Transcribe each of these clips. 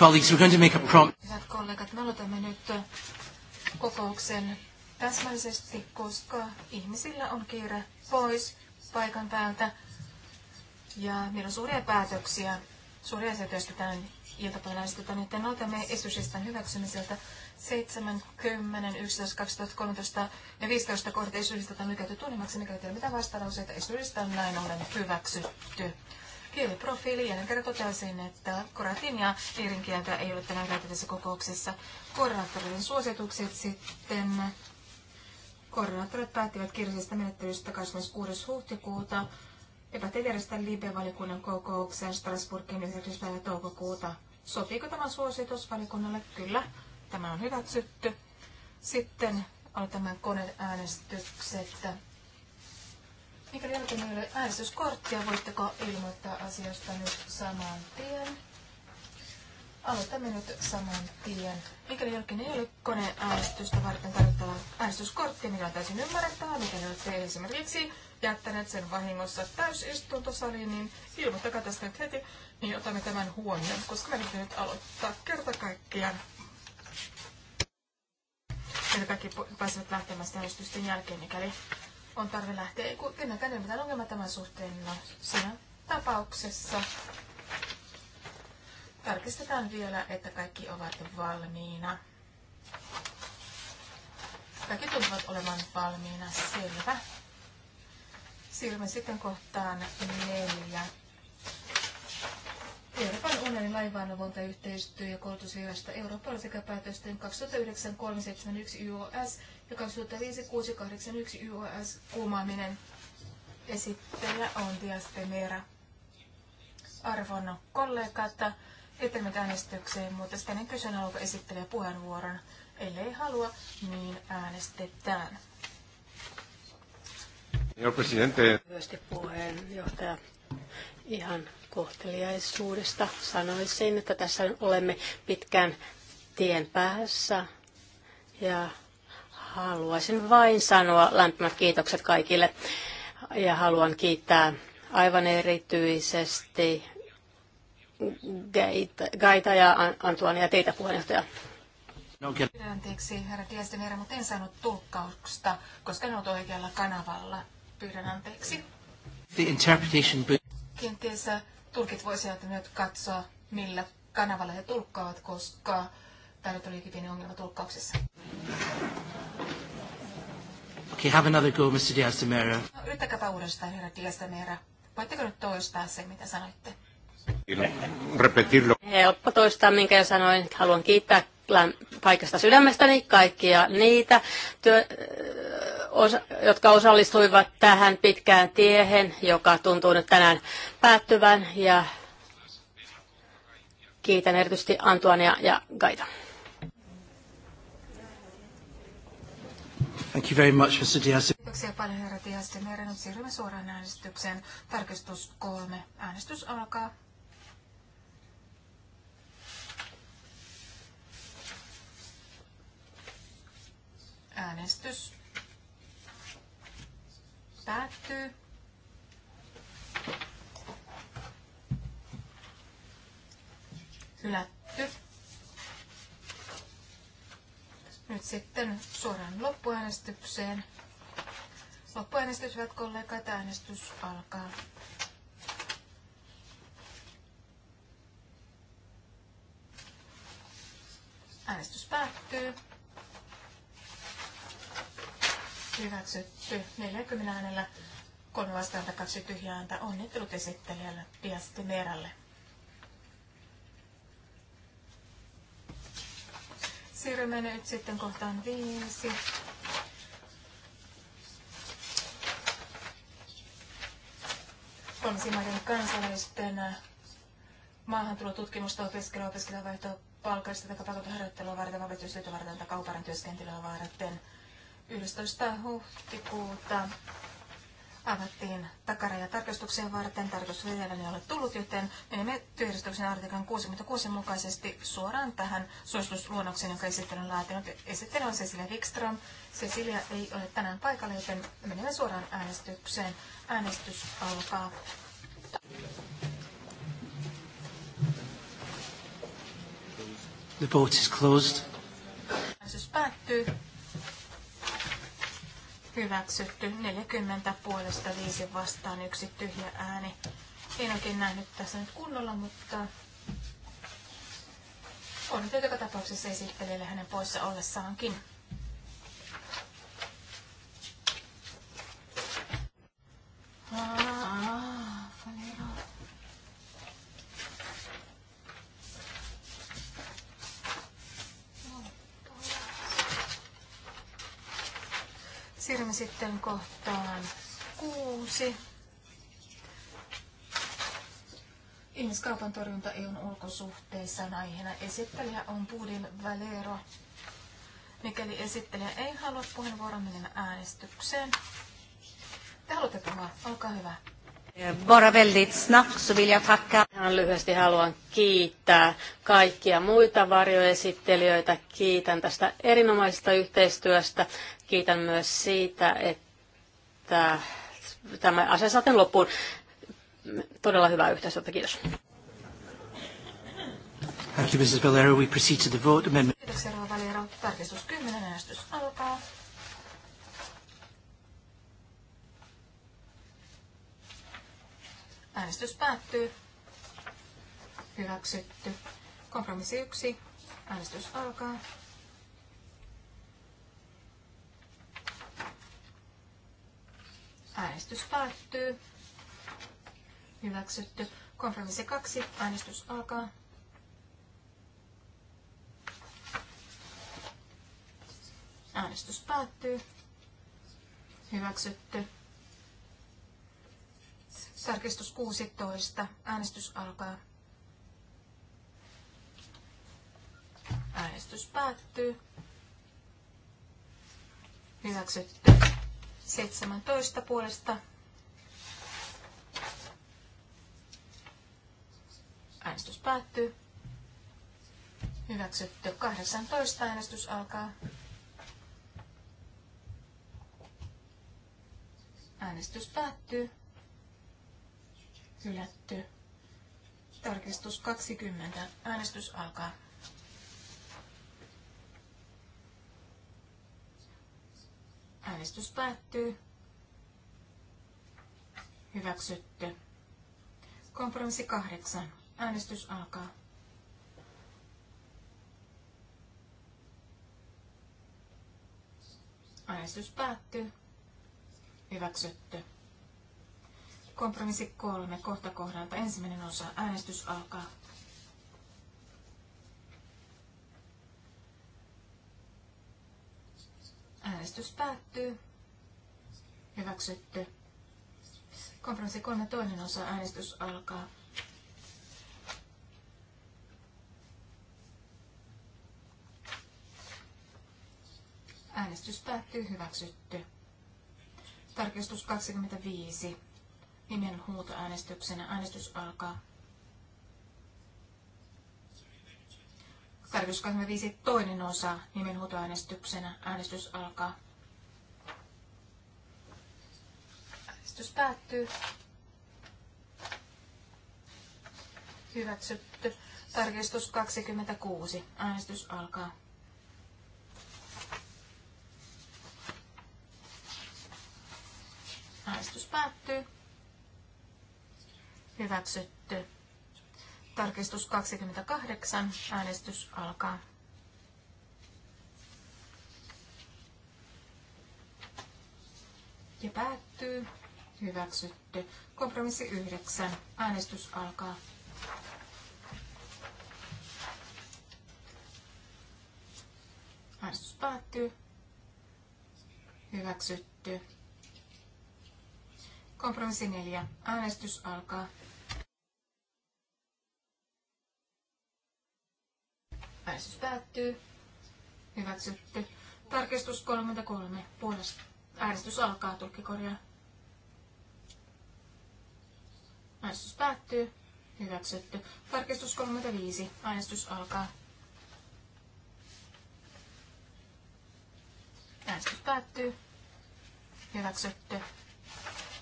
Colleagues, we're going to make a prom- Hyvät kollegat, me aloitamme nyt kokouksen täsmällisesti, koska ihmisillä on kiire pois paikan päältä. Ja meillä on suuria päätöksiä, suuria asioita tämän iltapäivänä esitetään, joten aloitamme esityslistan hyväksymiseltä 70, 11, 2013 ja 15 kohdat esityslistat on lykätty tuonnemmaksi, mikä ei mitä vastalauseita. Esityslista näin ollen hyväksytty. Kieliprofiili jälleen kerran totesin, että koratin ja kieltä ei ole tänään käytettävissä kokouksessa. Koordinaattoreiden suositukset sitten. Koordinaattorit päättivät kirjallisesta menettelystä 26. huhtikuuta. Epäteli järjestää Libe-valikunnan kokouksen Strasbourgin 9. toukokuuta. Sopiiko tämä suositus valikunnalle? Kyllä, tämä on hyväksytty. Sitten aloitamme koneäänestykset. Mikäli jollakin ei ole äänestyskorttia, voitteko ilmoittaa asiasta nyt saman tien? Aloitamme nyt saman tien. Mikäli jälkeen ei ole koneäänestystä varten tarvittava äänestyskortti, mikä niin on täysin ymmärrettävää, mikäli olette esimerkiksi jättäneet sen vahingossa täysistuntosaliin, niin ilmoittakaa tästä nyt heti, niin otamme tämän huomioon, koska me nyt aloittaa kerta kaikkiaan. Meillä kaikki pääsevät lähtemästä äänestysten jälkeen, mikäli on tarve lähteä. Kenenkään ei mitään ongelma tämän suhteen. No, siinä tapauksessa tarkistetaan vielä, että kaikki ovat valmiina. Kaikki tuntuvat olevan valmiina. Selvä. Siirrymme sitten kohtaan neljä. Euroopan unionin lainvalvonta, yhteistyö ja koulutusvirasto Euroopan sekä päätösten 2009-371 YOS ja 2005-681 YOS kuumaaminen. Esittäjä on Dias Mera. Arvon kollegat, etenemme äänestykseen, mutta sitten kysyn, haluaako esittelijä puheenvuoron. Ellei halua, niin äänestetään. presidente. Puheenjohtaja, ihan kohteliaisuudesta. Sanoisin, että tässä olemme pitkän tien päässä ja haluaisin vain sanoa lämpimät kiitokset kaikille ja haluan kiittää aivan erityisesti Gaita ja Antuania ja teitä puheenjohtaja. No, anteeksi, herra Diastenherra, mutta en saanut tulkkausta, koska en ollut oikealla kanavalla. Pyydän anteeksi. The interpretation... Kenties äh, tulkit voisivat nyt katsoa, millä kanavalla he tulkkaavat, koska täällä tuli pieni ongelma tulkkauksessa. Okay, have another go, Mr. Diaz de Mera. No, yrittäkääpä uudestaan, herra Diaz de Mera. Voitteko nyt toistaa sen, mitä sanoitte? Helppo toistaa, minkä jo sanoin. Haluan kiittää paikasta sydämestäni kaikkia niitä työ, osa, jotka osallistuivat tähän pitkään tiehen, joka tuntuu nyt tänään päättyvän. Ja kiitän erityisesti Antuania ja Gaita. Thank you very much, Mr. Diaz. Kiitoksia paljon, herra Diaz. Meidän nyt siirrymme suoraan äänestykseen. Tarkistus kolme. Äänestys alkaa. Äänestys päättyy. Hylätty. Nyt sitten suoraan loppuäänestykseen. Loppuäänestys, hyvät kollegat, äänestys alkaa. Äänestys päättyy hyväksytty 40 äänellä, kolme vastaanta, kaksi tyhjää ääntä. Onnittelut esittelijälle Piasti Meeralle. Siirrymme nyt sitten kohtaan viisi. Kolmasimaiden kansalaisten maahantulotutkimusta, opiskelua, opiskelijavaihtoa, palkallista tai palkatun harjoittelua varten, vapetustyötä varten tai kaupan työskentelyä varten – 11. huhtikuuta avattiin tarkastuksia varten. Tarkastus ei edelleen ole tullut, joten menemme työjärjestyksen artiklan 66 mukaisesti suoraan tähän suositusluonnokseen, jonka esittely on laatinut. Esittely on Cecilia Wikström. Cecilia ei ole tänään paikalla, joten menemme suoraan äänestykseen. Äänestys alkaa. The vote is closed. Äänestys päättyy hyväksytty 40 puolesta 5 vastaan yksi tyhjä ääni. En oikein nähnyt tässä nyt kunnolla, mutta on joka tapauksessa esittelijälle hänen poissa ollessaankin. Ihmiskaupan torjunta EUn ulkosuhteissa on aiheena. Esittelijä on Budil Valero. Mikäli esittelijä ei halua puheenvuoron, mennään äänestykseen. Te haluatte puhua, olkaa hyvä. Eh, bara väldigt snabbt så vill jag tacka. Ihan lyhyesti haluan kiittää kaikkia muita varjoesittelijöitä. Kiitän tästä erinomaisesta yhteistyöstä. Kiitän myös siitä, että tämä asia saatiin loppuun. Todella hyvää yhteistyötä. Kiitos. Thank you, Mrs. Valero. We proceed to the vote. Amendment. Kiitoksia, Rova Valero. Tarkistus 10. Äänestys alkaa. Äänestys päättyy. Hyväksytty. Kompromissi 1. Äänestys alkaa. Äänestys päättyy. Hyväksytty. Kompromissi 2. Äänestys alkaa. Äänestys päättyy. Hyväksytty. Tarkistus 16. Äänestys alkaa. Äänestys päättyy. Hyväksytty. 17 puolesta. Äänestys päättyy. Hyväksytty. 18 äänestys alkaa. Äänestys päättyy. Hylätty. Tarkistus 20. Äänestys alkaa. Äänestys päättyy. Hyväksytty. Kompromissi 8. Äänestys alkaa. Äänestys päättyy. Hyväksytty. Kompromissi kolme kohta kohdalta ensimmäinen osa. Äänestys alkaa. Äänestys päättyy. Hyväksytty. Kompromissi kolme toinen osa. Äänestys alkaa. Äänestys päättyy. Hyväksytty. Tarkistus 25. Nimen huutoäänestyksenä. Äänestys alkaa. Tarkistus 25. Toinen osa. Nimen huutoäänestyksenä. Äänestys alkaa. Äänestys päättyy. Hyväksytty. Tarkistus 26. Äänestys alkaa. Äänestys päättyy. Hyväksytty. Tarkistus 28. Äänestys alkaa. Ja päättyy. Hyväksytty. Kompromissi 9. Äänestys alkaa. Äänestys päättyy. Hyväksytty. Kompromissi neljä. Äänestys alkaa. Äänestys päättyy. Hyväksytty. Tarkistus 33. Puolesta. Äänestys alkaa. Tulkki korjaa. Äänestys päättyy. Hyväksytty. Tarkistus 35. Äänestys alkaa. Äänestys päättyy. Hyväksytty.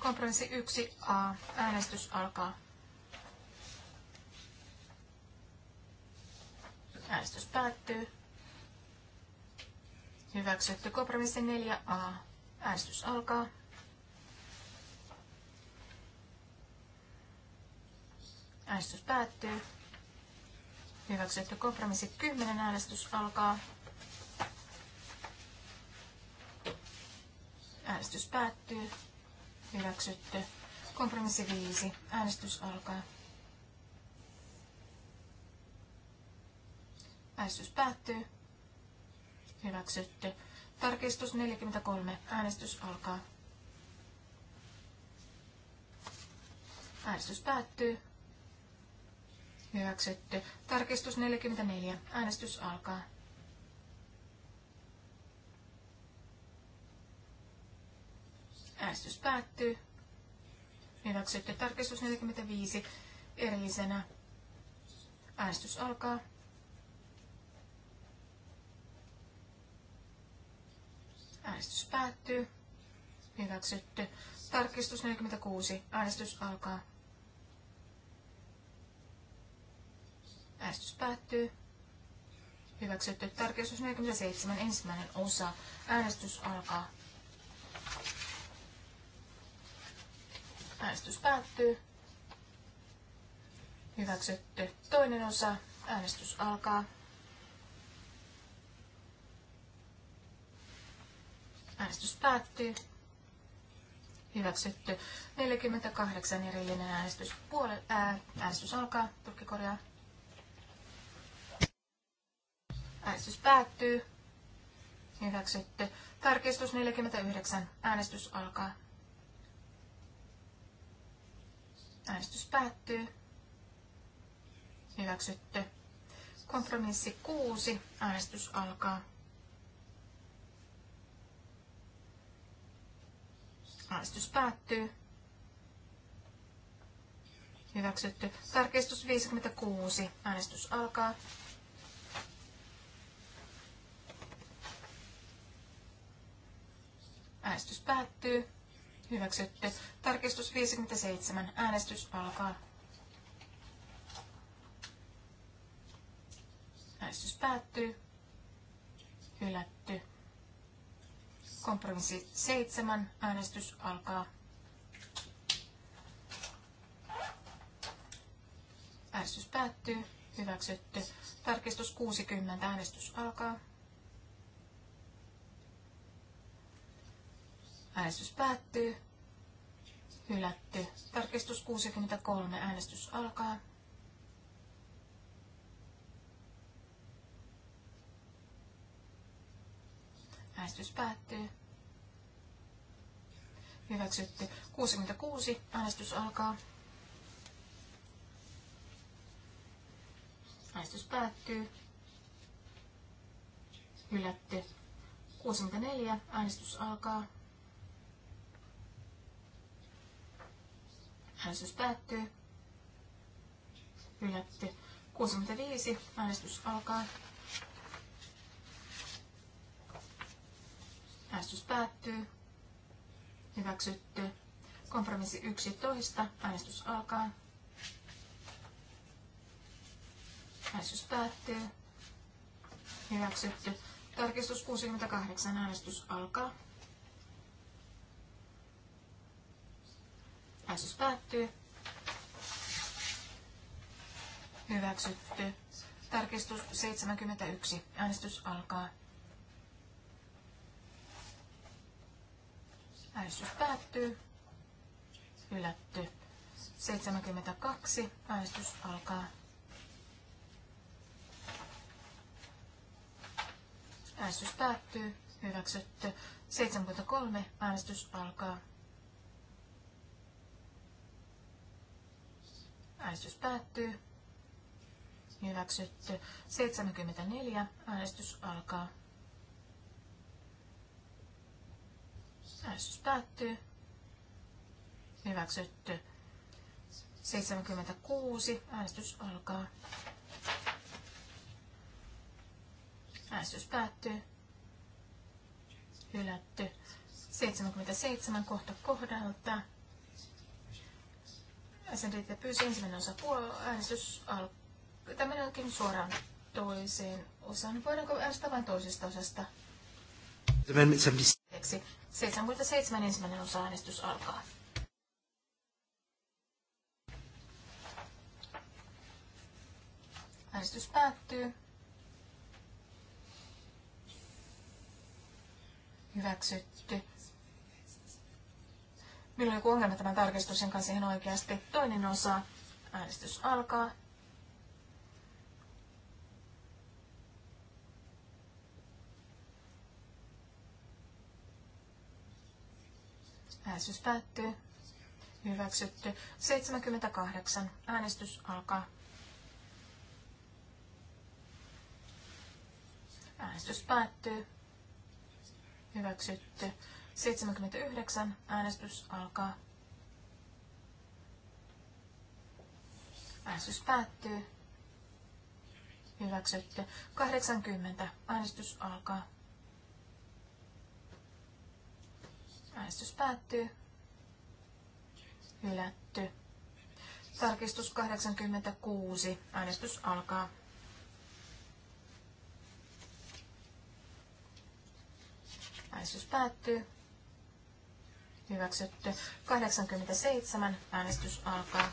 Kompromissi 1a. Äänestys alkaa. Äänestys päättyy. Hyväksytty kompromissi 4a. Äänestys alkaa. Äänestys päättyy. Hyväksytty kompromissi 10. Äänestys alkaa. Äänestys päättyy hyväksytty. Kompromissi 5. Äänestys alkaa. Äänestys päättyy. Hyväksytty. Tarkistus 43. Äänestys alkaa. Äänestys päättyy. Hyväksytty. Tarkistus 44. Äänestys alkaa. Äänestys päättyy. Hyväksytty tarkistus 45 erillisenä. Äänestys alkaa. Äänestys päättyy. Hyväksytty. Tarkistus 46. Äänestys alkaa. Äänestys päättyy. Hyväksytty. Tarkistus 47. Ensimmäinen osa. Äänestys alkaa. Äänestys päättyy. Hyväksytty. Toinen osa. Äänestys alkaa. Äänestys päättyy. Hyväksytty. 48 erillinen äänestys. Puole, ää, äänestys alkaa. Turkki korjaa. Äänestys päättyy. Hyväksytty. Tarkistus 49. Äänestys alkaa. Äänestys päättyy. Hyväksytty. Kompromissi 6. Äänestys alkaa. Äänestys päättyy. Hyväksytty. Tarkistus 56. Äänestys alkaa. Äänestys päättyy. Hyväksytty. Tarkistus 57. Äänestys alkaa. Äänestys päättyy. Hylätty. Kompromissi 7. Äänestys alkaa. Äänestys päättyy. Hyväksytty. Tarkistus 60. Äänestys alkaa. Äänestys päättyy. Hylätty. Tarkistus 63. Äänestys alkaa. Äänestys päättyy. Hyväksytty. 66. Äänestys alkaa. Äänestys päättyy. Hylätty. 64. Äänestys alkaa. Äänestys päättyy. Hylätty. 65. Äänestys alkaa. Äänestys päättyy. Hyväksytty. Kompromissi 11. Äänestys alkaa. Äänestys päättyy. Hyväksytty. Tarkistus 68. Äänestys alkaa. Äänestys päättyy. Hyväksytty. Tarkistus 71. Äänestys alkaa. Äänestys päättyy. Hylätty. 72. Äänestys alkaa. Äänestys päättyy. Hyväksytty. 73. Äänestys alkaa. Äänestys päättyy. Hyväksytty. 74. Äänestys alkaa. Äänestys päättyy. Hyväksytty. 76. Äänestys alkaa. Äänestys päättyy. Hylätty. 77 kohta kohdalta. SNDT pyysi ensimmäinen osa puol- äänestys al- Tämä onkin suoraan toiseen osaan. Voidaanko äänestää vain toisesta osasta? 77 ensimmäinen osa äänestys alkaa. Äänestys päättyy. Hyväksytty. Minulla on joku ongelma tämän tarkistuksen kanssa ihan oikeasti. Toinen osa. Äänestys alkaa. Äänestys päättyy. Hyväksytty. 78. Äänestys alkaa. Äänestys päättyy. Hyväksytty. 79 äänestys alkaa. Äänestys päättyy. Hyväksytty. 80 äänestys alkaa. Äänestys päättyy. Hylätty. Tarkistus 86. Äänestys alkaa. Äänestys päättyy hyväksytty. 87 äänestys alkaa.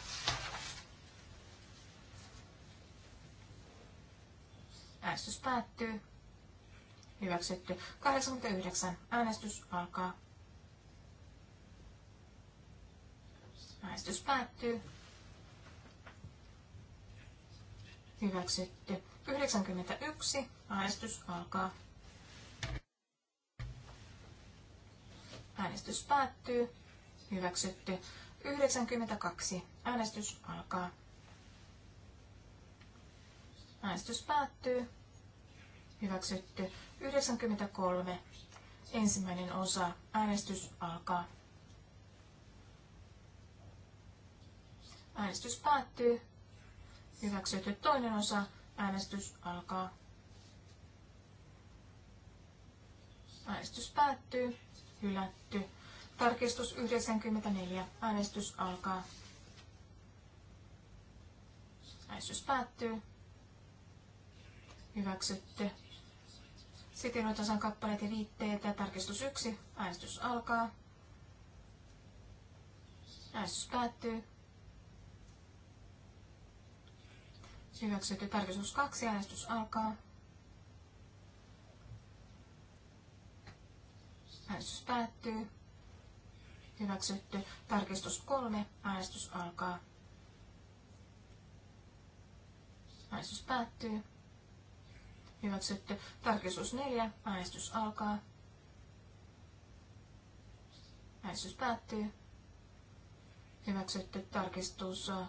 Äänestys päättyy. Hyväksytty. 89 äänestys alkaa. Äänestys päättyy. Hyväksytty. 91 äänestys alkaa. Äänestys päättyy. Hyväksytty. 92. Äänestys alkaa. Äänestys päättyy. Hyväksytty. 93. Ensimmäinen osa. Äänestys alkaa. Äänestys päättyy. Hyväksytty toinen osa. Äänestys alkaa. Äänestys päättyy hylätty. Tarkistus 94. Äänestys alkaa. Äänestys päättyy. Hyväksytty. Sitten otetaan kappaleet ja viitteitä. Tarkistus 1. Äänestys alkaa. Äänestys päättyy. Hyväksytty. Tarkistus 2. Äänestys alkaa. Äänestys päättyy. Hyväksytty. Tarkistus kolme. Äänestys alkaa. Äänestys päättyy. Hyväksytty. Tarkistus neljä. Äänestys alkaa. Äänestys päättyy. Hyväksytty. Tarkistus äh,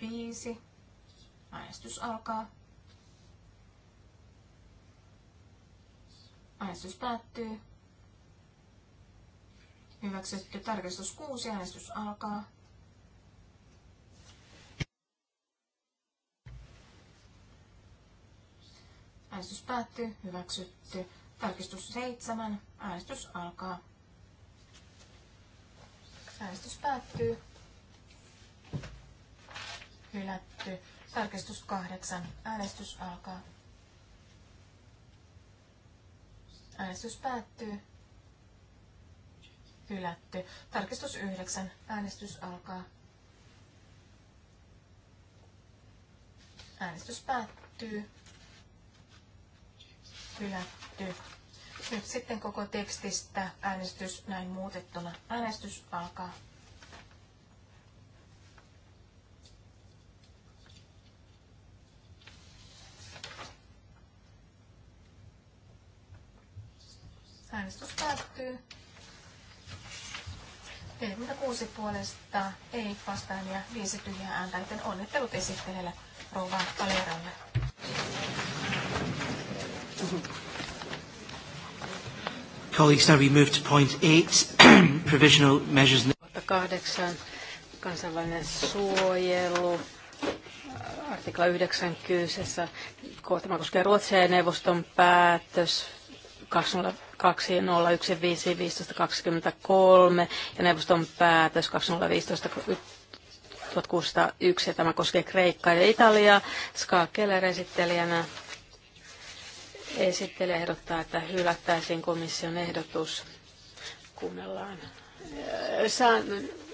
viisi. Äänestys alkaa. Äänestys päättyy. Hyväksytty tarkistus 6. Äänestys alkaa. Äänestys päättyy. Hyväksytty. Tarkistus 7. Äänestys alkaa. Äänestys päättyy. Hylätty. Tarkistus 8. Äänestys alkaa. Äänestys päättyy hylätty. Tarkistus 9. Äänestys alkaa. Äänestys päättyy. Hylätty. Nyt sitten koko tekstistä äänestys näin muutettuna. Äänestys alkaa. Äänestys päättyy. 46 puolesta ei vastaan ja viisi tyhjää ääntä, joten onnittelut esittelijälle rouva Valeralle. Colleagues, now we move to point eight, provisional measures. Kahdeksan, kansainvälinen suojelu, artikla 9 kyseessä. Tämä koskee Ruotsia ja neuvoston päätös 2015 1523 ja neuvoston päätös 2015 1601 ja tämä koskee Kreikkaa ja Italiaa. Ska Keller esittelijänä esittelijä ehdottaa, että hylättäisiin komission ehdotus. Kuunnellaan. Saan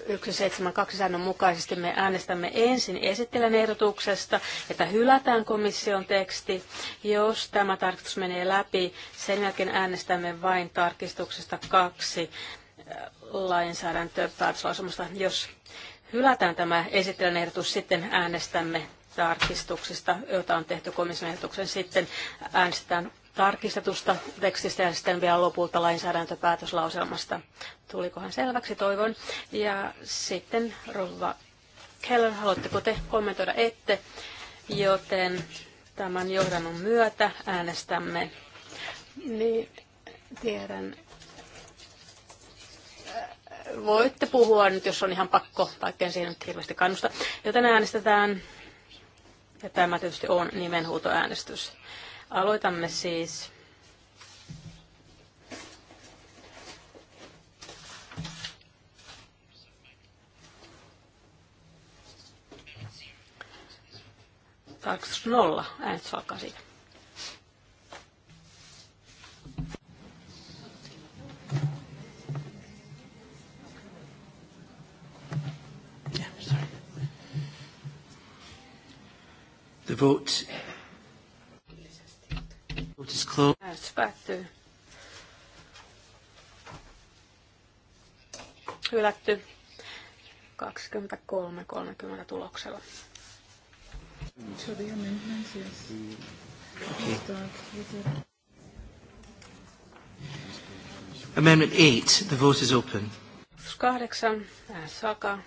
172 säännön mukaisesti me äänestämme ensin esittelen ehdotuksesta, että hylätään komission teksti. Jos tämä tarkistus menee läpi, sen jälkeen äänestämme vain tarkistuksesta kaksi äh, lainsäädäntöpäätöslausumasta. Jos hylätään tämä esittelen ehdotus, sitten äänestämme tarkistuksista, joita on tehty komission ehdotuksen. Sitten äänestetään tarkistetusta tekstistä ja sitten vielä lopulta lainsäädäntöpäätöslauselmasta. Tulikohan selväksi, toivon. Ja sitten Rova Keller, haluatteko te kommentoida ette, joten tämän johdannon myötä äänestämme. Niin, tiedän, voitte puhua nyt, jos on ihan pakko, vaikka en siihen nyt hirveästi kannusta. Joten äänestetään ja tämä tietysti on nimenhuutoäänestys. Aloitamme siis Tarkoitus nolla. Äänestys alkaa siitä. The vote. Vote is closed. Äänestys päättyy. Hylätty 23.30 tuloksella. the Okay. Amendment 8. The vote is open. Kahdeksan. Saka.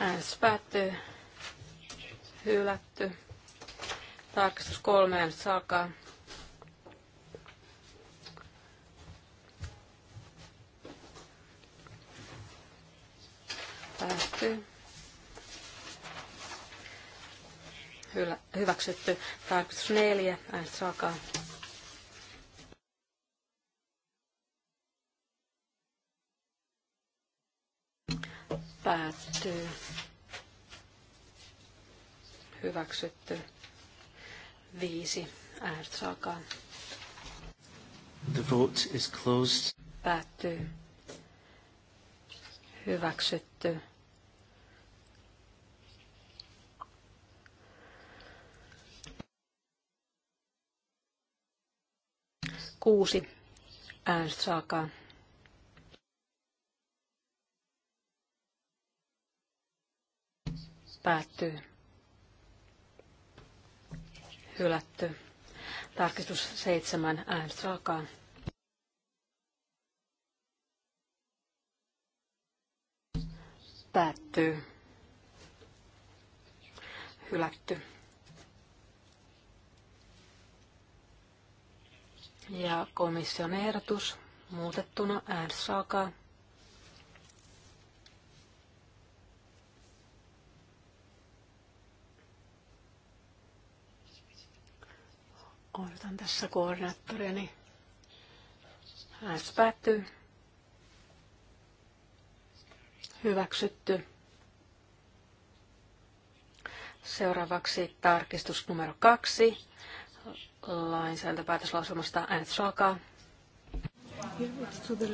Äänestys päättyy. Hylätty. Tarkistus kolmeen äänestys Päättyy. Hylä, hyväksytty. Tarkistus neljä äänestys alkaa. päättyy hyväksytty. Viisi. Äänestys The vote is closed. Päättyy. Hyväksytty. Kuusi. Äänestys Päättyy hylätty. Tarkistus seitsemän äänestys alkaa. Päättyy. Hylätty. Ja komission ehdotus muutettuna äänestys alkaa. Odotan tässä koordinaattoriani. Äänestys päättyy. Hyväksytty. Seuraavaksi tarkistus numero kaksi. Lainsäädäntöpäätöslausumasta äänestys alkaa. Yeah, to the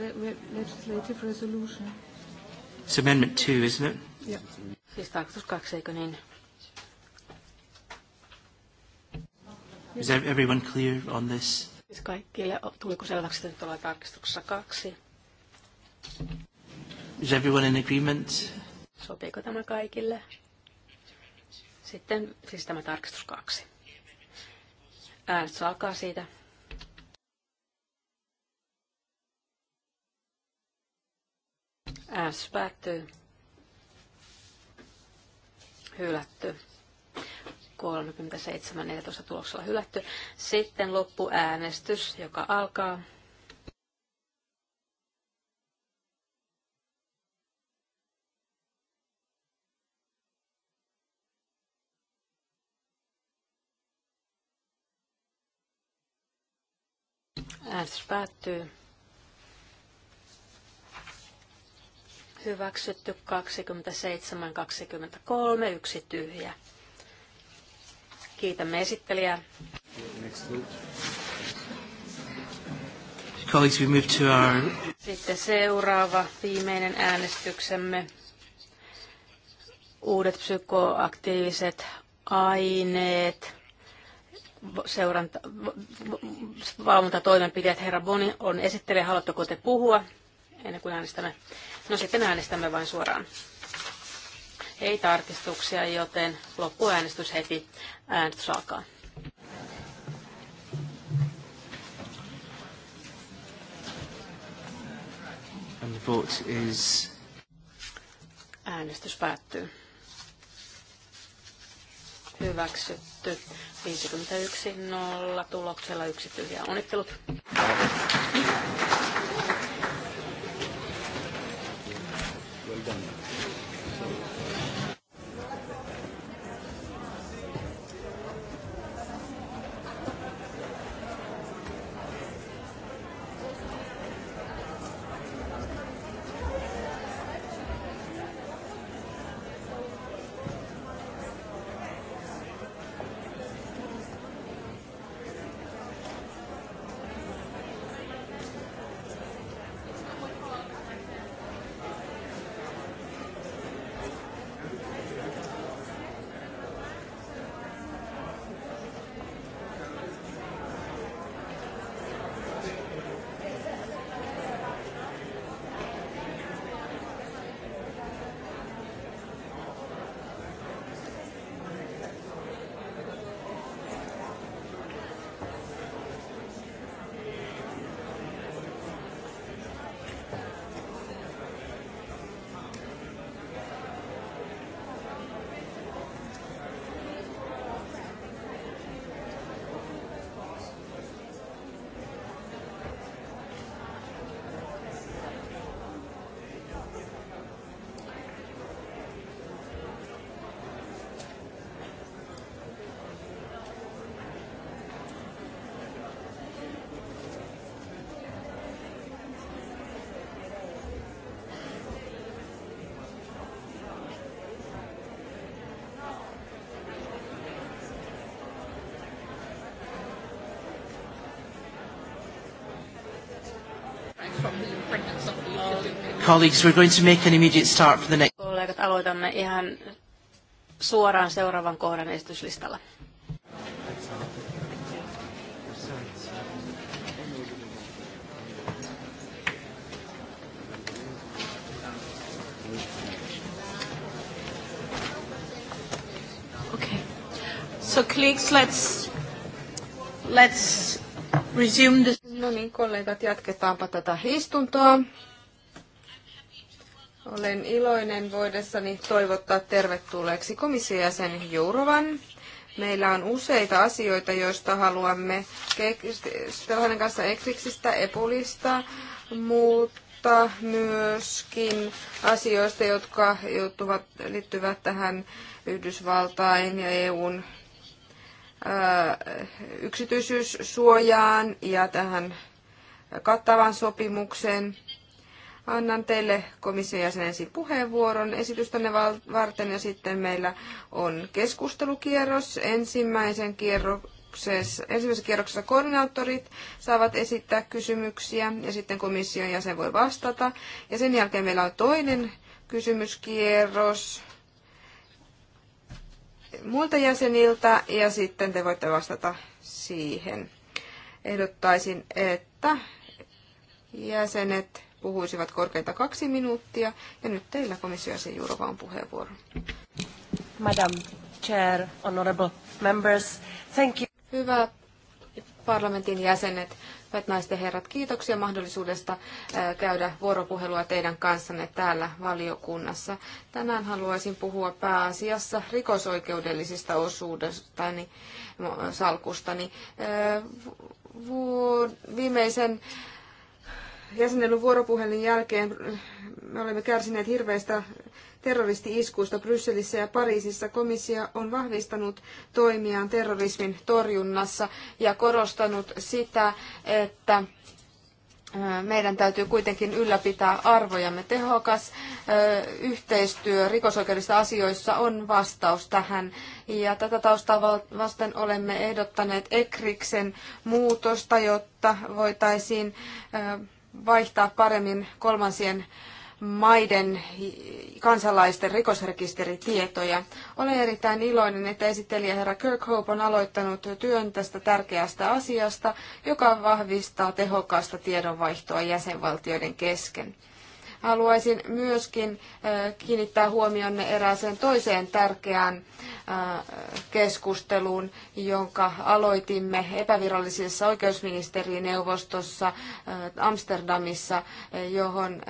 legislative resolution. It's amendment two, isn't it? Yeah. Siis tarkoitus kaksi, eikö niin? Is everyone clear on this? Siis kaikille tuliko selväksi, että nyt ollaan tarkistuksessa kaksi. Is everyone in agreement? Sopiiko tämä kaikille? Sitten siis tämä tarkistus kaksi. Äänestys alkaa siitä. Äänestys päättyy. Hylätty. 37.14 tuloksella hylätty. Sitten loppuäänestys, joka alkaa. Äänestys päättyy. Hyväksytty 27, 23, yksi tyhjä. Kiitämme esittelijää. Colleagues, we move to our... Sitten seuraava viimeinen äänestyksemme. Uudet psykoaktiiviset aineet, seuranta, valvontatoimenpiteet. Herra Boni on esittelijä. Haluatteko te puhua ennen kuin äänestämme? No sitten äänestämme vain suoraan. Ei tarkistuksia, joten loppuäänestys heti. Äänestys alkaa. And the vote is... Äänestys päättyy. Hyväksytty. 51 nolla tuloksella yksi tyhjä. Onnittelut. Colleagues, we're going to make an immediate start for the next... Kollegat, aloitamme ihan suoraan seuraavan kohdan esityslistalla. Okay. So colleagues, let's, let's resume this. No niin, kollegat, jatketaanpa tätä istuntoa. Olen iloinen voidessani toivottaa tervetulleeksi komissiojäsen Jourovan. Meillä on useita asioita, joista haluamme keskustella hänen kanssa Ekriksistä, Epulista, mutta myöskin asioista, jotka joutuvat, liittyvät tähän Yhdysvaltain ja EUn ää, äh, yksityisyyssuojaan ja tähän kattavan sopimukseen. Annan teille komission jäsenen ensin puheenvuoron esitystänne varten ja sitten meillä on keskustelukierros. Ensimmäisen kierroksessa, ensimmäisessä kierroksessa koordinaattorit saavat esittää kysymyksiä ja sitten komission jäsen voi vastata. Ja sen jälkeen meillä on toinen kysymyskierros muilta jäseniltä ja sitten te voitte vastata siihen. Ehdottaisin, että jäsenet puhuisivat korkeinta kaksi minuuttia. Ja nyt teillä komissiojäsen Jurova on puheenvuoro. Madam Chair, honorable members, thank you. Hyvät parlamentin jäsenet, hyvät ja herrat, kiitoksia mahdollisuudesta käydä vuoropuhelua teidän kanssanne täällä valiokunnassa. Tänään haluaisin puhua pääasiassa rikosoikeudellisista osuudestani, salkustani. Viimeisen jäsennellyn vuoropuhelin jälkeen me olemme kärsineet hirveistä terroristi-iskuista Brysselissä ja Pariisissa. Komissio on vahvistanut toimiaan terrorismin torjunnassa ja korostanut sitä, että meidän täytyy kuitenkin ylläpitää arvojamme. Tehokas yhteistyö rikosoikeudellisissa asioissa on vastaus tähän. Ja tätä taustaa vasten olemme ehdottaneet Ekriksen muutosta, jotta voitaisiin vaihtaa paremmin kolmansien maiden kansalaisten rikosrekisteritietoja. Olen erittäin iloinen, että esittelijä herra Kirkhope on aloittanut työn tästä tärkeästä asiasta, joka vahvistaa tehokasta tiedonvaihtoa jäsenvaltioiden kesken. Haluaisin myöskin kiinnittää huomionne erääseen toiseen tärkeään keskusteluun, jonka aloitimme epävirallisessa oikeusministerineuvostossa Amsterdamissa, johon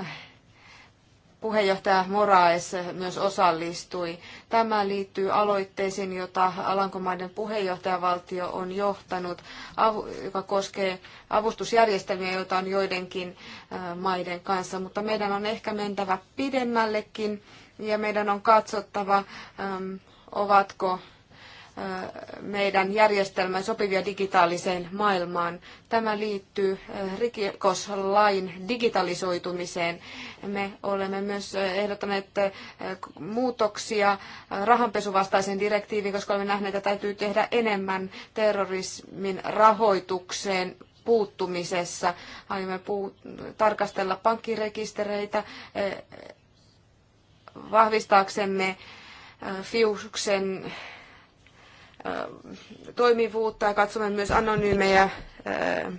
puheenjohtaja Moraes myös osallistui. Tämä liittyy aloitteisiin, jota Alankomaiden puheenjohtajavaltio on johtanut, joka koskee avustusjärjestelmiä, joita on joidenkin maiden kanssa, mutta meidän on ehkä mentävä pidemmällekin ja meidän on katsottava, ovatko meidän järjestelmän sopivia digitaaliseen maailmaan. Tämä liittyy rikoslain digitalisoitumiseen. Me olemme myös ehdottaneet muutoksia rahanpesuvastaisen direktiiviin, koska olemme nähneet, että täytyy tehdä enemmän terrorismin rahoitukseen puuttumisessa. Aiomme puu- tarkastella pankkirekistereitä vahvistaaksemme Fiuksen toimivuutta ja katsomme myös anonyymejä äh,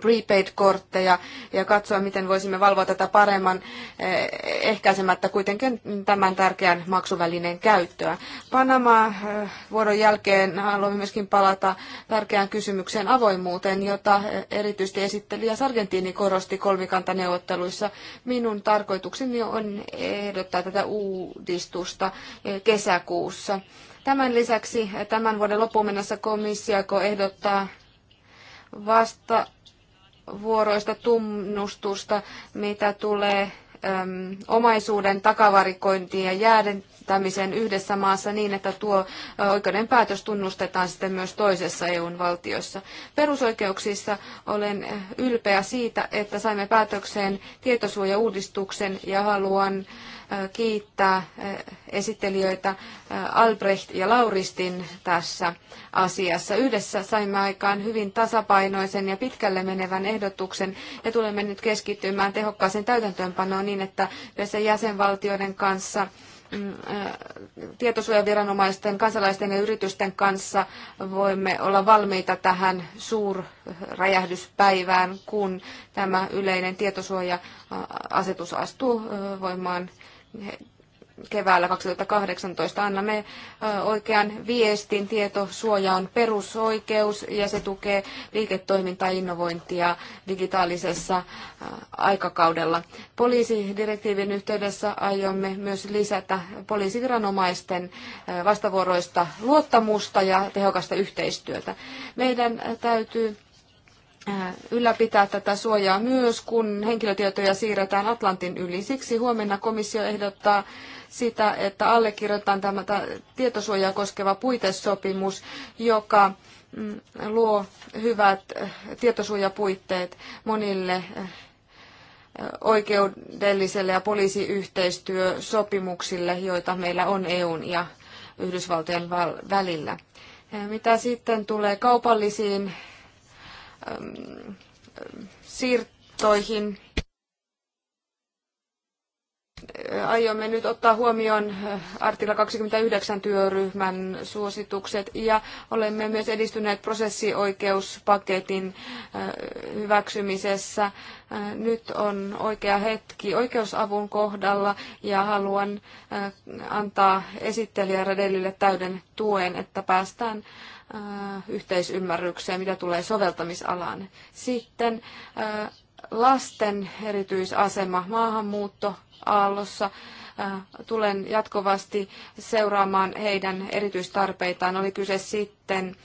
prepaid-kortteja ja katsoa, miten voisimme valvoa tätä paremman äh, ehkäisemättä kuitenkin tämän tärkeän maksuvälineen käyttöä. Panama-vuodon äh, jälkeen haluamme myöskin palata tärkeään kysymykseen avoimuuteen, jota erityisesti esittelijä Sargentini korosti kolmikantaneuvotteluissa. Minun tarkoitukseni on ehdottaa tätä uudistusta kesäkuussa. Tämän lisäksi tämän vuoden loppuun mennessä komissiako ehdottaa vasta vuoroista tunnustusta, mitä tulee äm, omaisuuden takavarikointiin ja jäädentämiseen yhdessä maassa niin, että tuo oikeuden päätös tunnustetaan sitten myös toisessa EUn valtiossa. Perusoikeuksissa olen ylpeä siitä, että saimme päätökseen tietosuojauudistuksen ja haluan äh, kiittää eh, esittelijöitä eh, Albrecht ja Lauristin tässä asiassa. Yhdessä saimme aikaan hyvin tasapainoisen ja pitkälle menevän ehdotuksen ja tulemme nyt keskittymään tehokkaaseen täytäntöönpanoon niin, että yhdessä jäsenvaltioiden kanssa mm, eh, tietosuojaviranomaisten, kansalaisten ja yritysten kanssa voimme olla valmiita tähän suurräjähdyspäivään, kun tämä yleinen tietosuoja-asetus astuu voimaan keväällä 2018 annamme oikean viestin. Tietosuoja on perusoikeus ja se tukee liiketoimintaa innovointia digitaalisessa aikakaudella. Poliisidirektiivin yhteydessä aiomme myös lisätä poliisiviranomaisten vastavuoroista luottamusta ja tehokasta yhteistyötä. Meidän täytyy ylläpitää tätä suojaa myös, kun henkilötietoja siirretään Atlantin yli. Siksi huomenna komissio ehdottaa sitä, että allekirjoitetaan tämä tietosuojaa koskeva puitesopimus, joka mm, luo hyvät tietosuojapuitteet monille oikeudelliselle ja poliisiyhteistyösopimuksille, joita meillä on EUn ja Yhdysvaltojen välillä. Mitä sitten tulee kaupallisiin siirtoihin. Aiomme nyt ottaa huomioon äh, artikla 29 työryhmän suositukset ja olemme myös edistyneet prosessioikeuspaketin äh, hyväksymisessä. Äh, nyt on oikea hetki oikeusavun kohdalla ja haluan antaa esittelijä Radelille täyden tuen, että päästään Äh, yhteisymmärrykseen, mitä tulee soveltamisalaan. Sitten äh, lasten erityisasema maahanmuuttoaallossa. Äh, tulen jatkuvasti seuraamaan heidän erityistarpeitaan. Oli kyse sitten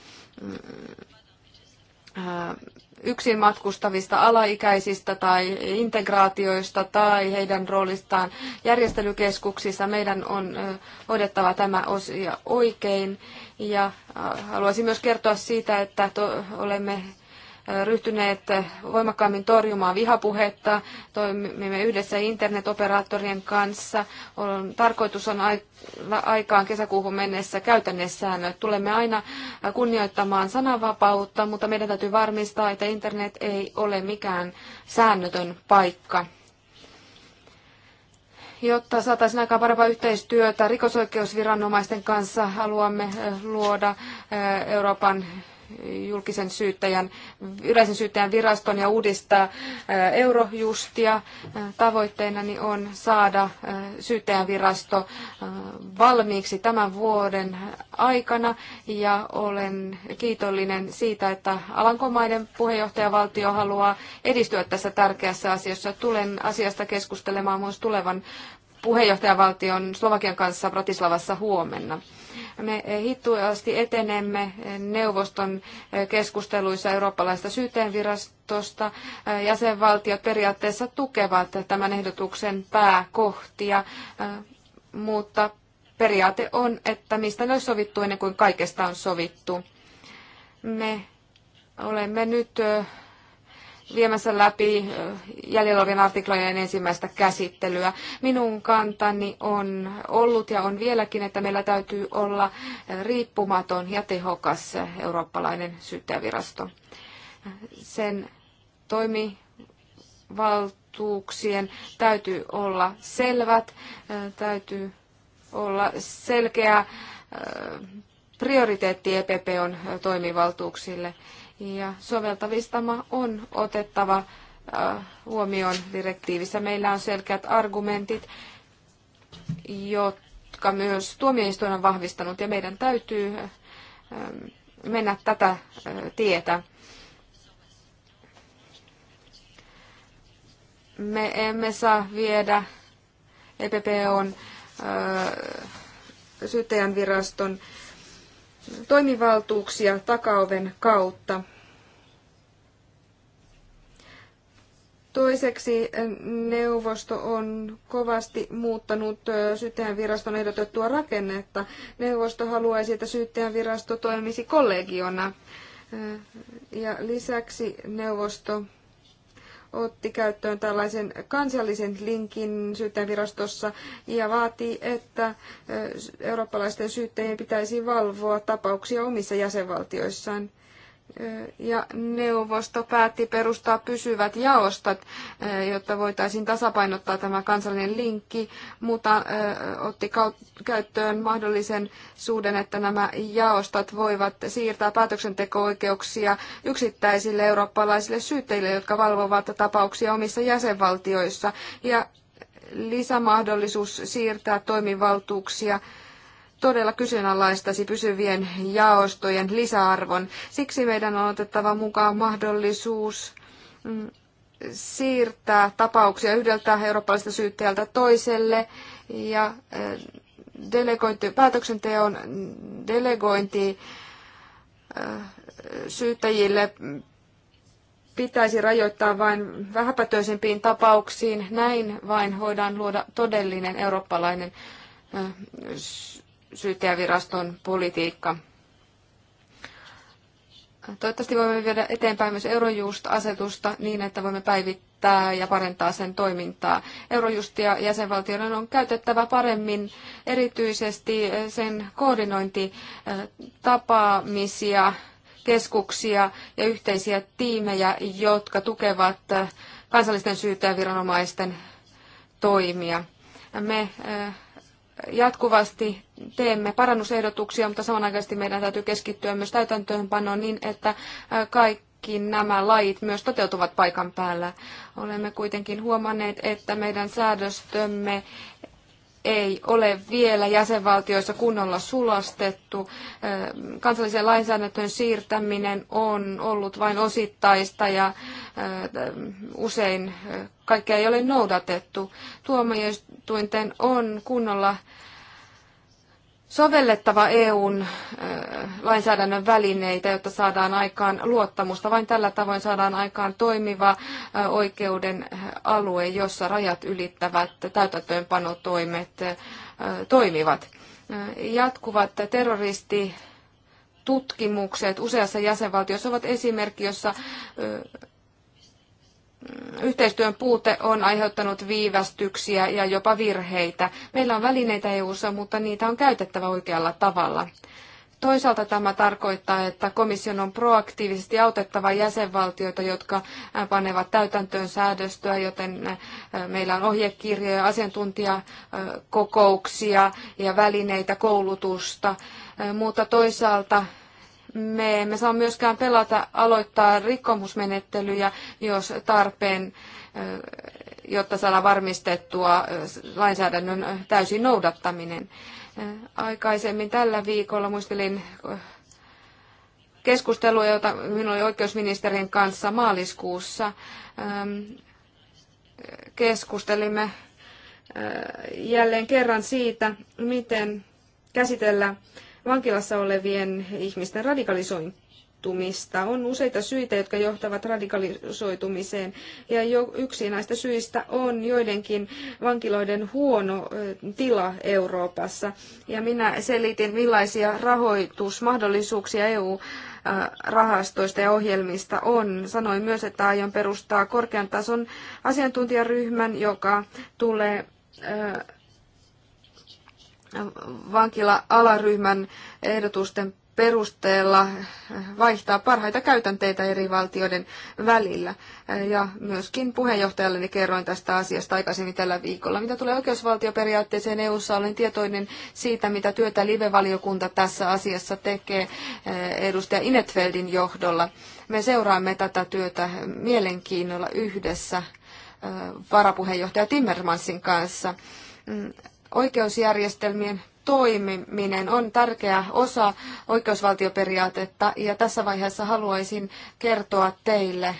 mm, yksin matkustavista alaikäisistä tai integraatioista tai heidän roolistaan järjestelykeskuksissa. Meidän on hoidettava tämä osia oikein. Ja haluaisin myös kertoa siitä, että olemme ryhtyneet voimakkaammin torjumaan vihapuhetta. Toimimme yhdessä internetoperaattorien kanssa. On, tarkoitus on aikaan kesäkuuhun mennessä käytännessäännöt. Tulemme aina kunnioittamaan sananvapautta, mutta meidän täytyy varmistaa, että internet ei ole mikään säännötön paikka jotta saataisiin aikaan parempaa yhteistyötä rikosoikeusviranomaisten kanssa, haluamme eh, luoda eh, Euroopan julkisen syyttäjän, yleisen syyttäjän viraston ja uudistaa eurojustia. tavoitteena niin on saada syyttäjän virasto valmiiksi tämän vuoden aikana ja olen kiitollinen siitä, että Alankomaiden puheenjohtajavaltio haluaa edistyä tässä tärkeässä asiassa. Tulen asiasta keskustelemaan myös tulevan puheenjohtajavaltion Slovakian kanssa Bratislavassa huomenna. Me hittuasti etenemme neuvoston keskusteluissa eurooppalaista syyteenvirastosta. Jäsenvaltiot periaatteessa tukevat tämän ehdotuksen pääkohtia, mutta periaate on, että mistä ne olisi sovittu ennen kuin kaikesta on sovittu. Me olemme nyt viemässä läpi jäljellä olevien artiklojen ensimmäistä käsittelyä. Minun kantani on ollut ja on vieläkin, että meillä täytyy olla riippumaton ja tehokas eurooppalainen syyttäjävirasto. Sen toimivaltuuksien täytyy olla selvät, täytyy olla selkeä prioriteetti EPP on toimivaltuuksille ja soveltavistama on otettava äh, huomioon direktiivissä. Meillä on selkeät argumentit, jotka myös tuomioistuin on vahvistanut, ja meidän täytyy äh, mennä tätä äh, tietä. Me emme saa viedä EPP on syyttäjän viraston toimivaltuuksia takaoven kautta. Toiseksi eh, neuvosto on kovasti muuttanut eh, syyttäjänviraston ehdotettua rakennetta. Neuvosto haluaisi, että syyttäjänvirasto toimisi kollegiona. Eh, ja lisäksi neuvosto otti käyttöön tällaisen kansallisen linkin syyttäjänvirastossa ja vaati, että eurooppalaisten syyttäjien pitäisi valvoa tapauksia omissa jäsenvaltioissaan ja neuvosto päätti perustaa pysyvät jaostot, jotta voitaisiin tasapainottaa tämä kansallinen linkki, mutta otti käyttöön mahdollisen suuden, että nämä jaostot voivat siirtää päätöksenteko-oikeuksia yksittäisille eurooppalaisille syyttäjille, jotka valvovat tapauksia omissa jäsenvaltioissa, ja lisämahdollisuus siirtää toimivaltuuksia todella kyseenalaistaisi pysyvien jaostojen lisäarvon. Siksi meidän on otettava mukaan mahdollisuus mm, siirtää tapauksia yhdeltä eurooppalaisesta syyttäjältä toiselle ja eh, delegointi, päätöksenteon delegointi eh, syyttäjille pitäisi rajoittaa vain vähäpätöisempiin tapauksiin. Näin vain voidaan luoda todellinen eurooppalainen eh, syyttäjäviraston politiikka. Toivottavasti voimme viedä eteenpäin myös Eurojust-asetusta niin, että voimme päivittää ja parantaa sen toimintaa. Eurojustia jäsenvaltioiden on käytettävä paremmin erityisesti sen koordinointitapaamisia, keskuksia ja yhteisiä tiimejä, jotka tukevat kansallisten syyttäjäviranomaisten toimia. Me eh, jatkuvasti teemme parannusehdotuksia, mutta samanaikaisesti meidän täytyy keskittyä myös täytäntöönpanoon niin, että äh, kaikki nämä lait myös toteutuvat paikan päällä. Olemme kuitenkin huomanneet, että meidän säädöstömme ei ole vielä jäsenvaltioissa kunnolla sulastettu. Kansalliseen lainsäädäntöön siirtäminen on ollut vain osittaista ja usein kaikkea ei ole noudatettu. Tuomioistuinten on kunnolla sovellettava EUn lainsäädännön välineitä, jotta saadaan aikaan luottamusta. Vain tällä tavoin saadaan aikaan toimiva oikeuden alue, jossa rajat ylittävät täytäntöönpanotoimet toimivat. Jatkuvat terroristi tutkimukset useassa jäsenvaltiossa ovat esimerkki, jossa yhteistyön puute on aiheuttanut viivästyksiä ja jopa virheitä. Meillä on välineitä EU-ssa, mutta niitä on käytettävä oikealla tavalla. Toisaalta tämä tarkoittaa, että komission on proaktiivisesti autettava jäsenvaltioita, jotka panevat täytäntöön säädöstöä, joten meillä on ohjekirjoja, asiantuntijakokouksia ja välineitä, koulutusta, mutta toisaalta me emme saa myöskään pelata aloittaa rikkomusmenettelyjä, jos tarpeen, jotta saadaan varmistettua lainsäädännön täysin noudattaminen. Aikaisemmin tällä viikolla muistelin keskustelua, jota minulla oli oikeusministerin kanssa maaliskuussa. Keskustelimme jälleen kerran siitä, miten käsitellä vankilassa olevien ihmisten radikalisoitumista. On useita syitä, jotka johtavat radikalisoitumiseen, ja jo yksi näistä syistä on joidenkin vankiloiden huono tila Euroopassa. Ja minä selitin, millaisia rahoitusmahdollisuuksia EU rahastoista ja ohjelmista on. Sanoin myös, että aion perustaa korkean tason asiantuntijaryhmän, joka tulee vankila-alaryhmän ehdotusten perusteella vaihtaa parhaita käytänteitä eri valtioiden välillä. Ja myöskin puheenjohtajalleni kerroin tästä asiasta aikaisemmin tällä viikolla. Mitä tulee oikeusvaltioperiaatteeseen EU-ssa, olen tietoinen siitä, mitä työtä live-valiokunta tässä asiassa tekee eh, edustaja Inetfeldin johdolla. Me seuraamme tätä työtä mielenkiinnolla yhdessä eh, varapuheenjohtaja Timmermansin kanssa mm, Oikeusjärjestelmien toimiminen on tärkeä osa oikeusvaltioperiaatetta ja tässä vaiheessa haluaisin kertoa teille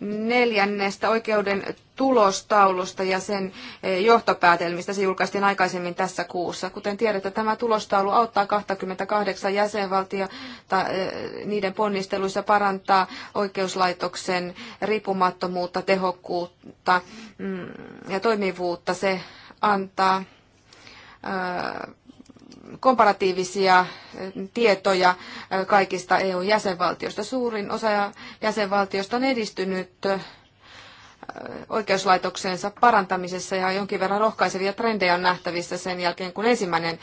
neljännestä oikeuden tulostaulusta ja sen eh, johtopäätelmistä. Se julkaistiin aikaisemmin tässä kuussa. Kuten tiedätte, tämä tulostaulu auttaa 28 jäsenvaltiota eh, niiden ponnisteluissa parantaa oikeuslaitoksen riippumattomuutta, tehokkuutta mm, ja toimivuutta. Se antaa eh, komparatiivisia tietoja kaikista EU-jäsenvaltioista. Suurin osa jäsenvaltioista on edistynyt oikeuslaitoksensa parantamisessa ja jonkin verran rohkaisevia trendejä on nähtävissä sen jälkeen, kun ensimmäinen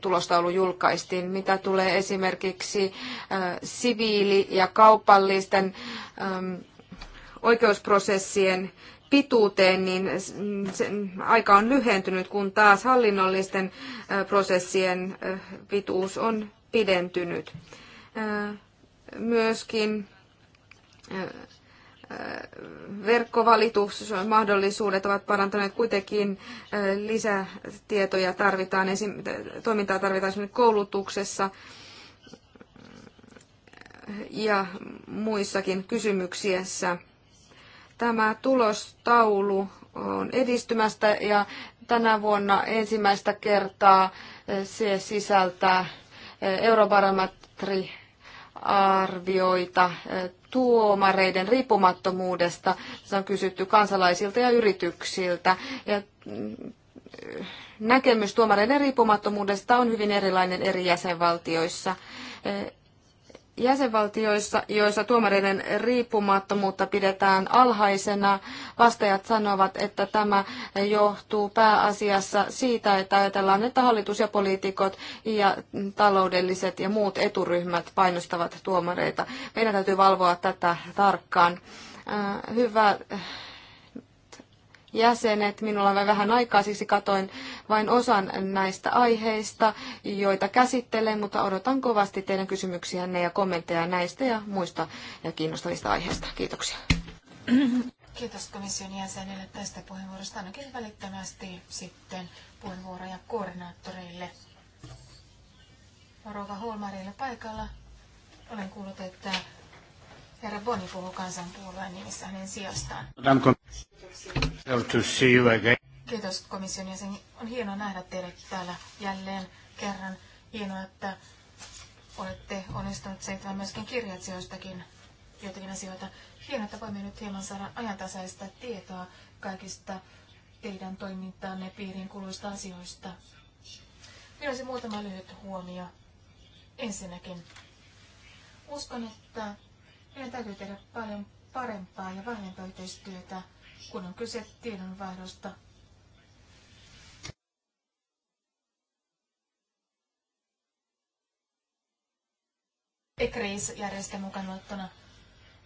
tulostaulu julkaistiin, mitä tulee esimerkiksi siviili- ja kaupallisten oikeusprosessien pituuteen, niin mm, mm, aika on lyhentynyt, kun taas hallinnollisten prosessien pituus on pidentynyt. Myöskin verkkovalitusmahdollisuudet ovat parantaneet kuitenkin lisätietoja tarvitaan, toimintaa tarvitaan esimerkiksi koulutuksessa ja muissakin kysymyksissä. Tämä tulostaulu on edistymästä ja tänä vuonna ensimmäistä kertaa se sisältää eh, eurobarometri arvioita eh, tuomareiden riippumattomuudesta. Se on kysytty kansalaisilta ja yrityksiltä. Ja mm, näkemys tuomareiden riippumattomuudesta on hyvin erilainen eri jäsenvaltioissa. Eh, Jäsenvaltioissa, joissa tuomareiden riippumattomuutta pidetään alhaisena, vastajat sanovat, että tämä johtuu pääasiassa siitä, että ajatellaan, että hallitus ja poliitikot ja taloudelliset ja muut eturyhmät painostavat tuomareita. Meidän täytyy valvoa tätä tarkkaan. Äh, hyvä jäsenet. Minulla on vähän aikaa, siksi katoin vain osan näistä aiheista, joita käsittelen, mutta odotan kovasti teidän kysymyksiänne ja kommentteja näistä ja muista ja kiinnostavista aiheista. Kiitoksia. Kiitos komission jäsenille tästä puheenvuorosta. Ainakin välittömästi sitten puheenvuoroja koordinaattoreille. Rova Holmarille paikalla. Olen kuullut, että Herra Boni puhuu kansanpuolueen nimissä hänen sijastaan. Kiitos komission jäsen. On hienoa nähdä teidät täällä jälleen kerran. Hienoa, että olette onnistuneet seitsemän myöskin kirjatsijoistakin joitakin asioita. Hienoa, että voimme nyt hieman saada ajantasaista tietoa kaikista teidän toimintaanne piiriin kuuluista asioista. Minä olisin muutama lyhyt huomio. Ensinnäkin, uskon, että meidän täytyy tehdä paljon parempaa ja vähempää yhteistyötä, kun on kyse tiedonvaihdosta ECRIS-järjestelmän mukaan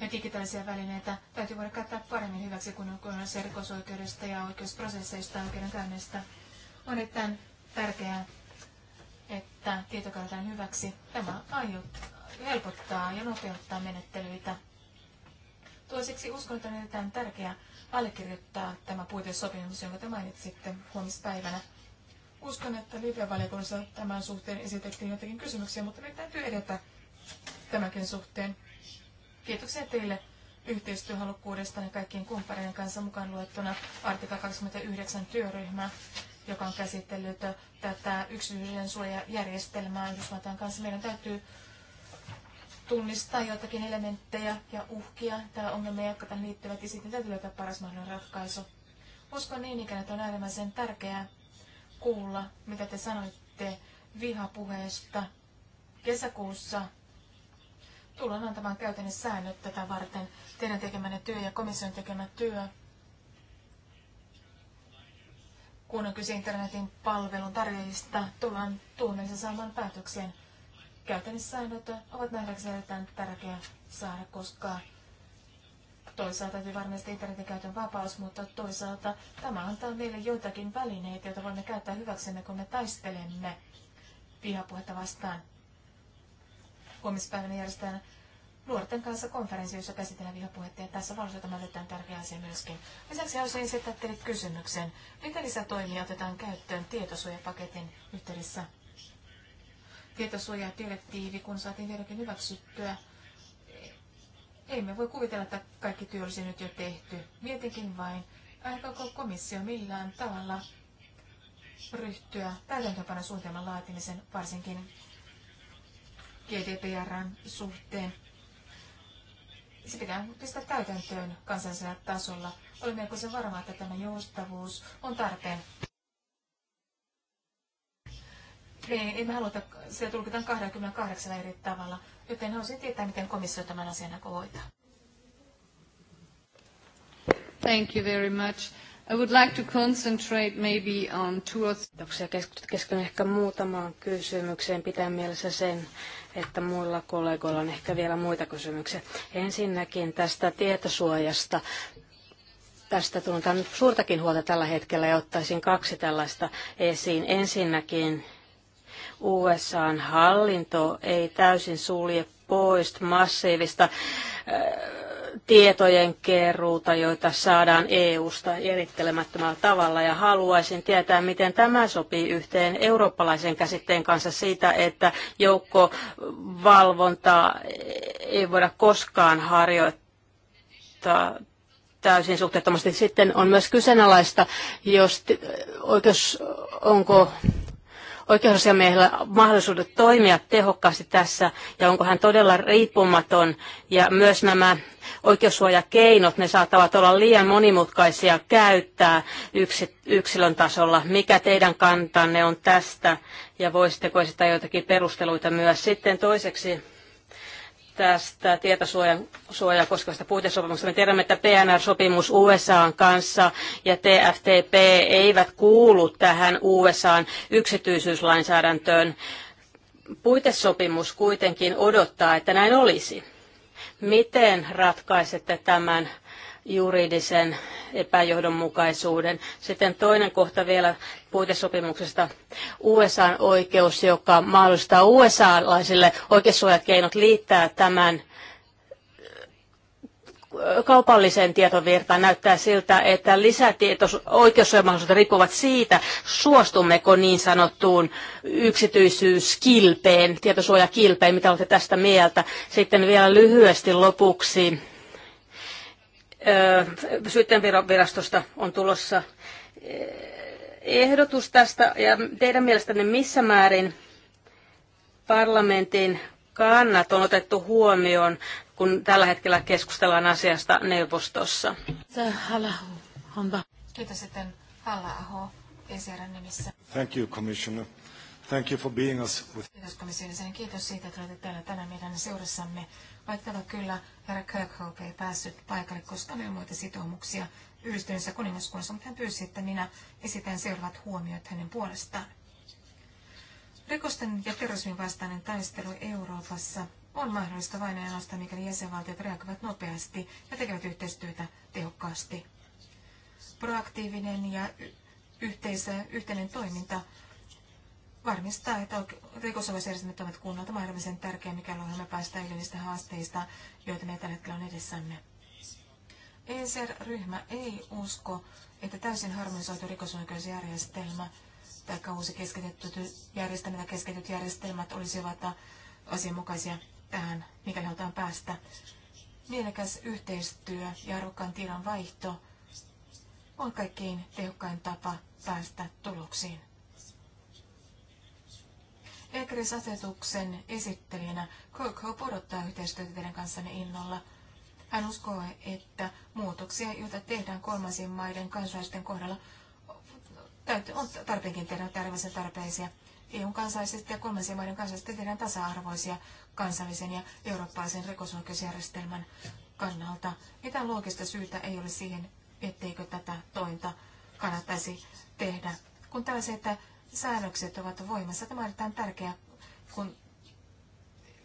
ja digitaalisia välineitä täytyy voida käyttää paremmin hyväksi, kun on kyse rikosoikeudesta ja oikeusprosesseista oikeudenkäynnistä. On erittäin tärkeää, että tieto käytetään hyväksi. Tämä aiheuttaa helpottaa ja nopeuttaa menettelyitä. Toiseksi uskon, että on erittäin tärkeää allekirjoittaa tämä puitesopimus, jonka te mainitsitte huomispäivänä. Uskon, että valiokunnassa tämän suhteen esitettiin jotakin kysymyksiä, mutta meidän täytyy edetä tämänkin suhteen. Kiitoksia teille yhteistyöhalukkuudesta ja kaikkien kumppaneiden kanssa mukaan luettuna artikla 29 työryhmä, joka on käsitellyt tätä yksityisen suojajärjestelmää Yhdysvaltain kanssa. Meidän täytyy tunnistaa jotakin elementtejä ja uhkia tai ongelmia, jotka tähän liittyvät, ja sitten täytyy löytää paras mahdollinen ratkaisu. Uskon niin ikään, että on äärimmäisen tärkeää kuulla, mitä te sanoitte vihapuheesta kesäkuussa. Tullaan antamaan käytännön säännöt tätä varten, teidän tekemänne työ ja komission tekemä työ. Kun on kyse internetin palvelun tarjoajista, tullaan tuomioissa saamaan päätöksen. Käytännössä säännöt ovat nähdäkseni erittäin tärkeä saada, koska toisaalta täytyy varmasti internetin käytön vapaus, mutta toisaalta tämä antaa meille joitakin välineitä, joita voimme käyttää hyväksemme, kun me taistelemme vihapuhetta vastaan. Huomispäivänä järjestetään nuorten kanssa konferenssi, jossa käsitellään vihapuhetta, ja tässä valossa tämä erittäin tärkeä asia myöskin. Lisäksi haluaisin esittää teille kysymyksen. Mitä lisätoimia otetaan käyttöön tietosuojapaketin yhteydessä? tietosuojadirektiivi, kun saatiin vieläkin hyväksyttyä, ei me voi kuvitella, että kaikki työ olisi nyt jo tehty. Mietinkin vain, aikooko komissio millään tavalla ryhtyä täytäntöpana suunnitelman laatimisen, varsinkin GDPRn suhteen. Se pitää pistää täytäntöön kansallisella tasolla. Olen se varma, että tämä joustavuus on tarpeen. Niin, ei me haluta, se tulkitaan 28 eri tavalla, joten haluaisin tietää, miten komissio tämän asian hoitaa. Thank you very much. I would like to concentrate maybe on two or Kiitoksia. Keskityn ehkä muutamaan kysymykseen. Pitää mielessä sen, että muilla kollegoilla on ehkä vielä muita kysymyksiä. Ensinnäkin tästä tietosuojasta. Tästä tunnetaan suurtakin huolta tällä hetkellä ja ottaisin kaksi tällaista esiin. Ensinnäkin USAn hallinto ei täysin sulje pois massiivista äh, tietojen keruuta, joita saadaan EU-sta erittelemättömällä tavalla. Ja haluaisin tietää, miten tämä sopii yhteen eurooppalaisen käsitteen kanssa siitä, että joukkovalvontaa ei voida koskaan harjoittaa täysin suhteettomasti. Sitten on myös kyseenalaista, jos oikeus, onko oikeusasiamiehellä mahdollisuudet toimia tehokkaasti tässä ja onko hän todella riippumaton ja myös nämä oikeussuojakeinot, ne saattavat olla liian monimutkaisia käyttää yksilön tasolla. Mikä teidän kantanne on tästä ja voisitteko esittää joitakin perusteluita myös sitten toiseksi? tästä tietosuojaa koskevasta puitesopimuksesta. Me tiedämme, että PNR-sopimus USAn kanssa ja TFTP eivät kuulu tähän USAn yksityisyyslainsäädäntöön. Puitesopimus kuitenkin odottaa, että näin olisi. Miten ratkaisette tämän juridisen epäjohdonmukaisuuden. Sitten toinen kohta vielä puitesopimuksesta USAn oikeus, joka mahdollistaa USA-laisille oikeussuojakeinot liittää tämän äh, kaupalliseen tietovirtaan näyttää siltä, että lisätietos oikeussuojamahdollisuudet riippuvat siitä, suostummeko niin sanottuun yksityisyyskilpeen, tietosuojakilpeen, mitä olette tästä mieltä. Sitten vielä lyhyesti lopuksi syyttäjänvirastosta on tulossa ehdotus tästä ja teidän mielestänne missä määrin parlamentin kannat on otettu huomioon, kun tällä hetkellä keskustellaan asiasta neuvostossa? Kiitos sitten halla ECRn nimissä. Thank you, Commissioner. Thank you for being us with... Kiitos komission Kiitos siitä, että olette täällä tänään meidän seurassamme Vaikkava kyllä herra Kirkhope ei päässyt paikalle, koska oli muita sitoumuksia yhdistyneessä kuningaskunnassa, mutta hän pyysi, että minä esitän seuraavat huomiot hänen puolestaan. Rikosten ja terrorismin vastainen taistelu Euroopassa on mahdollista vain ainoastaan, mikäli jäsenvaltiot reagoivat nopeasti ja tekevät yhteistyötä tehokkaasti. Proaktiivinen ja yhteisö, yhteinen toiminta varmistaa, että rikosomaisjärjestelmät ovat kunnolla. mahdollisen tärkeä, tärkeää, mikäli ohjelma päästään yli niistä haasteista, joita meillä tällä hetkellä on edessämme. ESR-ryhmä ei usko, että täysin harmonisoitu rikosoikeusjärjestelmä tai uusi keskitetty järjestelmä tai keskityt järjestelmät olisivat asianmukaisia tähän, mikäli halutaan päästä. Mielekäs yhteistyö ja arvokkaan tiedon vaihto on kaikkein tehokkain tapa päästä tuloksiin. ECRIS-asetuksen esittelijänä Hope odottaa yhteistyötä teidän kanssanne innolla. Hän uskoo, että muutoksia, joita tehdään kolmansien maiden kansalaisten kohdalla, on tarpeenkin tehdä tarvitsen tarpeisia. EUn kansalaiset ja kolmansien maiden kansalaiset tehdään tasa-arvoisia kansallisen ja eurooppalaisen rikosoikeusjärjestelmän kannalta. Mitään loogista syytä ei ole siihen, etteikö tätä tointa kannattaisi tehdä. Kun että säännökset ovat voimassa. Tämä on erittäin tärkeä, kun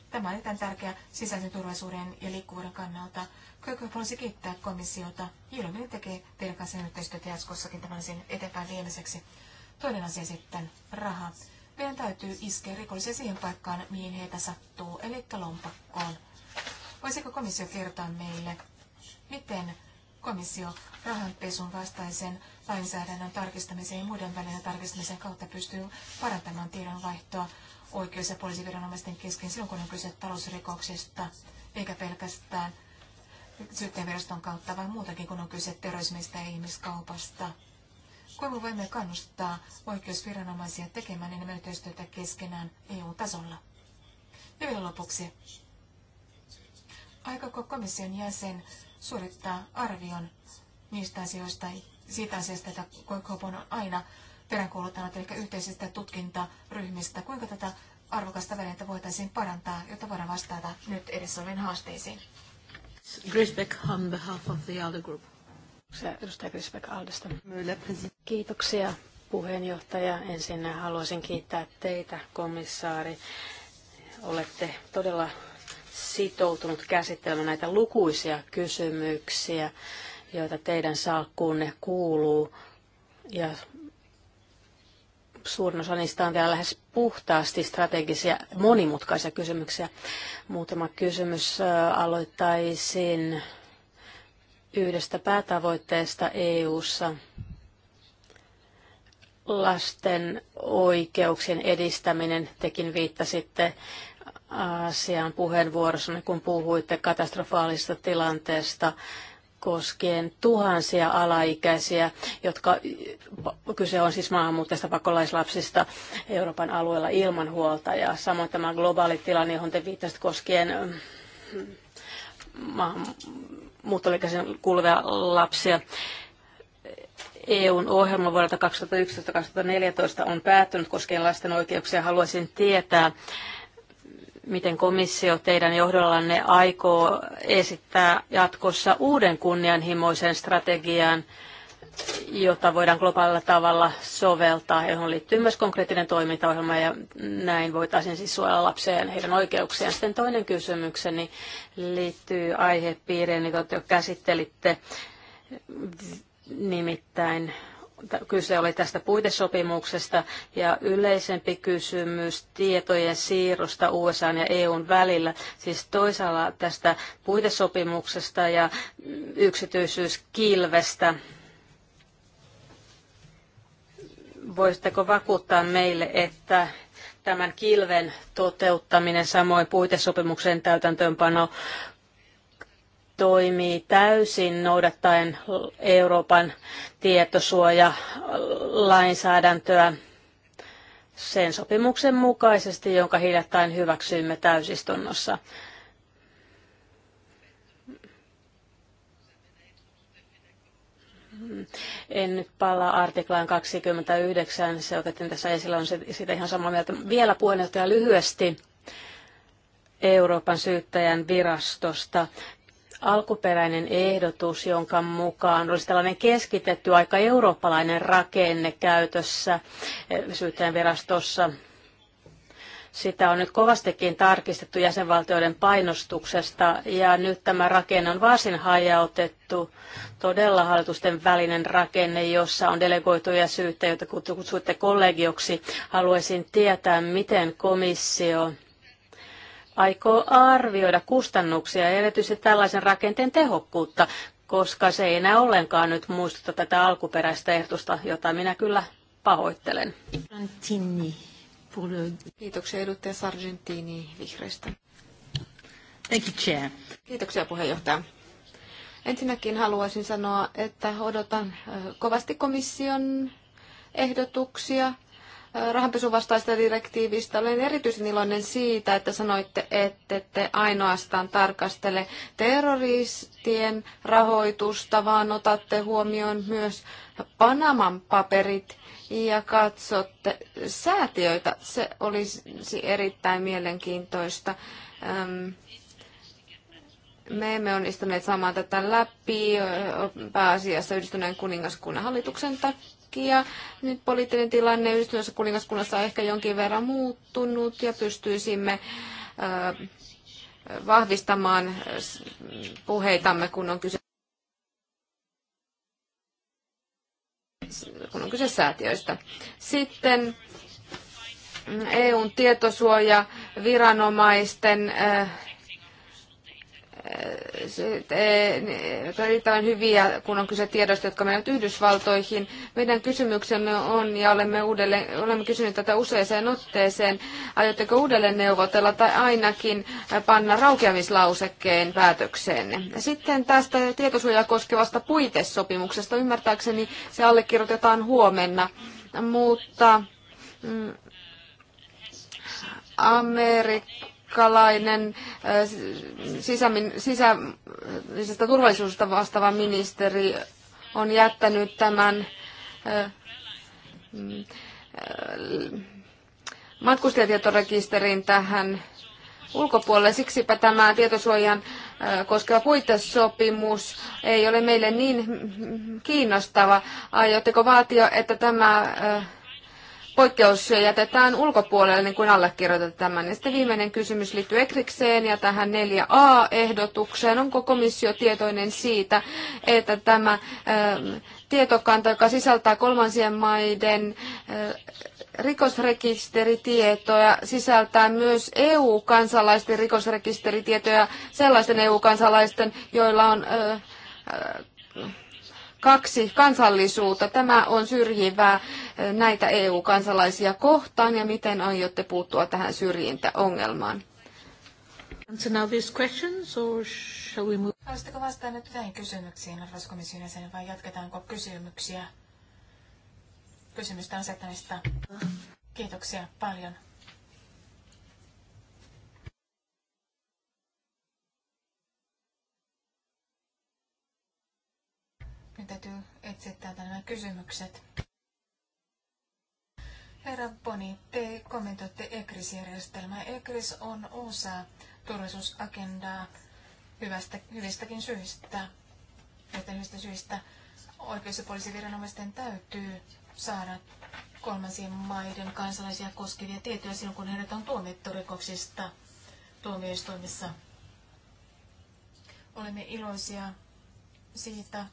Tämä on erittäin tärkeä sisäisen turvallisuuden ja liikkuvuuden kannalta. Kirkhoff haluaisi kiittää komissiota. Ilmiö tekee teidän kanssa yhteistyötä jatkossakin tämän sen eteenpäin viemiseksi. Toinen asia sitten, raha. Meidän täytyy iskeä rikollisia siihen paikkaan, mihin heitä sattuu, eli lompakkoon. Voisiko komissio kertoa meille, miten komissio rahanpesun vastaisen lainsäädännön tarkistamiseen ja muiden välinen tarkistamisen kautta pystyy parantamaan tiedonvaihtoa oikeus- ja poliisiviranomaisten kesken silloin, kun on kyse talousrikoksista, eikä pelkästään syyttäjäviraston kautta, vaan muutakin, kun on kyse terrorismista ja ihmiskaupasta. Kuinka voimme kannustaa oikeusviranomaisia tekemään enemmän yhteistyötä keskenään EU-tasolla. Ja vielä lopuksi. Aikako komission jäsen suorittaa arvion niistä asioista, siitä asiasta, jota Koikopon on aina peräänkuuluttanut, eli yhteisistä tutkintaryhmistä. Kuinka tätä arvokasta välinettä voitaisiin parantaa, jotta voidaan vastata nyt edessä oleviin haasteisiin? Grisbeck on behalf of the ALDE group. Edustaja Grisbeck Aldesta. Kiitoksia puheenjohtaja. Ensin haluaisin kiittää teitä, komissaari. Olette todella sitoutunut käsittelemään näitä lukuisia kysymyksiä, joita teidän salkkuunne kuuluu. Ja suurin osa niistä on vielä lähes puhtaasti strategisia monimutkaisia kysymyksiä. Muutama kysymys aloittaisin yhdestä päätavoitteesta EU:ssa lasten oikeuksien edistäminen, tekin viittasitte asiaan puheenvuorossanne, kun puhuitte katastrofaalista tilanteesta koskien tuhansia alaikäisiä, jotka kyse on siis maahanmuuttajista pakolaislapsista Euroopan alueella ilman ja Samoin tämä globaali tilanne, johon te viittasitte koskien mm, maahanmuuttoliikäisen kuuluvia lapsia. EUn ohjelma vuodelta 2011-2014 on päättynyt koskien lasten oikeuksia. Haluaisin tietää, miten komissio teidän johdollanne aikoo esittää jatkossa uuden kunnianhimoisen strategian, jota voidaan globaalilla tavalla soveltaa, johon liittyy myös konkreettinen toimintaohjelma ja näin voitaisiin siis suojella lapsia ja heidän oikeuksiaan. Sitten toinen kysymykseni liittyy aihepiiriin, jota jo käsittelitte, nimittäin kyse oli tästä puitesopimuksesta ja yleisempi kysymys tietojen siirrosta USA ja EUn välillä, siis toisaalla tästä puitesopimuksesta ja yksityisyyskilvestä. Voisitteko vakuuttaa meille, että tämän kilven toteuttaminen, samoin puitesopimuksen täytäntöönpano toimii täysin noudattaen Euroopan tietosuojalainsäädäntöä sen sopimuksen mukaisesti, jonka hiljattain hyväksyimme täysistunnossa. En nyt palaa artiklaan 29, se otettiin tässä esillä, on siitä ihan samaa mieltä. Vielä puheenjohtaja lyhyesti Euroopan syyttäjän virastosta alkuperäinen ehdotus, jonka mukaan olisi tällainen keskitetty aika eurooppalainen rakenne käytössä eh, syyttäjän virastossa. Sitä on nyt kovastikin tarkistettu jäsenvaltioiden painostuksesta ja nyt tämä rakenne on varsin hajautettu, todella hallitusten välinen rakenne, jossa on delegoituja syyttäjiä, joita kutsutte kollegioksi. Haluaisin tietää, miten komissio aikoo arvioida kustannuksia ja erityisesti tällaisen rakenteen tehokkuutta, koska se ei enää ollenkaan nyt muistuta tätä alkuperäistä ehdotusta, jota minä kyllä pahoittelen. Kiitoksia edustaja Sargentini vihreistä. Thank you, Chair. Kiitoksia puheenjohtaja. Ensinnäkin haluaisin sanoa, että odotan kovasti komission ehdotuksia rahanpesuvastaista direktiivistä. Olen erityisen iloinen siitä, että sanoitte, että te ainoastaan tarkastele terroristien rahoitusta, vaan otatte huomioon myös Panaman paperit ja katsotte säätiöitä. Se olisi erittäin mielenkiintoista. Me emme onnistuneet saamaan tätä läpi pääasiassa yhdistyneen kuningaskunnan hallituksen takia takia. Nyt poliittinen tilanne yhdistyneessä kuningaskunnassa on ehkä jonkin verran muuttunut ja pystyisimme vahvistamaan puheitamme, kun on kyse kun on kyse säätiöistä. Sitten mm, EUn tietosuoja viranomaisten äh, Eh, niin, tarvitaan hyviä, kun on kyse tiedosta, jotka menevät Yhdysvaltoihin. Meidän kysymyksemme on, ja olemme, uudelleen, olemme kysyneet tätä useaseen otteeseen, aiotteko uudelleen neuvotella tai ainakin panna raukeamislausekkeen päätökseen. Sitten tästä tietosuojaa koskevasta puitesopimuksesta. Ymmärtääkseni se allekirjoitetaan huomenna, mutta mm, Amerikka ranskalainen äh, sisämin, sisä turvallisuudesta vastaava ministeri on jättänyt tämän äh, äh, matkustajatietorekisterin tähän ulkopuolelle. Siksipä tämä tietosuojan koskeva puitesopimus ei ole meille niin kiinnostava. Aiotteko vaatia, että tämä poikkeus jätetään ulkopuolelle, niin kuin allekirjoitat tämän. Ja sitten viimeinen kysymys liittyy Ekrikseen ja tähän 4a-ehdotukseen. Onko komissio tietoinen siitä, että tämä ähm, tietokanta, joka sisältää kolmansien maiden äh, rikosrekisteritietoja, sisältää myös EU-kansalaisten rikosrekisteritietoja, sellaisten EU-kansalaisten, joilla on äh, äh, kaksi kansallisuutta. Tämä on syrjivää eh, näitä EU-kansalaisia kohtaan ja miten aiotte puuttua tähän syrjintäongelmaan? Answer Haluaisitko vastata nyt tähän kysymyksiin, arvoisa komission jäsen, vai jatketaanko kysymyksiä? Kysymystä asettamista. Kiitoksia paljon. Nyt täytyy etsiä täältä nämä kysymykset. Herra Boni, te kommentoitte ECRIS-järjestelmää. ECRIS on osa turvallisuusagendaa hyvästä, hyvistäkin syistä. Että hyvistä syistä oikeus- ja poliisiviranomaisten täytyy saada kolmansien maiden kansalaisia koskevia tietoja silloin, kun heidät on tuomittu rikoksista tuomioistuimissa. Olemme iloisia siitä,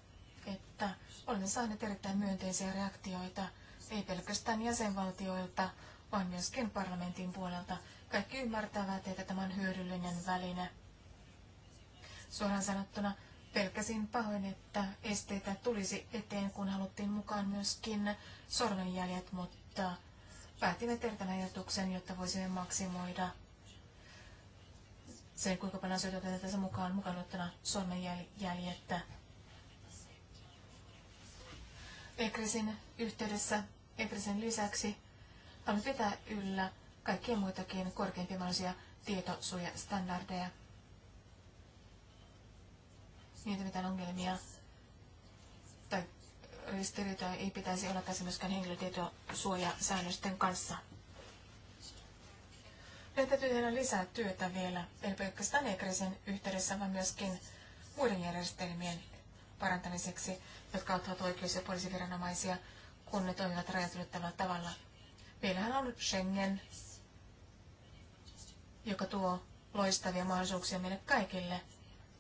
että olemme saaneet erittäin myönteisiä reaktioita, ei pelkästään jäsenvaltioilta, vaan myöskin parlamentin puolelta. Kaikki ymmärtävät, että tämä on hyödyllinen väline. Suoraan sanottuna pelkäsin pahoin, että esteitä tulisi eteen, kun haluttiin mukaan myöskin sormenjäljet, mutta päätimme tehdä tämän ajatuksen, jotta voisimme maksimoida sen, kuinka paljon asioita otetaan tässä mukaan, mukaan ottana sormenjäljettä. Egresin yhteydessä, Egresin lisäksi, haluamme pitää yllä kaikkia muitakin korkeimpia tietosuojastandardeja. Niitä mitään ongelmia tai ristiriitoja ei pitäisi olla tässä myöskään henkilötietosuojasäännösten kanssa. Meidän täytyy tehdä lisää työtä vielä, ei pelkästään Egresin yhteydessä, vaan myöskin muiden järjestelmien parantamiseksi jotka auttavat oikeus- ja poliisiviranomaisia, kun ne toimivat rajatylyttävällä tavalla. Meillähän on Schengen, joka tuo loistavia mahdollisuuksia meille kaikille.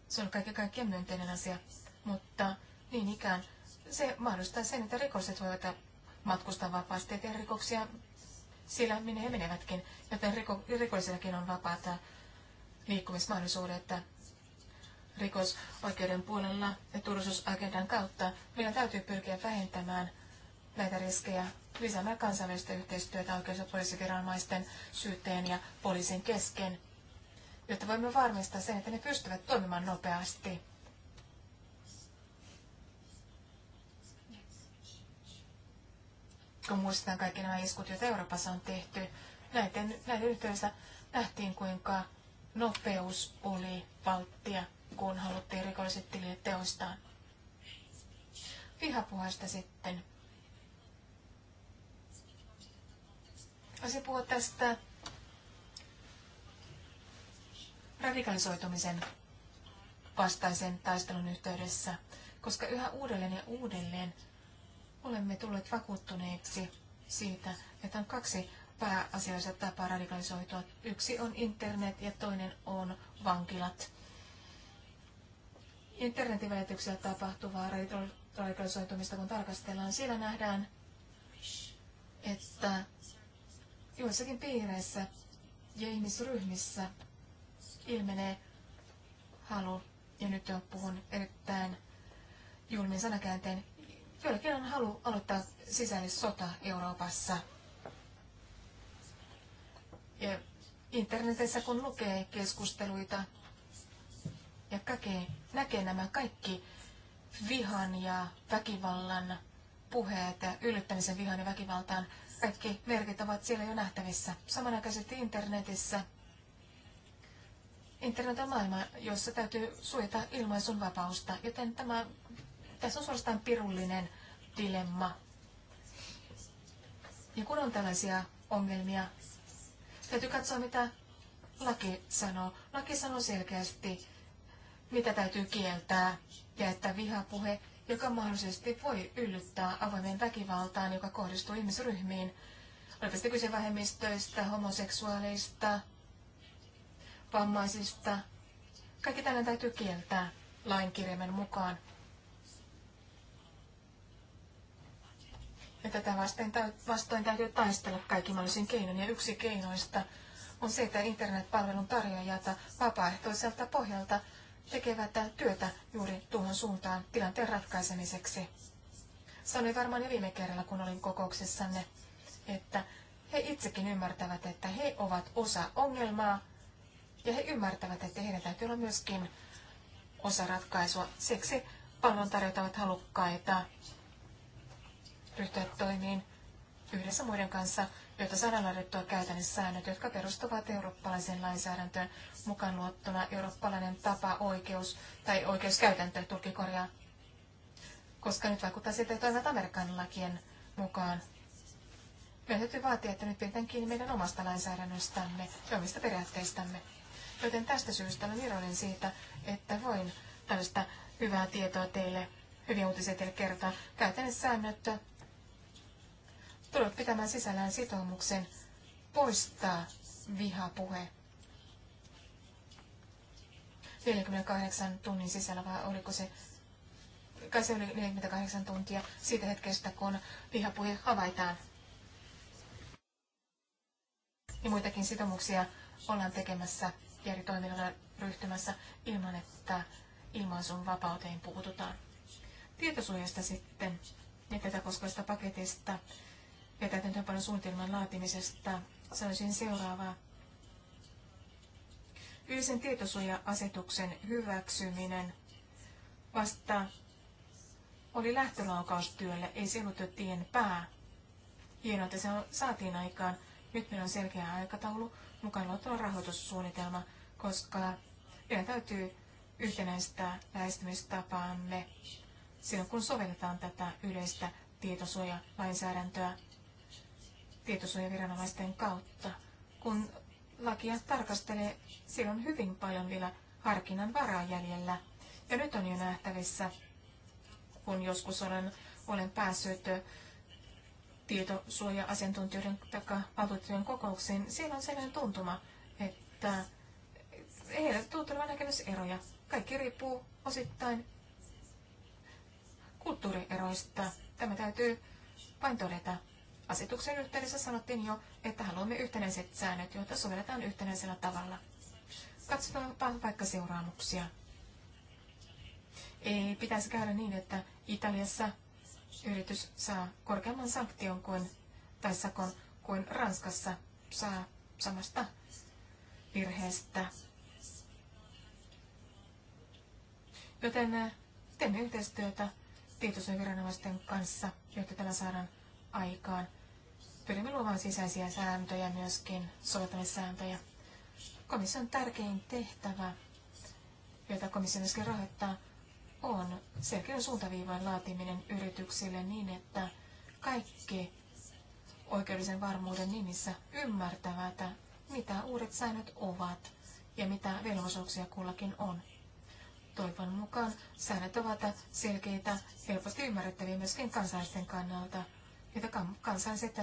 Se on kaiken kaikkien myönteinen asia, mutta niin ikään se mahdollistaa sen, että rikolliset voivat matkustaa vapaasti ja tehdä rikoksia siellä, minne he menevätkin, joten riko, on vapaata liikkumismahdollisuudet, rikosoikeuden puolella ja turvallisuusagendan kautta meidän täytyy pyrkiä vähentämään näitä riskejä lisäämällä kansainvälistä yhteistyötä oikeus- ja poliisiviranomaisten, syyteen ja poliisin kesken, jotta voimme varmistaa sen, että ne pystyvät toimimaan nopeasti. Kun muistetaan kaikki nämä iskut, joita Euroopassa on tehty, näiden, näiden yhteydessä nähtiin, kuinka nopeus oli valttia kun haluttiin rikolliset tilit teoistaan. Vihapuheesta sitten. Voisin puhua tästä radikalisoitumisen vastaisen taistelun yhteydessä, koska yhä uudelleen ja uudelleen olemme tulleet vakuuttuneeksi siitä, että on kaksi pääasiallista tapaa radikalisoitua. Yksi on internet ja toinen on vankilat internetin välityksellä tapahtuvaa radikalisoitumista, kun tarkastellaan, siellä nähdään, että joissakin piireissä ja ihmisryhmissä ilmenee halu, ja nyt jo puhun erittäin julmin sanakäänteen, joillakin on halu aloittaa sisällissota Euroopassa. Ja internetissä kun lukee keskusteluita ja kaikkea näkee nämä kaikki vihan ja väkivallan puheet, ja yllyttämisen vihan ja väkivaltaan, kaikki merkit ovat siellä jo nähtävissä. Samanaikaisesti internetissä Internet on maailma, jossa täytyy suojata ilmaisun vapausta, joten tämä, tässä on suorastaan pirullinen dilemma. Ja kun on tällaisia ongelmia, täytyy katsoa, mitä laki sanoo. Laki sanoo selkeästi, mitä täytyy kieltää, ja että vihapuhe, joka mahdollisesti voi yllyttää avoimeen väkivaltaan, joka kohdistuu ihmisryhmiin, olipa sitten kyse vähemmistöistä, homoseksuaaleista, vammaisista, kaikki tällainen täytyy kieltää lainkirjaimen mukaan. Ja tätä vasten, vastoin täytyy taistella kaikki mahdollisin keinoin. Ja yksi keinoista on se, että internetpalvelun tarjoajalta vapaaehtoiselta pohjalta tekevät työtä juuri tuohon suuntaan tilanteen ratkaisemiseksi. Sanoin varmaan jo viime kerralla, kun olin kokouksessanne, että he itsekin ymmärtävät, että he ovat osa ongelmaa ja he ymmärtävät, että heidän täytyy olla myöskin osa ratkaisua. Siksi palveluntarjoajat ovat halukkaita ryhtyä toimiin yhdessä muiden kanssa jotta saadaan laadittua käytännössä säännöt, jotka perustuvat eurooppalaiseen lainsäädäntöön mukaan luottuna eurooppalainen tapa, oikeus tai oikeuskäytäntö tulkikorjaa. Koska nyt vaikuttaa siltä, että toimivat Amerikan lakien mukaan. Meidän täytyy vaatia, että nyt pidetään kiinni meidän omasta lainsäädännöstämme ja omista periaatteistamme. Joten tästä syystä olen iloinen siitä, että voin tällaista hyvää tietoa teille, hyviä uutisia teille kertoa. Käytännössä säännöt tulevat pitämään sisällään sitoumuksen poistaa vihapuhe 48 tunnin sisällä, vai oliko se, kai se oli 48 tuntia siitä hetkestä, kun vihapuhe havaitaan. Ja muitakin sitomuksia ollaan tekemässä ja eri toiminnalla ryhtymässä ilman, että ilmaisun vapauteen puututaan. Tietosuojasta sitten ja tätä koskevasta paketista ja täytäntöönpanon suunnitelman laatimisesta sanoisin seuraavaa. Yleisen tietosuoja-asetuksen hyväksyminen vasta oli lähtölaukaustyölle, ei se ollut tien pää. Hienoa, että se saatiin aikaan. Nyt meillä on selkeä aikataulu, mukaan luettuna rahoitussuunnitelma, koska meidän täytyy yhtenäistää lähestymistapaamme silloin, kun sovelletaan tätä yleistä tietosuojalainsäädäntöä tietosuojaviranomaisten kautta. Kun lakia tarkastelee, siellä on hyvin paljon vielä harkinnan varaa jäljellä. Ja nyt on jo nähtävissä, kun joskus olen, olen päässyt tietosuoja-asiantuntijoiden tai valtuutettujen kokouksiin, siellä on sellainen tuntuma, että heillä tuntuu olevan näkemyseroja. Kaikki riippuu osittain kulttuurieroista. Tämä täytyy vain todeta. Asetuksen yhteydessä sanottiin jo, että haluamme yhtenäiset säännöt, joita sovelletaan yhtenäisellä tavalla. Katsotaanpa vaikka seuraamuksia. Ei pitäisi käydä niin, että Italiassa yritys saa korkeamman sanktion kuin, tai sakon kuin Ranskassa saa samasta virheestä. Joten äh, teemme yhteistyötä tietosuojaviranomaisten kanssa, jotta tällä saadaan aikaan Pyrimme luomaan sisäisiä sääntöjä, myöskin soveltamissääntöjä. Komission tärkein tehtävä, jota komissio myöskin rahoittaa, on selkeän suuntaviivan laatiminen yrityksille niin, että kaikki oikeudellisen varmuuden nimissä ymmärtävät, mitä uudet säännöt ovat ja mitä velvollisuuksia kullakin on. Toivon mukaan säännöt ovat selkeitä, helposti ymmärrettäviä myöskin kansalaisten kannalta, joita kansalaiset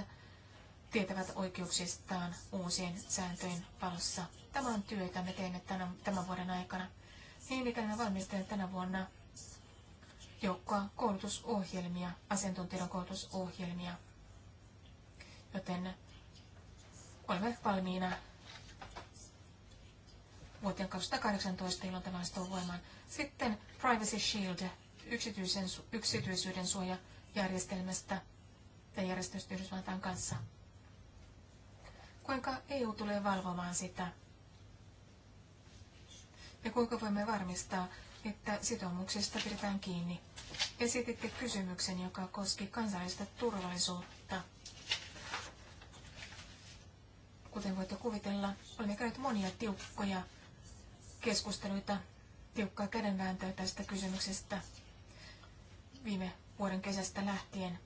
tietävät oikeuksistaan uusien sääntöjen valossa. Tämä on työ, jota me teemme tämän, tämän vuoden aikana. Niin ikään valmistelen tänä vuonna joukkoa koulutusohjelmia, asiantuntijoiden koulutusohjelmia. Joten olemme valmiina vuoteen 2018, jolloin tämä astuu voimaan. Sitten Privacy Shield, yksityisen, yksityisyyden suojajärjestelmästä ja järjestöstä Yhdysvaltain kanssa. Kuinka EU tulee valvomaan sitä? Ja kuinka voimme varmistaa, että sitoumuksista pidetään kiinni? Esititte kysymyksen, joka koski kansallista turvallisuutta. Kuten voitte kuvitella, olemme käyneet monia tiukkoja keskusteluita, tiukkaa kädenvääntöä tästä kysymyksestä viime vuoden kesästä lähtien.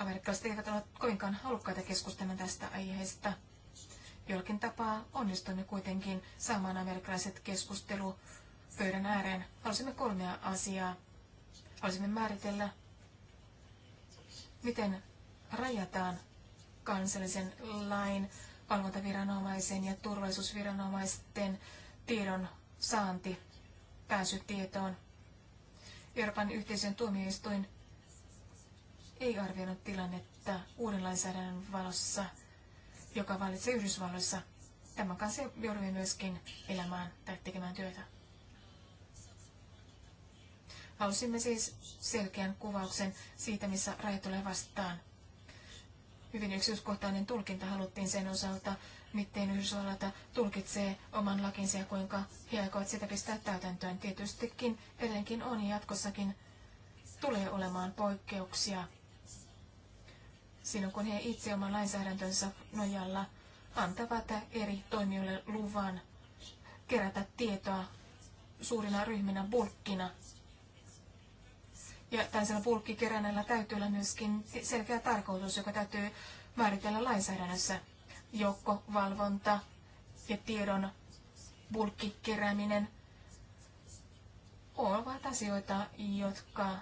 Amerikkalaiset eivät ole kovinkaan halukkaita keskustelemaan tästä aiheesta. Jollakin tapaa onnistuimme kuitenkin saamaan amerikkalaiset keskustelu pöydän ääreen. Halusimme kolmea asiaa. Halusimme määritellä, miten rajataan kansallisen lain, valvontaviranomaisen ja turvallisuusviranomaisten tiedon saanti, pääsy tietoon. Euroopan yhteisön tuomioistuin ei arvioinut tilannetta uuden lainsäädännön valossa, joka vallitsee Yhdysvalloissa. Tämän kanssa joudumme myöskin elämään tai tekemään työtä. Halusimme siis selkeän kuvauksen siitä, missä raja tulee vastaan. Hyvin yksityiskohtainen tulkinta haluttiin sen osalta, miten Yhdysvallata tulkitsee oman lakinsa ja kuinka he aikovat sitä pistää täytäntöön. Tietystikin edelleenkin on jatkossakin tulee olemaan poikkeuksia silloin kun he itse oman lainsäädäntönsä nojalla antavat eri toimijoille luvan kerätä tietoa suurina ryhminä bulkkina. Ja tällaisella bulkkikerännällä täytyy olla myöskin selkeä tarkoitus, joka täytyy määritellä lainsäädännössä. Joukkovalvonta ja tiedon bulkkikerääminen ovat asioita, jotka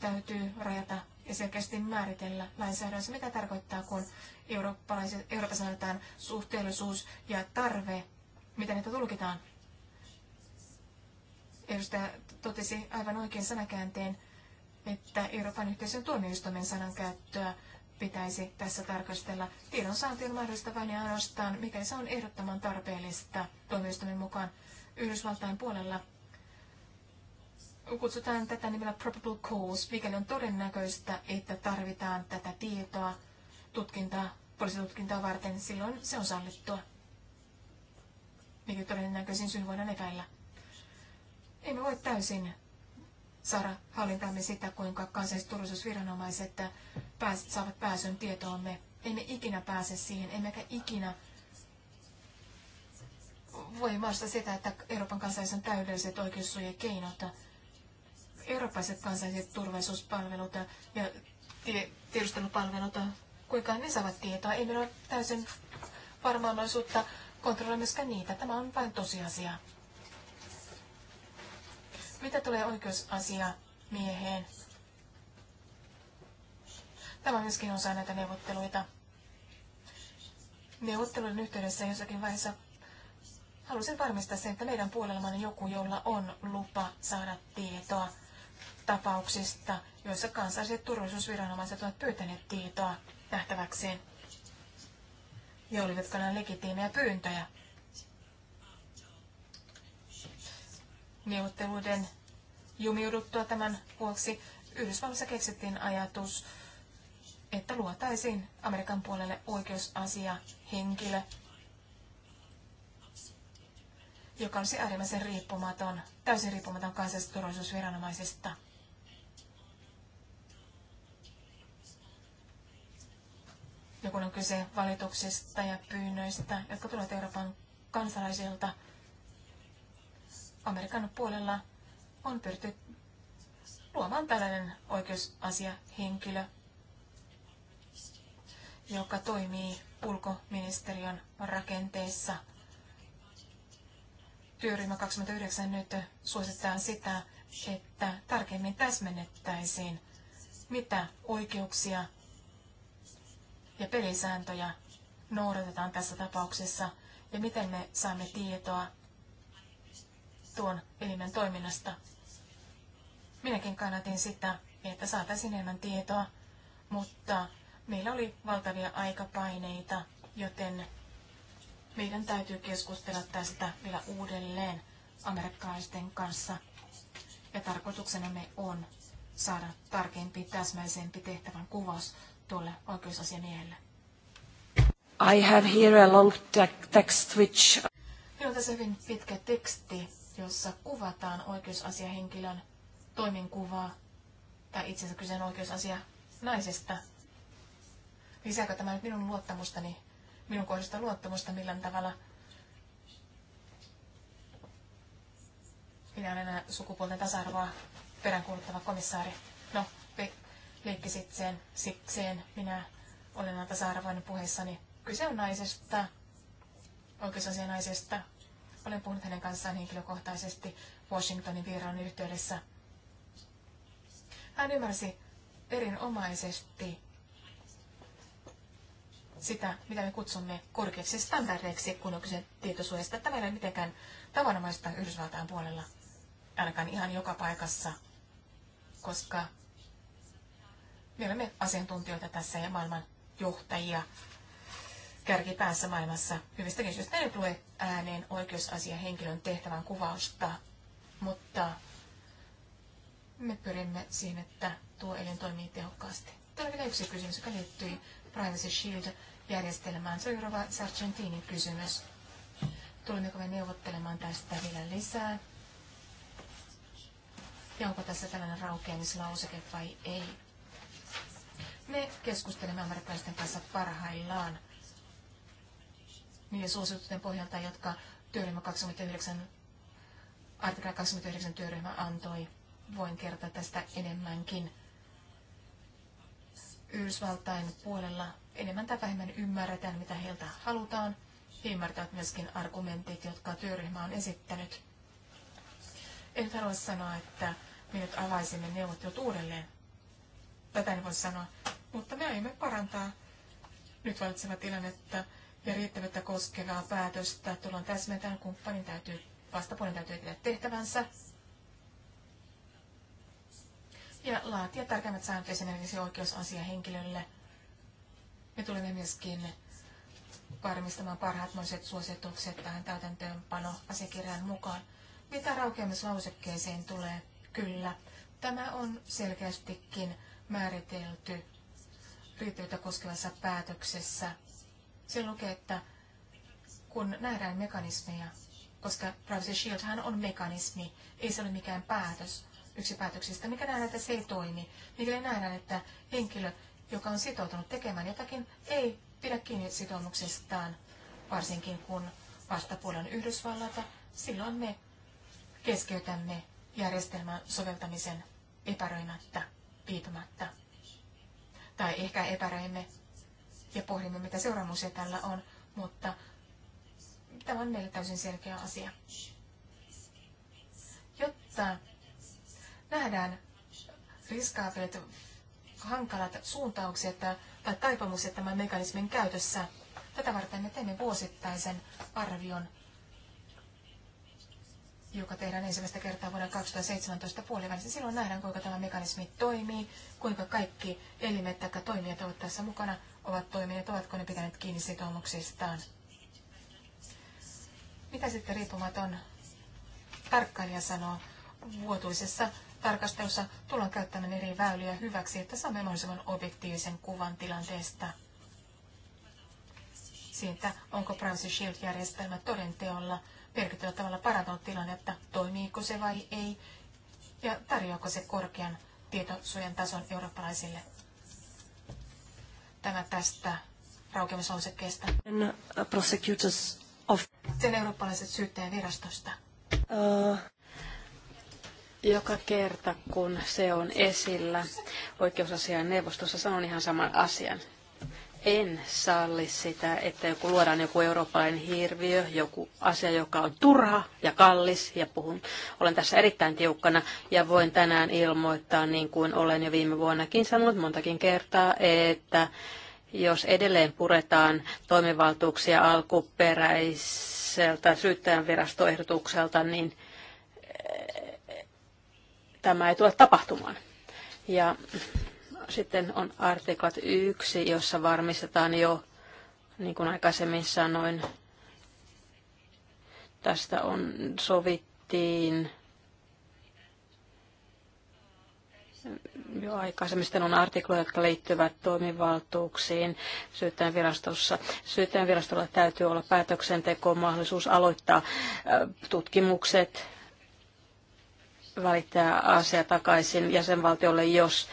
täytyy rajata ja selkeästi määritellä lainsäädännössä, mitä tarkoittaa, kun Euroopassa sanotaan suhteellisuus ja tarve, miten niitä tulkitaan. Edustaja totesi aivan oikein sanakäänteen, että Euroopan yhteisön tuomioistuimen sanankäyttöä pitäisi tässä tarkastella. Tiedonsaanti on mahdollista vain ja ainoastaan, mikäli se on ehdottoman tarpeellista tuomioistuimen mukaan. Yhdysvaltain puolella kutsutaan tätä nimellä probable cause, mikäli on todennäköistä, että tarvitaan tätä tietoa tutkintaa, poliisitutkintaa varten, silloin se on sallittua. Mikä todennäköisin syyn voidaan epäillä. Emme voi täysin saada hallintaamme sitä, kuinka turvallisuusviranomaiset pääs, saavat pääsyn tietoomme. Emme ikinä pääse siihen, emmekä ikinä voi maasta sitä, että Euroopan on täydelliset oikeussuojakeinot keinot eurooppalaiset kansalliset turvallisuuspalvelut ja tiedustelupalvelut, kuinka ne saavat tietoa. Ei meillä ole täysin varmaanoisuutta kontrolloida myöskään niitä. Tämä on vain tosiasia. Mitä tulee oikeusasia mieheen? Tämä myöskin osa näitä neuvotteluita. Neuvottelujen yhteydessä jossakin vaiheessa halusin varmistaa sen, että meidän puolellamme on joku, jolla on lupa saada tietoa tapauksista, joissa kansalliset turvallisuusviranomaiset ovat pyytäneet tietoa nähtäväkseen. Ja olivatko nämä legitiimejä pyyntöjä? Neuvotteluiden jumiuduttua tämän vuoksi Yhdysvalloissa keksittiin ajatus, että luotaisiin Amerikan puolelle oikeusasia henkilö, joka olisi äärimmäisen riippumaton, täysin riippumaton kansallisesta turvallisuusviranomaisista. ja kun on kyse valituksista ja pyynnöistä, jotka tulevat Euroopan kansalaisilta, Amerikan puolella on pyritty luomaan tällainen oikeusasiahenkilö, joka toimii ulkoministeriön rakenteessa. Työryhmä 29 nyt suosittaa sitä, että tarkemmin täsmennettäisiin, mitä oikeuksia ja pelisääntöjä noudatetaan tässä tapauksessa ja miten me saamme tietoa tuon elimen toiminnasta. Minäkin kannatin sitä, että saataisiin enemmän tietoa, mutta meillä oli valtavia aikapaineita, joten meidän täytyy keskustella tästä vielä uudelleen amerikkalaisten kanssa. Ja me on saada tarkempi, täsmäisempi tehtävän kuvaus tuolle oikeusasiamiehelle. I have here a long text which... Minulla on tässä hyvin pitkä teksti, jossa kuvataan oikeusasiahenkilön toimenkuvaa tai itse asiassa kyseen oikeusasia naisesta. Lisääkö tämä nyt minun luottamustani, minun kohdasta luottamusta millään tavalla? Minä olen enää sukupuolten tasa-arvoa peräänkuuluttava komissaari. No, leikkisikseen, sikseen minä olen tasa-arvoinen puheessani. Kyse on naisesta, oikeusasia naisesta. Olen puhunut hänen kanssaan henkilökohtaisesti Washingtonin vieraan yhteydessä. Hän ymmärsi erinomaisesti sitä, mitä me kutsumme korkeaksi standardeiksi, kun on kyse tietosuojasta. Tämä ei ole mitenkään tavanomaista Yhdysvaltain puolella, ainakaan ihan joka paikassa, koska me olemme asiantuntijoita tässä ja maailman johtajia kärkipäässä maailmassa. Hyvistä kysymyksistä ei lue ääneen oikeusasiahenkilön tehtävän kuvausta, mutta me pyrimme siihen, että tuo elin toimii tehokkaasti. Täällä vielä yksi kysymys, joka liittyy Privacy Shield-järjestelmään. Se on Rova Sargentinin kysymys. Tulemmeko me neuvottelemaan tästä vielä lisää? Ja onko tässä tällainen raukeamislauseke vai ei? Me keskustelemme amerikkalaisten kanssa parhaillaan niiden suositusten pohjalta, jotka työryhmä 29, artikla 29 työryhmä antoi. Voin kertoa tästä enemmänkin. Yhdysvaltain puolella enemmän tai vähemmän ymmärretään, mitä heiltä halutaan. He ymmärtävät myöskin argumentit, jotka työryhmä on esittänyt. En halua sanoa, että me nyt avaisimme neuvottelut uudelleen, Tätä ei voi sanoa, mutta me aiomme parantaa nyt valitsema tilannetta ja riittävyyttä koskevaa päätöstä tullaan täsmentään, kumppanin täytyy, vastapuolen täytyy tehdä tehtävänsä ja laatia tarkemmat säännöt esimerkiksi oikeusasiahenkilölle. Me tulemme myöskin varmistamaan parhaat mahdolliset suositukset tähän täytäntöönpano asiakirjan mukaan. Mitä raukeamislausekkeeseen tulee? Kyllä. Tämä on selkeästikin määritelty riitoita koskevassa päätöksessä. Se lukee, että kun nähdään mekanismeja, koska Privacy Shield hän on mekanismi, ei se ole mikään päätös, yksi päätöksistä, mikä nähdään, että se ei toimi, mikäli nähdään, että henkilö, joka on sitoutunut tekemään jotakin, ei pidä kiinni sitoumuksestaan, varsinkin kun vastapuoli on Yhdysvallata, silloin me keskeytämme järjestelmän soveltamisen epäröimättä viipymättä. Tai ehkä epäröimme ja pohdimme, mitä seuraamuksia tällä on, mutta tämä on meille täysin selkeä asia. Jotta nähdään riskaabelit, hankalat suuntaukset tai taipumukset tämän mekanismin käytössä, tätä varten me teemme vuosittaisen arvion joka tehdään ensimmäistä kertaa vuoden 2017 puolivälissä. Silloin nähdään, kuinka tämä mekanismi toimii, kuinka kaikki elimet tai toimijat ovat tässä mukana, ovat toimineet, ovatko ne pitäneet kiinni sitoumuksistaan. Mitä sitten riippumaton tarkkailija sanoo vuotuisessa tarkastelussa tullaan käyttämään eri väyliä hyväksi, että saamme mahdollisimman objektiivisen kuvan tilanteesta siitä, onko Privacy Shield-järjestelmä todenteolla merkittävällä tavalla parantanut tilannetta, toimiiko se vai ei, ja tarjoako se korkean tietosuojan tason eurooppalaisille. Tämä tästä raukeamislausekkeesta. Uh, prosecutors of... Sen eurooppalaiset syyttäjävirastosta. Uh, joka kerta, kun se on esillä oikeusasian neuvostossa, sanon ihan saman asian en salli sitä, että joku luodaan joku eurooppalainen hirviö, joku asia, joka on turha ja kallis, ja puhun, olen tässä erittäin tiukkana, ja voin tänään ilmoittaa, niin kuin olen jo viime vuonnakin sanonut montakin kertaa, että jos edelleen puretaan toimivaltuuksia alkuperäiseltä syyttäjän virastoehdotukselta, niin eh, tämä ei tule tapahtumaan. Ja sitten on artiklat 1, jossa varmistetaan jo, niin kuin aikaisemmin sanoin, tästä on sovittiin jo aikaisemmin sitten on artikloja, jotka liittyvät toimivaltuuksiin syyttäjänvirastossa. virastossa. virastolla täytyy olla päätöksenteko mahdollisuus aloittaa tutkimukset, välittää asia takaisin jäsenvaltiolle, jos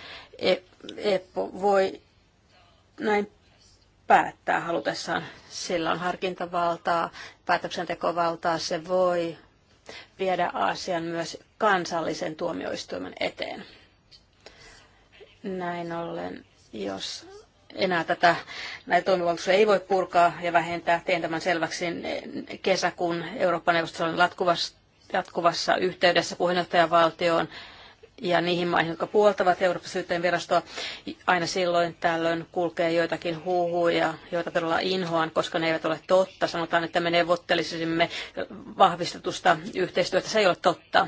EPPO voi näin päättää halutessaan. Sillä on harkintavaltaa, päätöksentekovaltaa. Se voi viedä asian myös kansallisen tuomioistuimen eteen. Näin ollen, jos enää tätä, näitä toimivaltuuksia ei voi purkaa ja vähentää, teen tämän selväksi kesäkuun Euroopan neuvostossa jatkuvassa yhteydessä puheenjohtajavaltioon ja niihin maihin, jotka puoltavat Euroopan syytteen virastoa. Aina silloin tällöin kulkee joitakin huhuja, joita todella inhoan, koska ne eivät ole totta. Sanotaan, että me neuvottelisimme vahvistetusta yhteistyötä. Se ei ole totta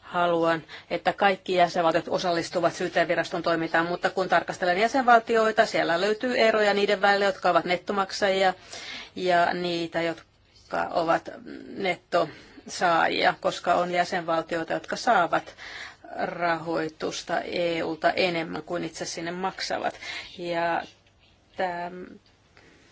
haluan, että kaikki jäsenvaltiot osallistuvat syyteviraston toimintaan, mutta kun tarkastelen jäsenvaltioita, siellä löytyy eroja niiden välillä, jotka ovat nettomaksajia ja niitä, jotka ovat nettosaajia, koska on jäsenvaltioita, jotka saavat rahoitusta EUlta enemmän kuin itse sinne maksavat. Ja täm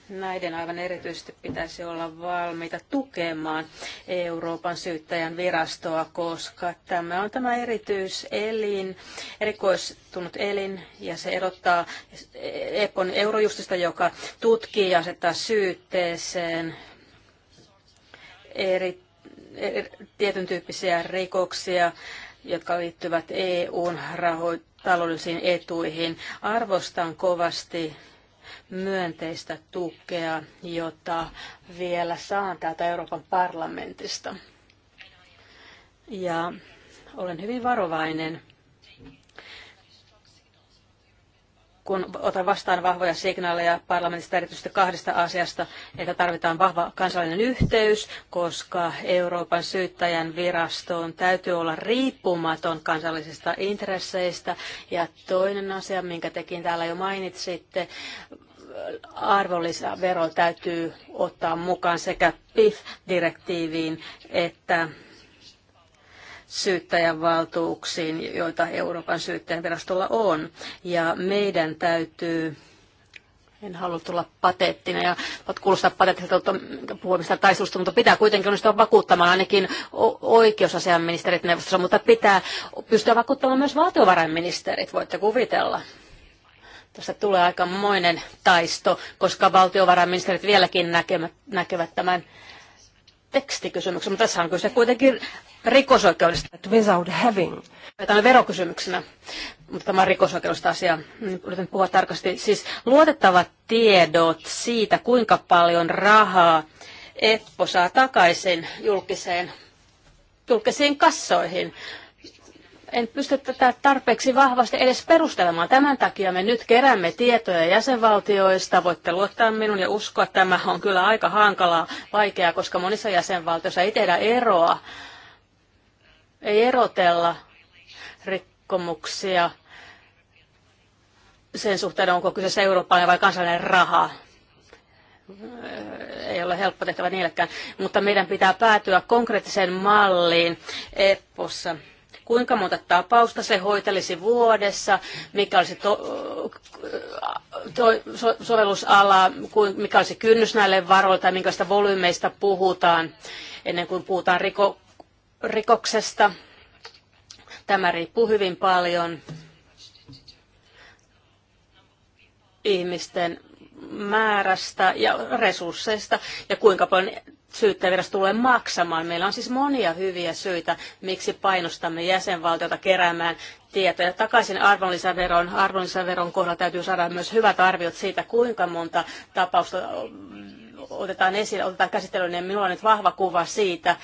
näiden aivan erityisesti pitäisi olla valmiita tukemaan Euroopan syyttäjän virastoa, koska tämä on tämä erityiselin, erikoistunut elin, ja se erottaa EPON eurojustista, joka tutkii ja asettaa syytteeseen eri, eri, tietyn tyyppisiä rikoksia, jotka liittyvät EUn taloudellisiin etuihin. Arvostan kovasti myönteistä tukea, jota vielä saan täältä Euroopan parlamentista. Ja olen hyvin varovainen kun otan vastaan vahvoja signaaleja parlamentista erityisesti kahdesta asiasta, että tarvitaan vahva kansallinen yhteys, koska Euroopan syyttäjän virastoon täytyy olla riippumaton kansallisista intresseistä. Ja toinen asia, minkä tekin täällä jo mainitsitte, arvonlisävero täytyy ottaa mukaan sekä PIF-direktiiviin että syyttäjän valtuuksiin, joita Euroopan syyttäjänvirastolla on. Ja meidän täytyy en halua tulla pateettinen ja kuulostaa pateettiselta puhumista taistelusta, mutta pitää kuitenkin onnistua vakuuttamaan ainakin oikeusasiaministerit neuvostossa, mutta pitää pystyä vakuuttamaan myös valtiovarainministerit, voitte kuvitella. Tästä tulee aika moinen taisto, koska valtiovarainministerit vieläkin näkevät, näkevät tämän tekstikysymyksen, mutta tässä on kyse kuitenkin rikosoikeudesta. Without having. Tämä on verokysymyksenä, mutta tämä on rikosoikeudesta asia. Niin Yritän puhua tarkasti. Siis luotettavat tiedot siitä, kuinka paljon rahaa Eppo saa takaisin julkiseen julkisiin kassoihin en pysty tätä tarpeeksi vahvasti edes perustelemaan. Tämän takia me nyt keräämme tietoja jäsenvaltioista. Voitte luottaa minun ja uskoa, että tämä on kyllä aika hankalaa, vaikeaa, koska monissa jäsenvaltioissa ei tehdä eroa, ei erotella rikkomuksia sen suhteen, onko kyseessä eurooppalainen vai kansallinen raha ei ole helppo tehtävä niillekään, mutta meidän pitää päätyä konkreettiseen malliin EPPOssa kuinka monta tapausta se hoitelisi vuodessa, mikä olisi to- to- so- sovellusala, mikä olisi kynnys näille varoille tai minkälaista volyymeista puhutaan ennen kuin puhutaan riko- rikoksesta. Tämä riippuu hyvin paljon ihmisten määrästä ja resursseista ja kuinka paljon syyttäjävirasto tulee maksamaan. Meillä on siis monia hyviä syitä, miksi painostamme jäsenvaltiota keräämään tietoja. Takaisin arvonlisäveron. Arvonlisäveron kohdalla täytyy saada myös hyvät arviot siitä, kuinka monta tapausta otetaan esille, otetaan käsittelyyn, niin minulla on nyt vahva kuva siitä,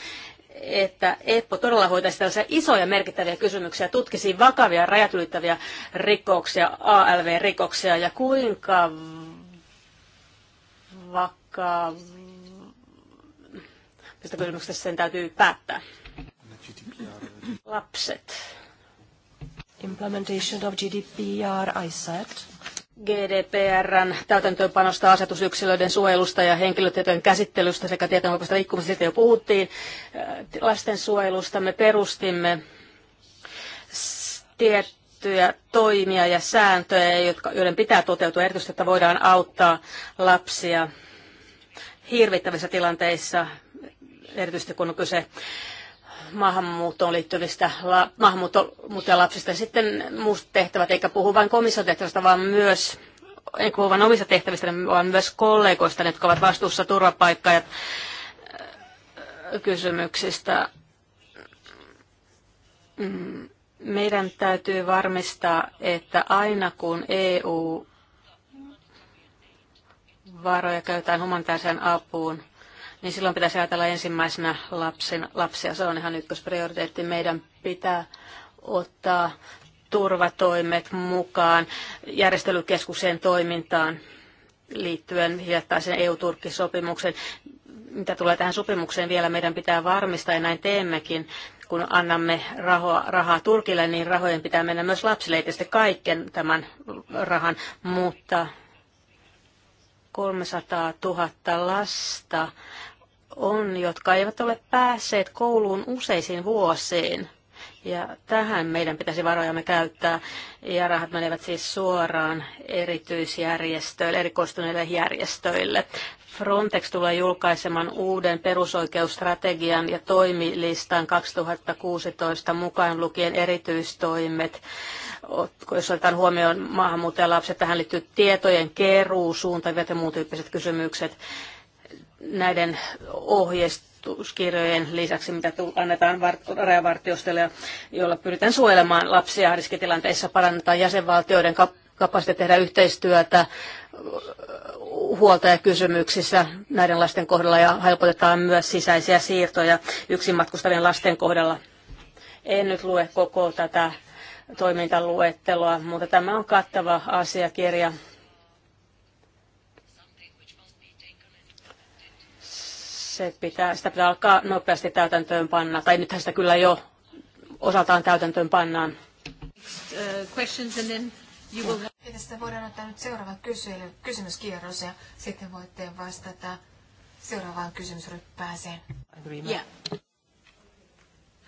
että Eppo todella hoitaisi tällaisia isoja merkittäviä kysymyksiä, tutkisi vakavia rajat ylittäviä rikoksia, ALV-rikoksia ja kuinka vakavia tästä kysymyksestä sen täytyy päättää. Lapset. Implementation of GDPR, I said. GDPRn täytäntöönpanosta asetusyksilöiden suojelusta ja henkilötietojen käsittelystä sekä tietojenhoidosta liikkumisesta, siitä jo puhuttiin. Äh, Lastensuojelusta me perustimme tiettyjä toimia ja sääntöjä, jotka, joiden pitää toteutua erityisesti, että voidaan auttaa lapsia hirvittävissä tilanteissa, erityisesti kun on kyse maahanmuuttoon liittyvistä la, lapsista ja niin sitten muut tehtävät, eikä puhu vain komission tehtävästä, vaan myös ei puhu vain omista tehtävistä, vaan myös kollegoista, jotka ovat vastuussa turvapaikka- ja äh, kysymyksistä. Mm, meidän täytyy varmistaa, että aina kun EU varoja käytetään humanitaariseen apuun, niin silloin pitäisi ajatella ensimmäisenä lapsen, lapsia. Se on ihan ykkösprioriteetti. Meidän pitää ottaa turvatoimet mukaan järjestelykeskuksen toimintaan liittyen hiljattaisen EU-Turkki-sopimuksen. Mitä tulee tähän sopimukseen vielä, meidän pitää varmistaa, ja näin teemmekin, kun annamme rahoa, rahaa Turkille, niin rahojen pitää mennä myös lapsille, ei kaiken tämän rahan, mutta 300 000 lasta on, jotka eivät ole päässeet kouluun useisiin vuosiin. Ja tähän meidän pitäisi varojamme käyttää, ja rahat menevät siis suoraan erityisjärjestöille, erikoistuneille järjestöille. Frontex tulee julkaisemaan uuden perusoikeusstrategian ja toimilistan 2016 mukaan lukien erityistoimet. Jos otetaan huomioon maahanmuuttajalapset, tähän liittyy tietojen keruu, suuntaviat ja muun tyyppiset kysymykset näiden ohjeistuskirjojen lisäksi, mitä annetaan rajavartiostelle, joilla pyritään suojelemaan lapsia riskitilanteissa, parannetaan jäsenvaltioiden kapasiteetti tehdä yhteistyötä uh, huoltajakysymyksissä näiden lasten kohdalla ja helpotetaan myös sisäisiä siirtoja yksin matkustavien lasten kohdalla. En nyt lue koko tätä toimintaluetteloa, mutta tämä on kattava asiakirja se pitää, sitä pitää alkaa nopeasti täytäntöön panna, tai nythän sitä kyllä jo osaltaan täytäntöön pannaan. Tästä uh, voidaan ottaa nyt seuraava kysymyskierros ja sitten voitte vastata seuraavaan kysymysryppääseen.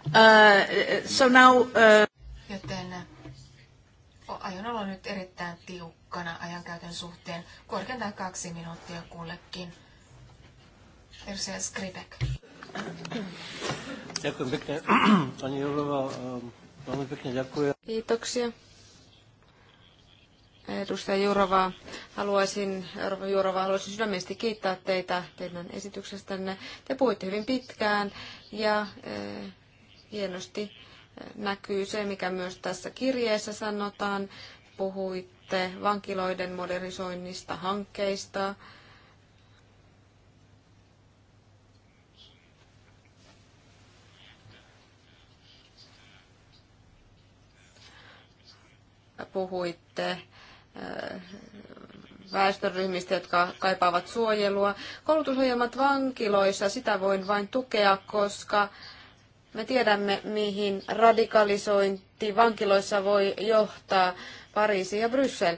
Uh, so now, uh, Joten aion olla nyt erittäin tiukkana ajankäytön suhteen, korkeintaan kaksi minuuttia kullekin Edustaja Skripek. Ehm, Kiitoksia. Edustaja Jurova, haluaisin, Euroopan Jurova, haluaisin sydämesti kiittää teitä teidän esityksestänne. Te puhuitte hyvin pitkään ja eh, hienosti eh, näkyy se, mikä myös tässä kirjeessä sanotaan. Puhuitte vankiloiden modernisoinnista, hankkeista, puhuitte väestöryhmistä, jotka kaipaavat suojelua. Koulutusohjelmat vankiloissa, sitä voin vain tukea, koska me tiedämme, mihin radikalisointi vankiloissa voi johtaa Pariisi ja Bryssel.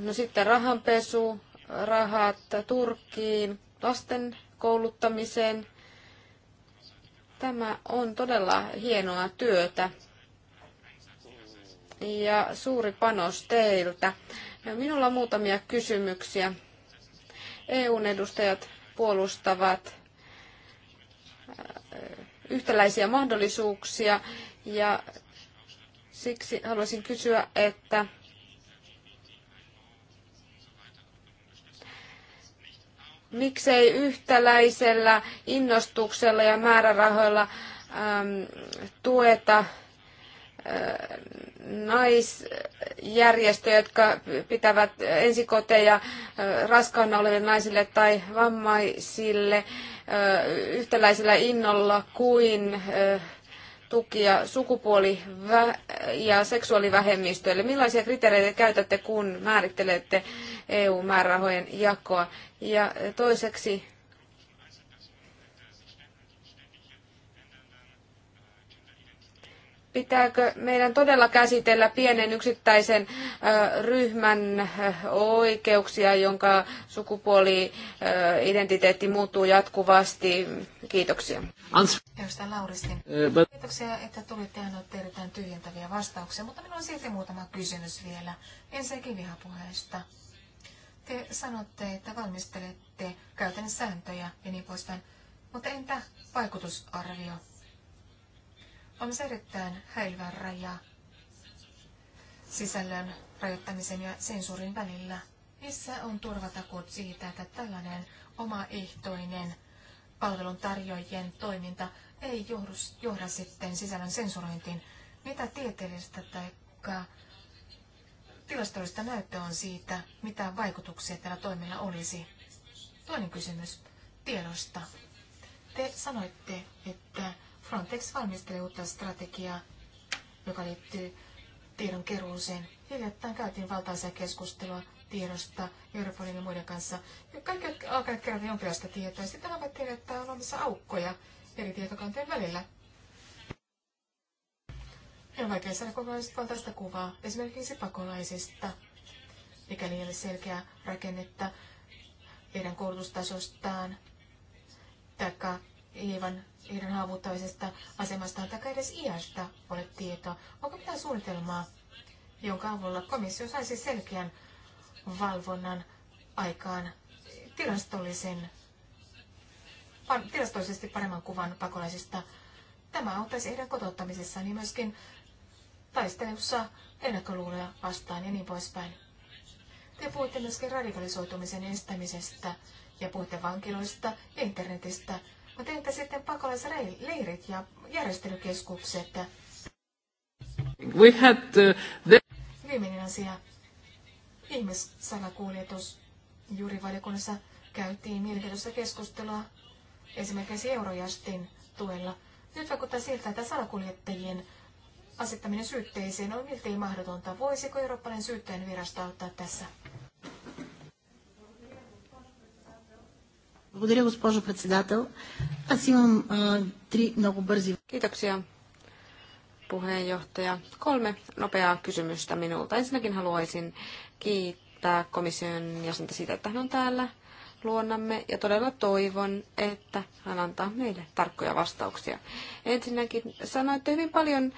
No sitten rahanpesu, rahat Turkkiin, lasten kouluttamiseen. Tämä on todella hienoa työtä ja suuri panos teiltä. ja Minulla on muutamia kysymyksiä. EUn edustajat puolustavat äh, yhtäläisiä mahdollisuuksia ja siksi haluaisin kysyä, että miksei yhtäläisellä innostuksella ja määrärahoilla äm, tueta naisjärjestöjä, jotka pitävät ensikoteja raskaana oleville naisille tai vammaisille yhtäläisellä innolla kuin tukia sukupuoli- ja seksuaalivähemmistöille. Millaisia kriteereitä käytätte, kun määrittelette EU-määrärahojen jakoa? Ja toiseksi, Pitääkö meidän todella käsitellä pienen yksittäisen ryhmän oikeuksia, jonka sukupuoli-identiteetti muuttuu jatkuvasti? Kiitoksia. Eh, Kiitoksia, että tulitte ja annoitte erittäin tyhjentäviä vastauksia, mutta minulla on silti muutama kysymys vielä. Ensinnäkin vihapuheesta. Te sanotte, että valmistelette käytännön sääntöjä ja niin poispäin, mutta entä vaikutusarvio? on se erittäin häilyvä raja sisällön rajoittamisen ja sensuurin välillä. Missä on turvatakuut siitä, että tällainen omaehtoinen palveluntarjoajien toiminta ei johdu, johda sitten sisällön sensurointiin? Mitä tieteellistä tai tilastollista näyttöä on siitä, mitä vaikutuksia tällä toimilla olisi? Toinen kysymys tiedosta. Te sanoitte, että Frontex valmistelee uutta strategiaa, joka liittyy tiedon keruuseen. Hiljattain käytiin valtaisia keskustelua tiedosta Europolin ja muiden kanssa. Kaikki alkaa kerätä niin jonkinlaista tietoa. Sitten havaittiin, että on olemassa aukkoja eri tietokantojen välillä. Ja on vaikea saada kokonaisvaltaista kuvaa esimerkiksi pakolaisista, mikäli ei ole selkeää rakennetta heidän koulutustasostaan, taikka eivän heidän haavuttamisesta asemastaan tai edes iästä ole tietoa. Onko mitään suunnitelmaa, jonka avulla komissio saisi selkeän valvonnan aikaan tilastollisen, tilastollisesti paremman kuvan pakolaisista? Tämä auttaisi heidän kotouttamisessaan niin myöskin taistelussa ennakkoluuloja vastaan ja niin poispäin. Te puhutte myöskin radikalisoitumisen estämisestä ja puhutte vankiloista ja internetistä mutta entä sitten pakolaisleirit ja järjestelykeskukset? We had uh, the... Viimeinen asia. Ihmissalakuljetus. valikunnassa käytiin mielenkiintoista keskustelua esimerkiksi Eurojastin tuella. Nyt vaikuttaa siltä, että salakuljettajien asettaminen syytteeseen on miltei mahdotonta. Voisiko eurooppalainen syyttäjän virasto auttaa tässä? Благодаря, госпожо председател. Аз имам а, три много бързи. Kiitoksia, puheenjohtaja. Kolme nopeaa kysymystä minulta. Ensinnäkin haluaisin kiittää komission jäsentä siitä, että hän on täällä luonnamme ja todella toivon, että hän antaa meille tarkkoja vastauksia. Ensinnäkin sanoitte hyvin paljon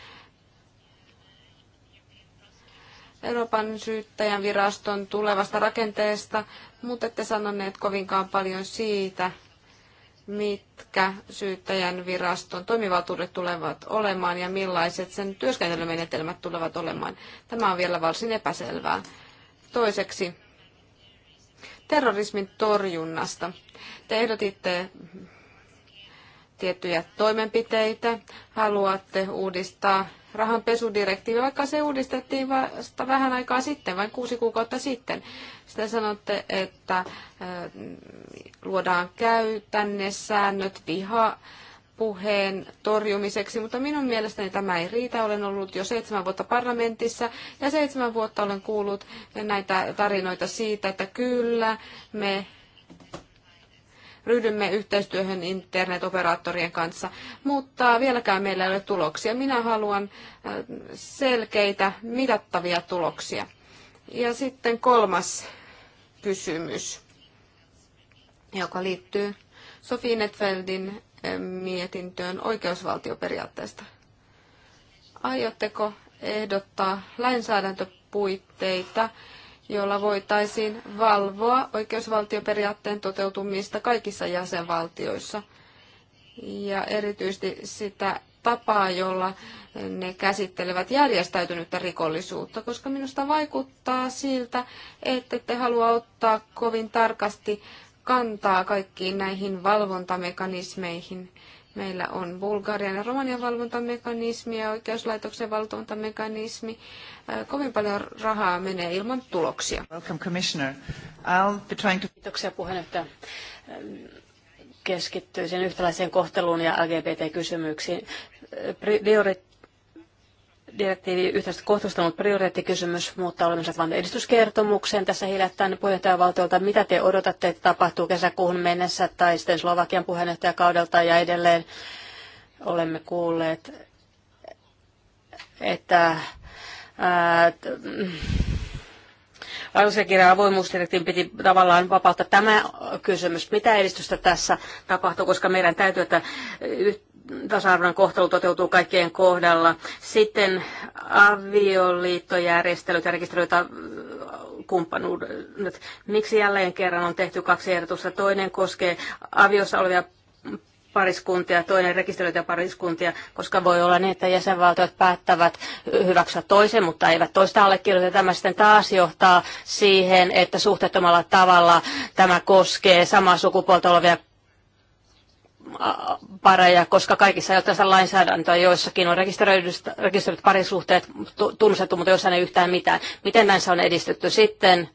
Euroopan syyttäjän viraston tulevasta rakenteesta, mutta ette sanoneet kovinkaan paljon siitä, mitkä syyttäjän viraston toimivaltuudet tulevat olemaan ja millaiset sen työskentelymenetelmät tulevat olemaan. Tämä on vielä varsin epäselvää. Toiseksi terrorismin torjunnasta. Te ehdotitte tiettyjä toimenpiteitä, haluatte uudistaa rahanpesudirektiivi, vaikka se uudistettiin vasta vähän aikaa sitten, vain kuusi kuukautta sitten. Sitä sanotte, että luodaan käytännesäännöt viha puheen torjumiseksi, mutta minun mielestäni tämä ei riitä. Olen ollut jo seitsemän vuotta parlamentissa ja seitsemän vuotta olen kuullut näitä tarinoita siitä, että kyllä me ryhdymme yhteistyöhön internetoperaattorien kanssa, mutta vieläkään meillä ei ole tuloksia. Minä haluan äh, selkeitä, mitattavia tuloksia. Ja sitten kolmas kysymys, joka liittyy Sofi Netfeldin äh, mietintöön oikeusvaltioperiaatteesta. Aiotteko ehdottaa lainsäädäntöpuitteita jolla voitaisiin valvoa oikeusvaltioperiaatteen toteutumista kaikissa jäsenvaltioissa ja erityisesti sitä tapaa, jolla ne käsittelevät järjestäytynyttä rikollisuutta, koska minusta vaikuttaa siltä, että te halua ottaa kovin tarkasti kantaa kaikkiin näihin valvontamekanismeihin Meillä on Bulgarian ja Romanian valvontamekanismi ja oikeuslaitoksen valvontamekanismi. Kovin paljon rahaa menee ilman tuloksia. Welcome, Commissioner. I'll be trying to... Kiitoksia puheenjohtaja keskittyisin yhtäläiseen kohteluun ja LGBT-kysymyksiin. Priori direktiivi yhteisestä kohtuusta on prioriteettikysymys, mutta olemme saaneet vain edistyskertomuksen tässä hiljattain puheenjohtajavaltiolta. Mitä te odotatte, että tapahtuu kesäkuun mennessä tai sitten Slovakian puheenjohtajakaudelta ja edelleen olemme kuulleet, että ää, asiakirjan avoimuusdirektiin piti tavallaan vapauttaa tämä kysymys. Mitä edistystä tässä tapahtuu, koska meidän täytyy, että tasa-arvon kohtelu toteutuu kaikkien kohdalla. Sitten avioliittojärjestelyt ja rekisteröity kumppanuudet. Miksi jälleen kerran on tehty kaksi ehdotusta? Toinen koskee aviossa olevia pariskuntia, toinen rekisteröityjä pariskuntia, koska voi olla niin, että jäsenvaltiot päättävät hyväksyä toisen, mutta eivät toista allekirjoita. Tämä sitten taas johtaa siihen, että suhteettomalla tavalla tämä koskee samaa sukupuolta olevia Äh, pareja, koska kaikissa ei ole tässä lainsäädäntöä, joissakin on rekisteröidyt parisuhteet tunnustettu, mutta jossain ei yhtään mitään. Miten näissä on edistytty sitten?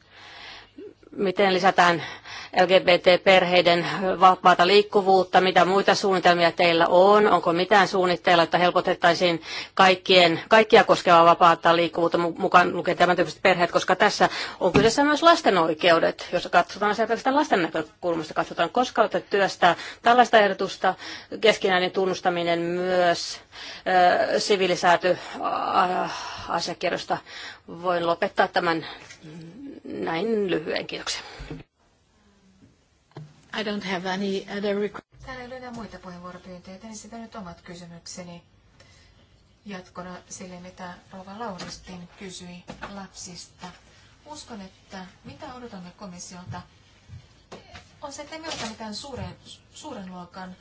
Miten lisätään LGBT-perheiden vapaata liikkuvuutta, mitä muita suunnitelmia teillä on, onko mitään suunnitteilla, että helpotettaisiin kaikkien, kaikkia koskevaa vapaata liikkuvuutta mukaan lukee tämän tyyppiset perheet, koska tässä on kyseessä myös lasten oikeudet, jos katsotaan sieltä lasten näkökulmasta, katsotaan koska olette työstä tällaista ehdotusta, keskinäinen tunnustaminen myös sivilisääty asiakirjoista. Voin lopettaa tämän näin lyhyen. Kiitoksia. I don't have any other Täällä ei ole enää muita puheenvuoropyyntöjä, joten esitän nyt omat kysymykseni jatkona sille, mitä Rova Lauristin kysyi lapsista. Uskon, että mitä odotamme komissiolta on se, että emme ota mitään suuren, suuren luokan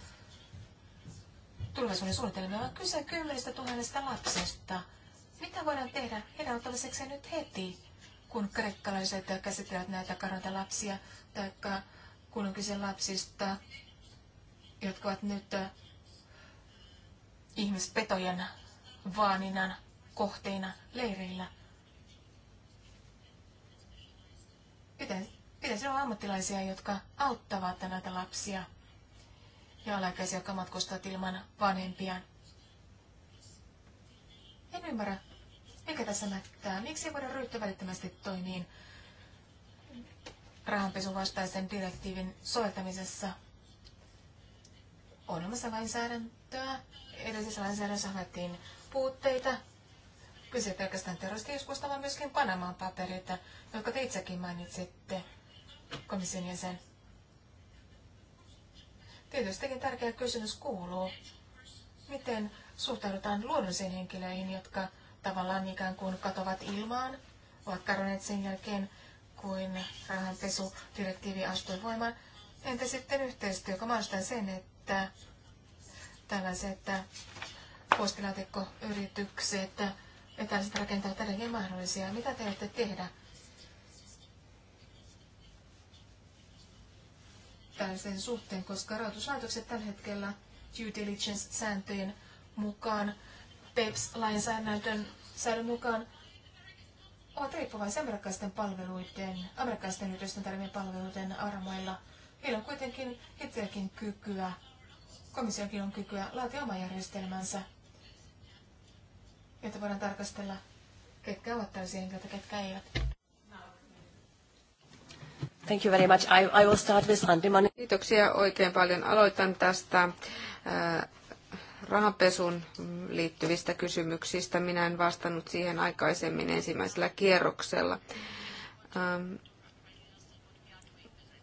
tulevaisuuden suunnitelmia, vaan kyse kymmenistä tuhannesta lapsesta. Mitä voidaan tehdä heidän ottamiseksi nyt heti, kun kreikkalaiset käsittelevät näitä karantalapsia, lapsia tai kun on kyse lapsista, jotka ovat nyt ihmispetojen vaaninnan kohteina leireillä. Pitäisi, olla ammattilaisia, jotka auttavat näitä lapsia ja alaikäisiä, jotka matkustavat ilman vanhempiaan. En ymmärrä, mikä tässä näyttää, Miksi ei voida ryhtyä välittömästi toimiin rahanpesun vastaisen direktiivin soveltamisessa on olemassa lainsäädäntöä. Edellisessä lainsäädännössä havaittiin puutteita. Kyse pelkästään terroristiuskusta, vaan myöskin Panamaan papereita, jotka te itsekin mainitsitte, komission jäsen. Tietystikin tärkeä kysymys kuuluu, miten suhtaudutaan luonnollisiin henkilöihin, jotka tavallaan ikään kuin katovat ilmaan, ovat kadonneet sen jälkeen kuin rahanpesudirektiivi astui voimaan. Entä sitten yhteistyö, joka mahdollistaa sen, että tällaiset postilaatikkoyritykset ja tällaiset rakentaa tällaisia mahdollisia. Mitä te olette tehdä tällaisen suhteen, koska rahoituslaitokset tällä hetkellä due diligence-sääntöjen mukaan, PEPS-lainsäädännön mukaan ovat riippuvaisia amerikkalaisten palveluiden, amerikkalaisten yritysten tarjoamien palveluiden armoilla. Heillä on kuitenkin itselläkin kykyä, komissiokin on kykyä laatia oma järjestelmänsä, jotta voidaan tarkastella, ketkä ovat tällaisia henkilöitä, ketkä eivät. Thank you very much. I, I will start with Kiitoksia oikein paljon. Aloitan tästä rahanpesun liittyvistä kysymyksistä. Minä en vastannut siihen aikaisemmin ensimmäisellä kierroksella. Ähm,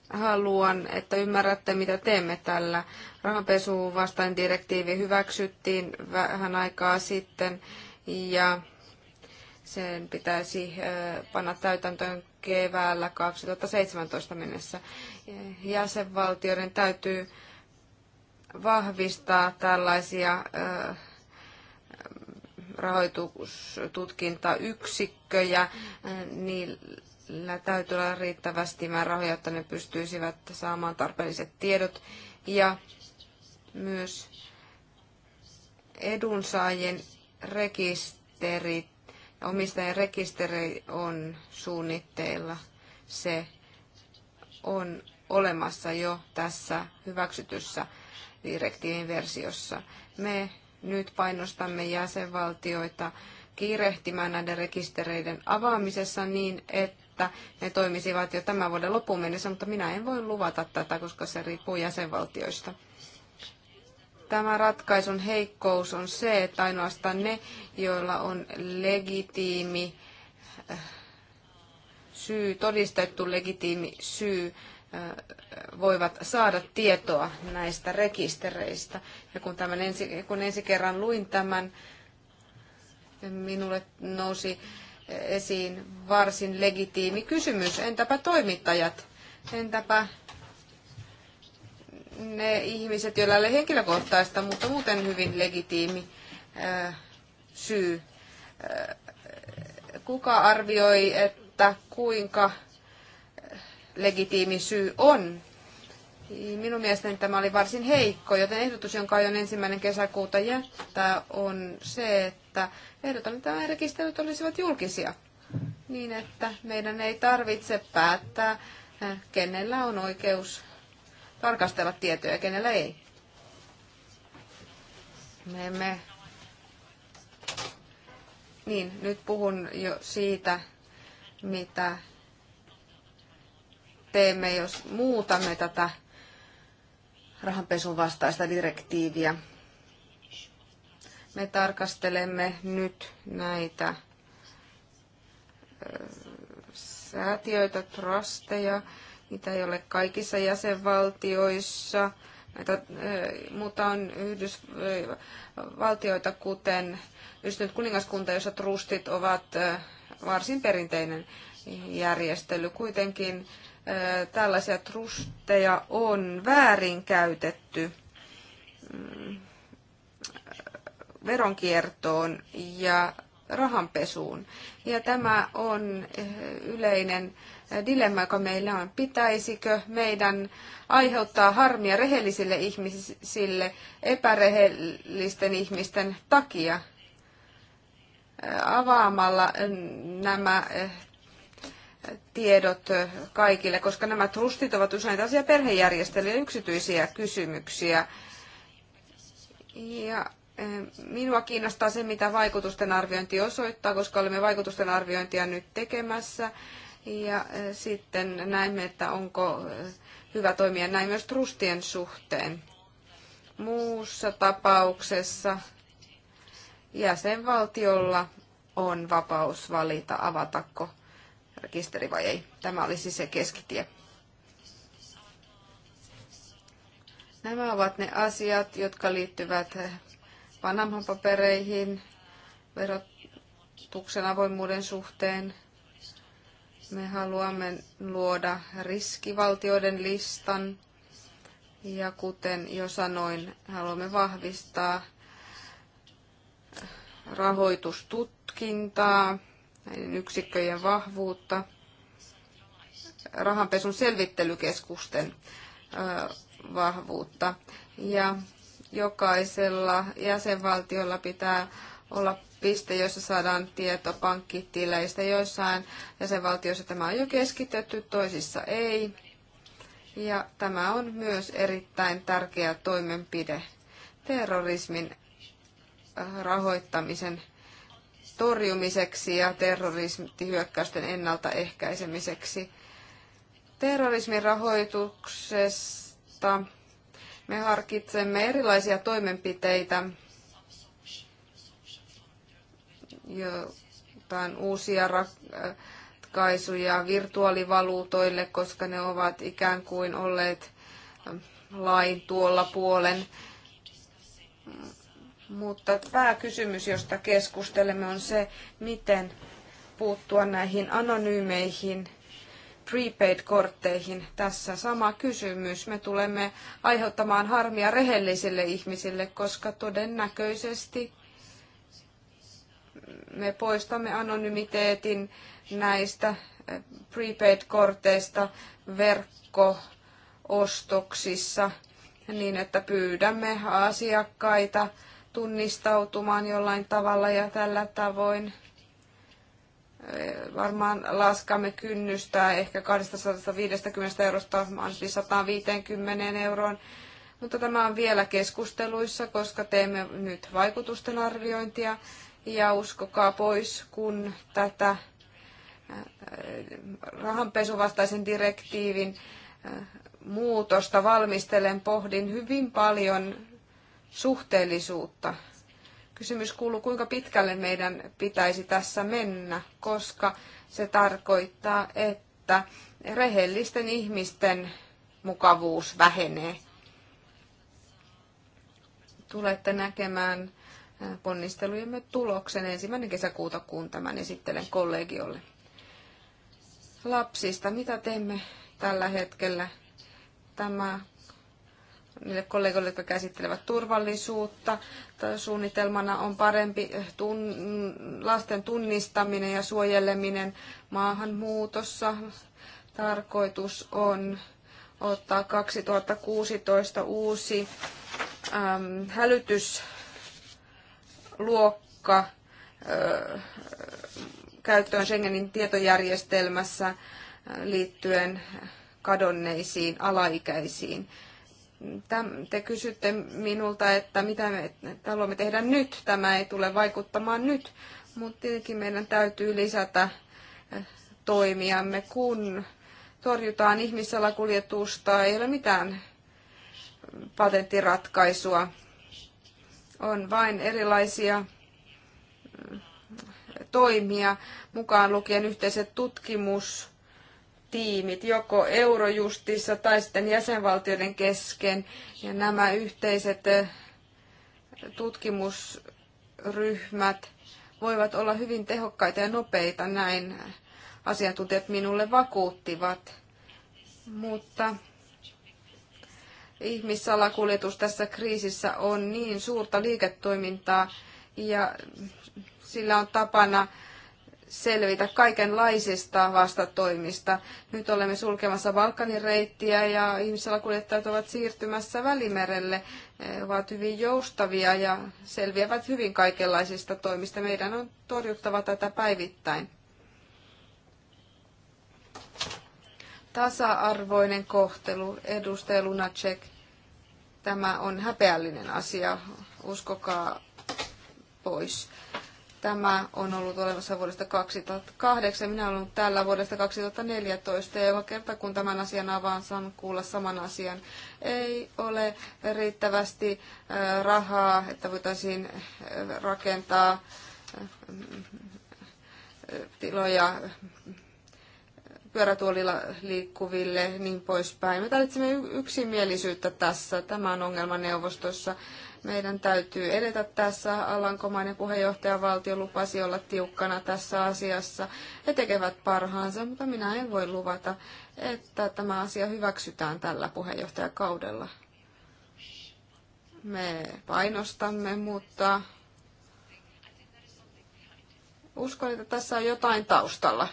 haluan, että ymmärrätte, mitä teemme tällä. Rahanpesuun vastainen direktiivi hyväksyttiin vähän aikaa sitten ja sen pitäisi äh, panna täytäntöön keväällä 2017 mennessä. Jäsenvaltioiden täytyy vahvistaa tällaisia rahoitustutkintayksikköjä. Niillä täytyy olla riittävästi määrärahoja, jotta ne pystyisivät saamaan tarpeelliset tiedot. Ja myös edunsaajien rekisteri ja omistajien rekisteri on suunnitteilla. Se on olemassa jo tässä hyväksytyssä direktiivin versiossa. Me nyt painostamme jäsenvaltioita kiirehtimään näiden rekistereiden avaamisessa niin, että ne toimisivat jo tämän vuoden loppuun mennessä, mutta minä en voi luvata tätä, koska se riippuu jäsenvaltioista. Tämä ratkaisun heikkous on se, että ainoastaan ne, joilla on legitiimi äh, syy, todistettu legitiimi syy voivat saada tietoa näistä rekistereistä. Ja kun, tämän ensi, kun ensi kerran luin tämän, minulle nousi esiin varsin legitiimi kysymys. Entäpä toimittajat? Entäpä ne ihmiset, joilla ei ole henkilökohtaista, mutta muuten hyvin legitiimi äh, syy? Äh, kuka arvioi, että kuinka legitiimi syy on. Minun mielestäni tämä oli varsin heikko, joten ehdotus, jonka aion ensimmäinen kesäkuuta jättää, on se, että ehdotan, että nämä rekisterit olisivat julkisia. Niin, että meidän ei tarvitse päättää, eh, kenellä on oikeus tarkastella tietoja ja kenellä ei. Me emme... Niin, nyt puhun jo siitä, mitä teemme, jos muutamme tätä rahanpesun vastaista direktiiviä. Me tarkastelemme nyt näitä säätiöitä, trusteja, mitä ei ole kaikissa jäsenvaltioissa, näitä, mutta on yhdysvaltioita, kuten Yhdistynyt kuningaskunta, jossa trustit ovat varsin perinteinen järjestely. Kuitenkin tällaisia trusteja on väärinkäytetty mm, veronkiertoon ja rahanpesuun. Ja tämä on eh, yleinen dilemma, joka meillä on. Pitäisikö meidän aiheuttaa harmia rehellisille ihmisille epärehellisten ihmisten takia avaamalla nämä eh, tiedot kaikille, koska nämä trustit ovat usein tällaisia perhejärjestelyjä, yksityisiä kysymyksiä. Ja e, minua kiinnostaa se, mitä vaikutusten arviointi osoittaa, koska olemme vaikutusten arviointia nyt tekemässä. Ja e, sitten näemme, että onko e, hyvä toimia näin myös trustien suhteen. Muussa tapauksessa jäsenvaltiolla on vapaus valita, avatako rekisteri vai ei. Tämä oli siis se keskitie. Nämä ovat ne asiat, jotka liittyvät Panaman papereihin, verotuksen avoimuuden suhteen. Me haluamme luoda riskivaltioiden listan ja kuten jo sanoin, haluamme vahvistaa rahoitustutkintaa näiden yksikköjen vahvuutta, rahanpesun selvittelykeskusten vahvuutta. Ja jokaisella jäsenvaltiolla pitää olla piste, jossa saadaan tieto pankkitileistä. Joissain jäsenvaltioissa tämä on jo keskitetty, toisissa ei. Ja tämä on myös erittäin tärkeä toimenpide terrorismin rahoittamisen torjumiseksi ja terrorismihyökkäysten ennaltaehkäisemiseksi. Terrorismin rahoituksesta me harkitsemme erilaisia toimenpiteitä, jotain uusia ratkaisuja virtuaalivaluutoille, koska ne ovat ikään kuin olleet lain tuolla puolen. Mutta pääkysymys, josta keskustelemme, on se, miten puuttua näihin anonyymeihin prepaid-kortteihin. Tässä sama kysymys. Me tulemme aiheuttamaan harmia rehellisille ihmisille, koska todennäköisesti me poistamme anonymiteetin näistä eh, prepaid-korteista verkkoostoksissa niin, että pyydämme asiakkaita tunnistautumaan jollain tavalla ja tällä tavoin eh, varmaan laskamme kynnystä ehkä 250 eurosta mahdollisesti 150 euroon. Mutta tämä on vielä keskusteluissa, koska teemme nyt vaikutusten arviointia ja uskokaa pois, kun tätä eh, rahanpesuvastaisen direktiivin eh, muutosta valmistelen, pohdin hyvin paljon suhteellisuutta. Kysymys kuuluu, kuinka pitkälle meidän pitäisi tässä mennä, koska se tarkoittaa, että rehellisten ihmisten mukavuus vähenee. Tulette näkemään ponnistelujemme tuloksen ensimmäinen kesäkuuta, kun tämän esittelen kollegiolle. Lapsista, mitä teemme tällä hetkellä? Tämä niille kollegoille, jotka käsittelevät turvallisuutta. Suunnitelmana on parempi tun- lasten tunnistaminen ja suojeleminen maahanmuutossa. Tarkoitus on ottaa 2016 uusi äm, hälytysluokka ö, käyttöön Schengenin tietojärjestelmässä liittyen kadonneisiin alaikäisiin te kysytte minulta, että mitä me haluamme tehdä nyt. Tämä ei tule vaikuttamaan nyt, mutta tietenkin meidän täytyy lisätä eh, toimiamme, kun torjutaan ihmissalakuljetusta. Ei ole mitään patenttiratkaisua. On vain erilaisia eh, toimia, mukaan lukien yhteiset tutkimus tiimit joko eurojustissa tai sitten jäsenvaltioiden kesken. Ja nämä yhteiset eh, tutkimusryhmät voivat olla hyvin tehokkaita ja nopeita, näin asiantuntijat minulle vakuuttivat. Mutta ihmissalakuljetus tässä kriisissä on niin suurta liiketoimintaa ja sillä on tapana selvitä kaikenlaisista vastatoimista. Nyt olemme sulkemassa Balkanin reittiä ja ihmisalakuljettajat ovat siirtymässä Välimerelle. He ovat hyvin joustavia ja selviävät hyvin kaikenlaisista toimista. Meidän on torjuttava tätä päivittäin. Tasa-arvoinen kohtelu, edustaja Lunacek. Tämä on häpeällinen asia, uskokaa pois Tämä on ollut olemassa vuodesta 2008. Minä olen ollut täällä vuodesta 2014 ja joka kerta kun tämän asian avaan, saan kuulla saman asian. Ei ole riittävästi äh, rahaa, että voitaisiin äh, rakentaa äh, tiloja pyörätuolilla liikkuville niin poispäin. Me tarvitsemme yksimielisyyttä tässä. tämän ongelman neuvostossa. Meidän täytyy edetä tässä. Alankomainen valtio lupasi olla tiukkana tässä asiassa. He tekevät parhaansa, mutta minä en voi luvata, että tämä asia hyväksytään tällä puheenjohtajakaudella. Me painostamme, mutta uskon, että tässä on jotain taustalla.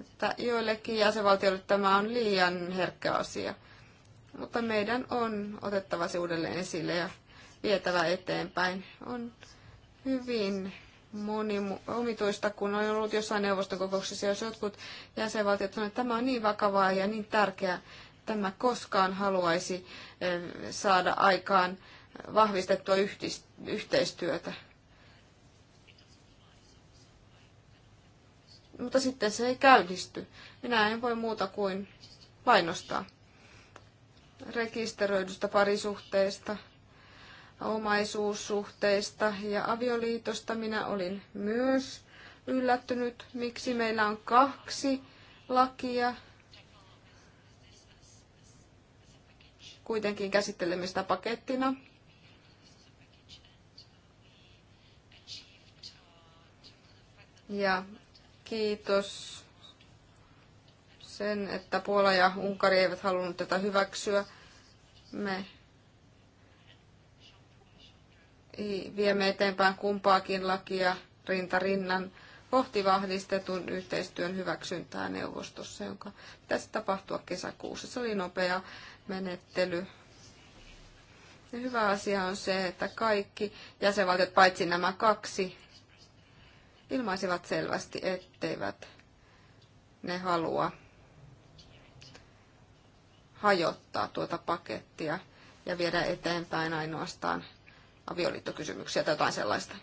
Että joillekin jäsenvaltioille tämä on liian herkkä asia mutta meidän on otettava se uudelleen esille ja vietävä eteenpäin. On hyvin moni omituista, kun on ollut jossain neuvostokokouksessa, jos jotkut jäsenvaltiot sanoivat, että tämä on niin vakavaa ja niin tärkeää, tämä koskaan haluaisi eh, saada aikaan vahvistettua yhteistyötä. Mutta sitten se ei käynnisty. Minä en voi muuta kuin painostaa rekisteröidystä parisuhteesta, omaisuussuhteista ja avioliitosta. Minä olin myös yllättynyt, miksi meillä on kaksi lakia. Kuitenkin käsittelemme sitä pakettina. Ja kiitos sen, että Puola ja Unkari eivät halunnut tätä hyväksyä. Me viemme eteenpäin kumpaakin lakia rinta rinnan kohti vahvistetun yhteistyön hyväksyntää neuvostossa, jonka pitäisi tapahtua kesäkuussa. Se oli nopea menettely. Ja hyvä asia on se, että kaikki jäsenvaltiot, paitsi nämä kaksi, ilmaisivat selvästi, etteivät ne halua hajottaa tuota pakettia ja viedä eteenpäin ainoastaan avioliittokysymyksiä tai jotain sellaista.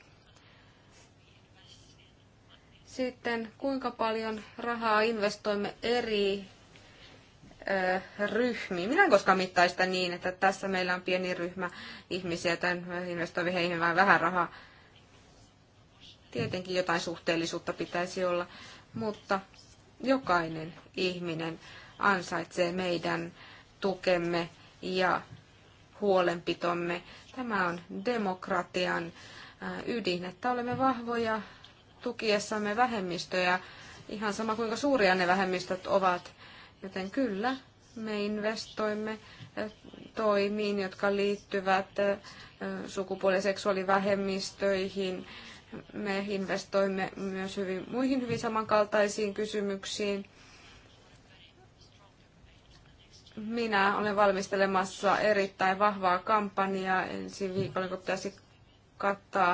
Sitten kuinka paljon rahaa investoimme eri ö, ryhmiin. Minä en koskaan mittaa sitä niin, että tässä meillä on pieni ryhmä ihmisiä, tai investoimme heihin vähän, vähän rahaa. Tietenkin jotain suhteellisuutta pitäisi olla, mutta jokainen ihminen ansaitsee meidän tukemme ja huolenpitomme. Tämä on demokratian äh, ydin, että olemme vahvoja tukiessamme vähemmistöjä, ihan sama kuinka suuria ne vähemmistöt ovat. Joten kyllä, me investoimme äh, toimiin, jotka liittyvät äh, sukupuoli- ja seksuaalivähemmistöihin. Me investoimme myös hyvin, muihin hyvin samankaltaisiin kysymyksiin. Minä olen valmistelemassa erittäin vahvaa kampanjaa ensi viikolla, kun pitäisi kattaa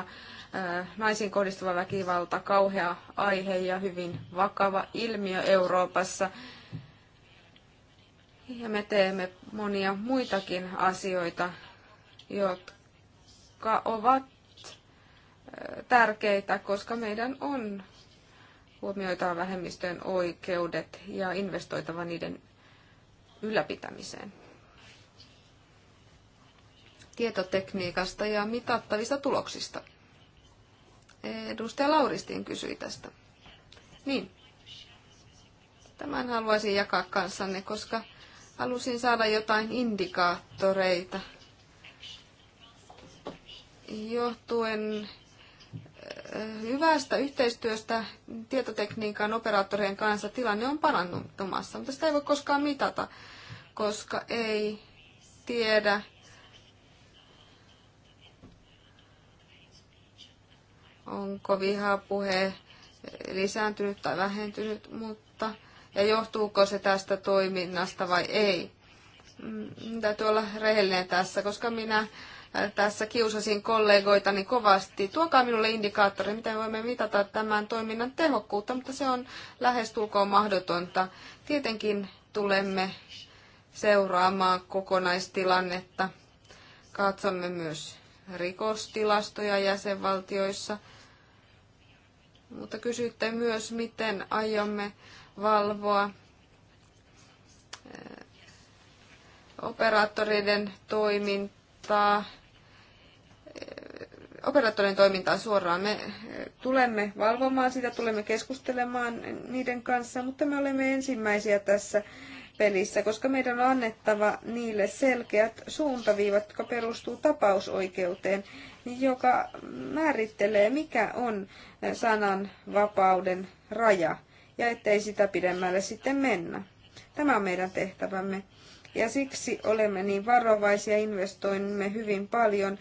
äh, naisiin kohdistuva väkivalta, kauhea aihe ja hyvin vakava ilmiö Euroopassa. Ja me teemme monia muitakin asioita, jotka ovat äh, tärkeitä, koska meidän on huomioitava vähemmistöjen oikeudet ja investoitava niiden ylläpitämiseen. Tietotekniikasta ja mitattavista tuloksista. Edustaja Lauristin kysyi tästä. Niin. Tämän haluaisin jakaa kanssanne, koska halusin saada jotain indikaattoreita johtuen hyvästä yhteistyöstä tietotekniikan operaattorien kanssa tilanne on parantumassa, mutta sitä ei voi koskaan mitata, koska ei tiedä, onko vihapuhe lisääntynyt tai vähentynyt, mutta ja johtuuko se tästä toiminnasta vai ei. Mm, täytyy olla rehellinen tässä, koska minä tässä kiusasin kollegoitani kovasti. Tuokaa minulle indikaattori, miten voimme mitata tämän toiminnan tehokkuutta, mutta se on lähestulkoon mahdotonta. Tietenkin tulemme seuraamaan kokonaistilannetta. Katsomme myös rikostilastoja jäsenvaltioissa. Mutta kysytte myös, miten aiomme valvoa eh, operaattoreiden toimintaa operaattorien toimintaa suoraan. Me eh, tulemme valvomaan sitä, tulemme keskustelemaan niiden kanssa, mutta me olemme ensimmäisiä tässä pelissä, koska meidän on annettava niille selkeät suuntaviivat, jotka perustuu tapausoikeuteen, joka määrittelee, mikä on eh, sanan vapauden raja ja ettei sitä pidemmälle sitten mennä. Tämä on meidän tehtävämme. Ja siksi olemme niin varovaisia, investoimme hyvin paljon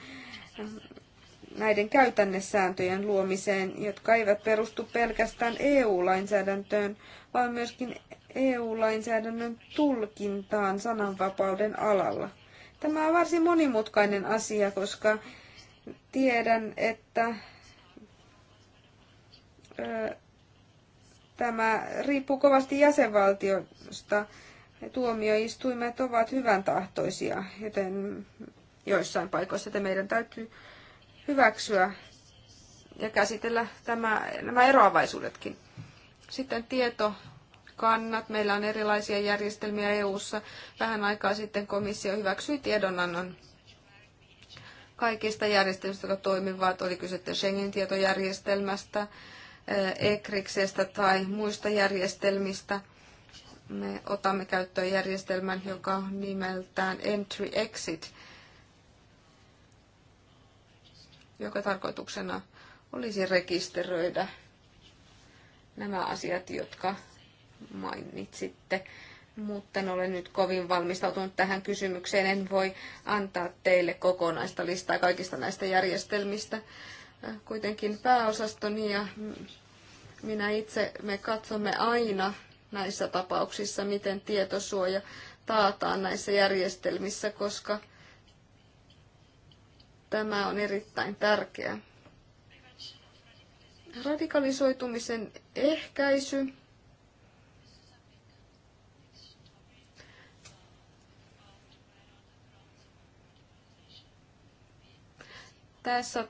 näiden käytännesääntöjen luomiseen, jotka eivät perustu pelkästään EU-lainsäädäntöön, vaan myöskin EU-lainsäädännön tulkintaan sananvapauden alalla. Tämä on varsin monimutkainen asia, koska tiedän, että tämä riippuu kovasti jäsenvaltiosta. Tuomioistuimet ovat hyvän tahtoisia, joten joissain paikoissa meidän täytyy hyväksyä ja käsitellä tämä, nämä eroavaisuudetkin. Sitten tieto kannat. Meillä on erilaisia järjestelmiä EU:ssa. Vähän aikaa sitten komissio hyväksyi tiedonannon kaikista järjestelmistä, jotka toimivat. Oli kyse Schengen-tietojärjestelmästä, ECRIXestä eh, tai muista järjestelmistä. Me otamme käyttöön järjestelmän, joka on nimeltään Entry-Exit, joka tarkoituksena olisi rekisteröidä nämä asiat, jotka mainitsitte. Mutta en ole nyt kovin valmistautunut tähän kysymykseen. En voi antaa teille kokonaista listaa kaikista näistä järjestelmistä. Kuitenkin pääosastoni ja minä itse, me katsomme aina näissä tapauksissa, miten tietosuoja taataan näissä järjestelmissä, koska – Tämä on erittäin tärkeää. Radikalisoitumisen ehkäisy. Tässä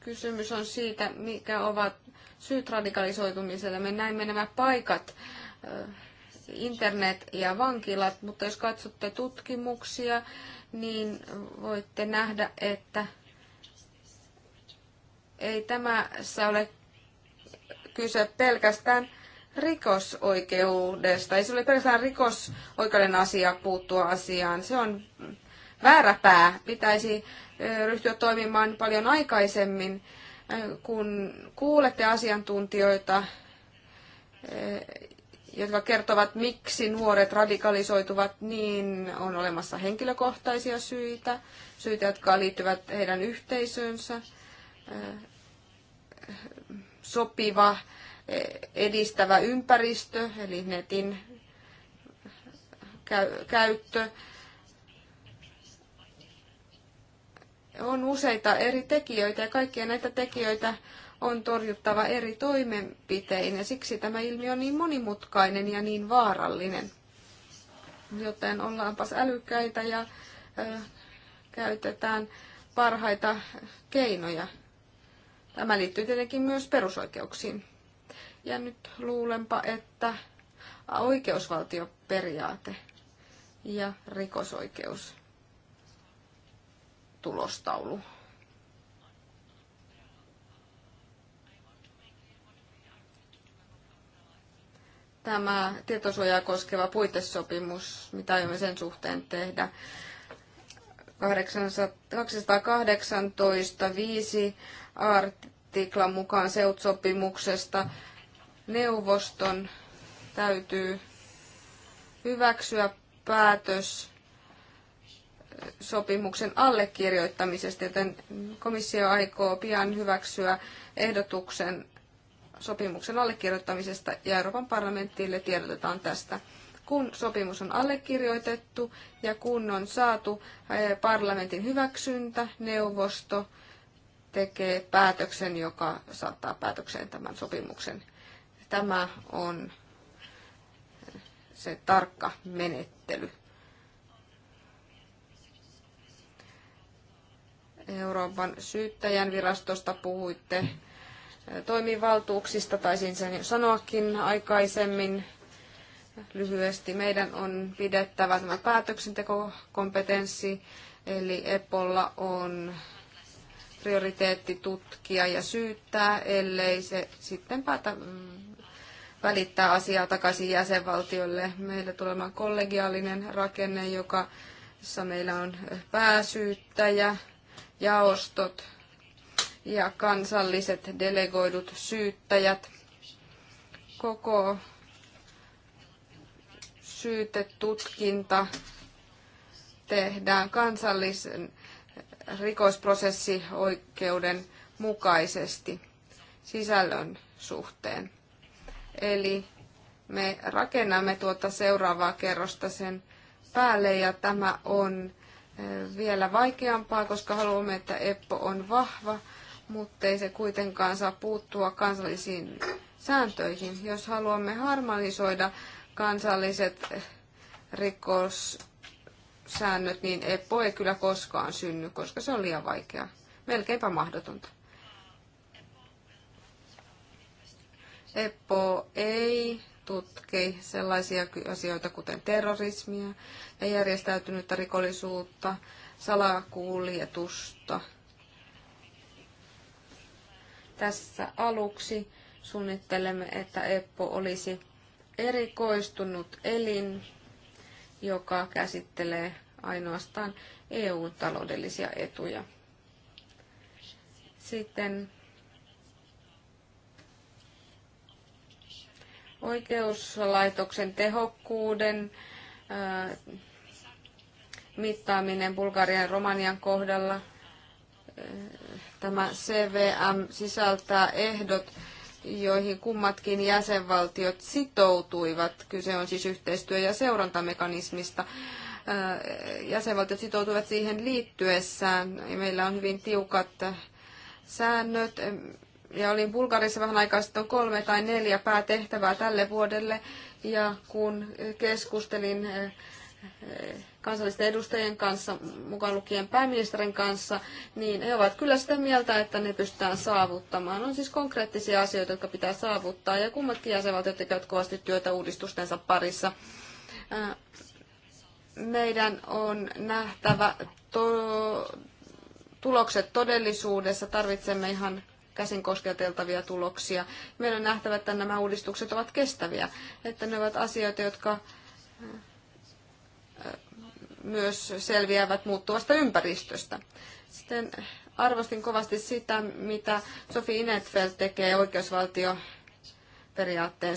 kysymys on siitä, mikä ovat syyt radikalisoitumiselle. Me näimme nämä paikat, internet ja vankilat, mutta jos katsotte tutkimuksia, niin voitte nähdä, että ei tämässä ole kyse pelkästään rikosoikeudesta. Ei se ole pelkästään rikosoikeuden asia puuttua asiaan. Se on väärä pää. Pitäisi ryhtyä toimimaan paljon aikaisemmin, kun kuulette asiantuntijoita jotka kertovat, miksi nuoret radikalisoituvat, niin on olemassa henkilökohtaisia syitä, syitä, jotka liittyvät heidän yhteisöönsä. Sopiva, edistävä ympäristö, eli netin käyttö. On useita eri tekijöitä ja kaikkia näitä tekijöitä on torjuttava eri toimenpitein ja siksi tämä ilmiö on niin monimutkainen ja niin vaarallinen. Joten ollaanpas älykkäitä ja ö, käytetään parhaita keinoja. Tämä liittyy tietenkin myös perusoikeuksiin. Ja nyt luulenpa, että oikeusvaltioperiaate ja rikosoikeus tulostaulu tämä tietosuojaa koskeva puitesopimus, mitä aiomme sen suhteen tehdä. 218.5 artiklan mukaan seutsopimuksesta neuvoston täytyy hyväksyä päätös sopimuksen allekirjoittamisesta, joten komissio aikoo pian hyväksyä ehdotuksen sopimuksen allekirjoittamisesta ja Euroopan parlamentille tiedotetaan tästä. Kun sopimus on allekirjoitettu ja kun on saatu eh, parlamentin hyväksyntä, neuvosto tekee päätöksen, joka saattaa päätökseen tämän sopimuksen. Tämä on se tarkka menettely. Euroopan syyttäjän virastosta puhuitte toimivaltuuksista, taisin sen sanoakin aikaisemmin lyhyesti. Meidän on pidettävä tämä päätöksentekokompetenssi, eli EPOlla on prioriteetti tutkia ja syyttää, ellei se sitten päätä mm, välittää asiaa takaisin jäsenvaltiolle. Meillä tulee olemaan kollegiaalinen rakenne, joka jossa meillä on pääsyyttäjä, jaostot, ja kansalliset delegoidut syyttäjät. Koko syytetutkinta tehdään kansallisen rikosprosessioikeuden mukaisesti sisällön suhteen. Eli me rakennamme tuota seuraavaa kerrosta sen päälle ja tämä on eh, vielä vaikeampaa, koska haluamme, että Eppo on vahva, mutta ei se kuitenkaan saa puuttua kansallisiin sääntöihin. Jos haluamme harmonisoida kansalliset rikossäännöt, niin EPO ei kyllä koskaan synny, koska se on liian vaikeaa. Melkeinpä mahdotonta. EPO ei tutki sellaisia asioita kuten terrorismia ja järjestäytynyttä rikollisuutta, salakuljetusta – tässä aluksi suunnittelemme, että EPPO olisi erikoistunut elin, joka käsittelee ainoastaan EU-taloudellisia etuja. Sitten oikeuslaitoksen tehokkuuden äh, mittaaminen Bulgarian ja Romanian kohdalla tämä CVM sisältää ehdot, joihin kummatkin jäsenvaltiot sitoutuivat. Kyse on siis yhteistyö- ja seurantamekanismista. Äh, jäsenvaltiot sitoutuivat siihen liittyessään. Meillä on hyvin tiukat säännöt. Ja olin Bulgarissa vähän aikaa sitten kolme tai neljä päätehtävää tälle vuodelle. Ja kun keskustelin äh, kansallisten edustajien kanssa, mukaan lukien pääministerin kanssa, niin he ovat kyllä sitä mieltä, että ne pystytään saavuttamaan. On siis konkreettisia asioita, jotka pitää saavuttaa, ja kummatkin jäsenvaltiot tekevät kovasti työtä uudistustensa parissa. Äh, meidän on nähtävä to- tulokset todellisuudessa. Tarvitsemme ihan käsin kosketeltavia tuloksia. Meidän on nähtävä, että nämä uudistukset ovat kestäviä, että ne ovat asioita, jotka myös selviävät muuttuvasta ympäristöstä. Sitten arvostin kovasti sitä, mitä Sofi Inetfeld tekee oikeusvaltio periaatteen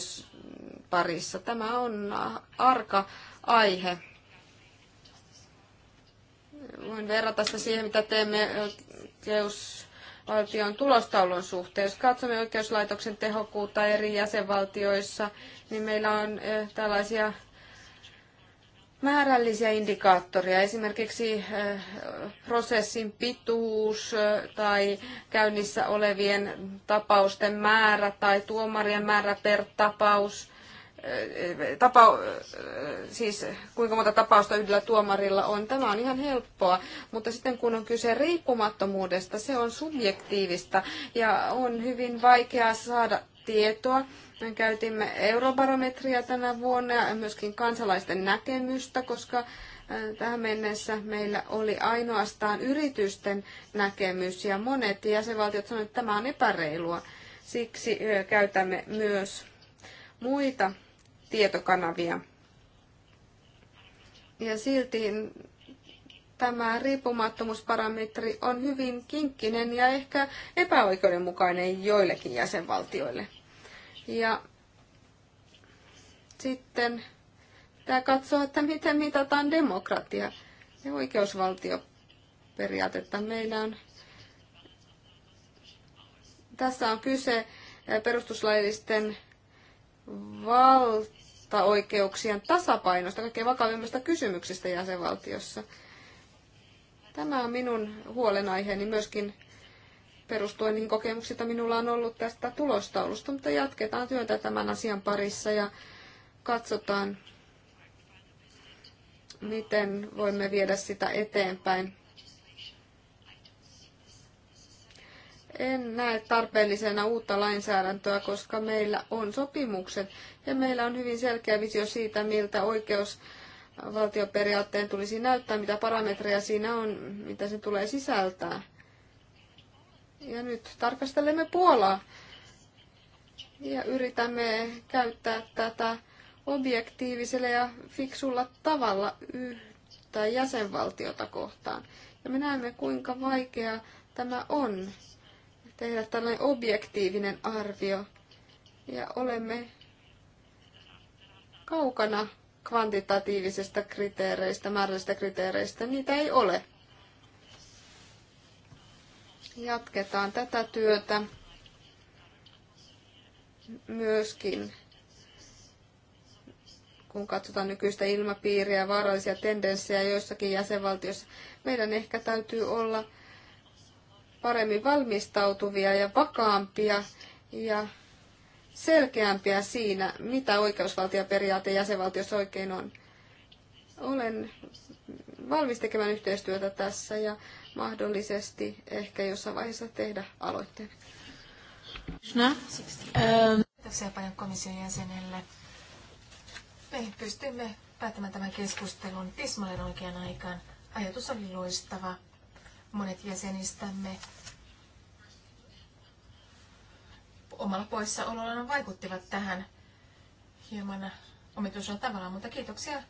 parissa. Tämä on arka aihe. Voin verrata sitä siihen, mitä teemme oikeusvaltion tulostaulun suhteen. Jos katsomme oikeuslaitoksen tehokkuutta eri jäsenvaltioissa, niin meillä on eh, tällaisia määrällisiä indikaattoria, esimerkiksi eh, prosessin pituus eh, tai käynnissä olevien tapausten määrä tai tuomarien määrä per tapaus, eh, tapa, siis kuinka monta tapausta yhdellä tuomarilla on. Tämä on ihan helppoa, mutta sitten kun on kyse riippumattomuudesta, se on subjektiivista ja on hyvin vaikea saada tietoa Käytimme eurobarometria tänä vuonna ja myöskin kansalaisten näkemystä, koska tähän mennessä meillä oli ainoastaan yritysten näkemys ja monet jäsenvaltiot sanoivat, että tämä on epäreilua. Siksi käytämme myös muita tietokanavia. Ja silti tämä riippumattomuusparametri on hyvin kinkkinen ja ehkä epäoikeudenmukainen joillekin jäsenvaltioille. Ja sitten pitää katsoa, että miten mitataan demokratia ja oikeusvaltioperiaatetta. Meillä on, tässä on kyse eh, perustuslaillisten valtaoikeuksien tasapainosta, kaikkein vakavimmista kysymyksistä jäsenvaltiossa. Tämä on minun huolenaiheeni myöskin perustuen niihin joita minulla on ollut tästä tulostaulusta, mutta jatketaan työtä tämän asian parissa ja katsotaan, miten voimme viedä sitä eteenpäin. En näe tarpeellisena uutta lainsäädäntöä, koska meillä on sopimukset ja meillä on hyvin selkeä visio siitä, miltä oikeus valtioperiaatteen tulisi näyttää, mitä parametreja siinä on, mitä se tulee sisältää. Ja nyt tarkastelemme Puolaa ja yritämme käyttää tätä objektiivisella ja fiksulla tavalla yhtä jäsenvaltiota kohtaan. Ja me näemme, kuinka vaikea tämä on tehdä tällainen objektiivinen arvio. Ja olemme kaukana kvantitatiivisista kriteereistä, määrällisistä kriteereistä. Niitä ei ole jatketaan tätä työtä myöskin, kun katsotaan nykyistä ilmapiiriä ja vaarallisia tendenssejä joissakin jäsenvaltioissa. Meidän ehkä täytyy olla paremmin valmistautuvia ja vakaampia ja selkeämpiä siinä, mitä oikeusvaltioperiaate jäsenvaltiossa oikein on. Olen valmis tekemään yhteistyötä tässä ja mahdollisesti ehkä jossain vaiheessa tehdä aloitteen. Ähm, kiitoksia paljon komission jäsenelle. Me pystymme päättämään tämän keskustelun tismalleen oikean aikaan. Ajatus oli loistava. Monet jäsenistämme omalla poissaolollaan vaikuttivat tähän hieman omituisella tavalla, mutta kiitoksia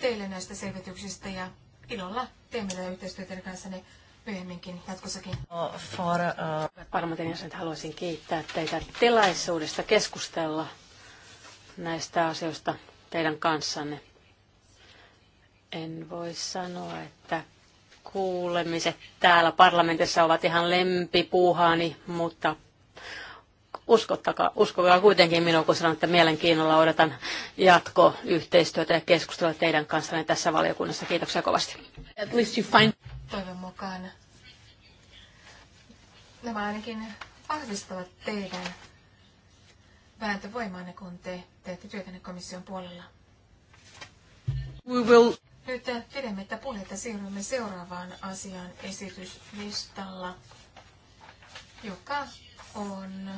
teille näistä selvityksistä ja ilolla teemme tätä yhteistyötä kanssanne myöhemminkin jatkossakin. Uh, for, uh... Parlamentin jäsenet haluaisin kiittää teitä tilaisuudesta keskustella näistä asioista teidän kanssanne. En voi sanoa, että kuulemiset täällä parlamentissa ovat ihan lempipuuhaani, mutta uskottakaa, uskokaa kuitenkin minun, kun sanon, että mielenkiinnolla odotan jatko yhteistyötä ja keskustelua teidän kanssanne tässä valiokunnassa. Kiitoksia kovasti. At least you find... Toivon mukaan nämä ainakin vahvistavat teidän vääntövoimaanne, kun te teette työtänne komission puolella. We will... Nyt pidemmittä puheita siirrymme seuraavaan asian esityslistalla, joka on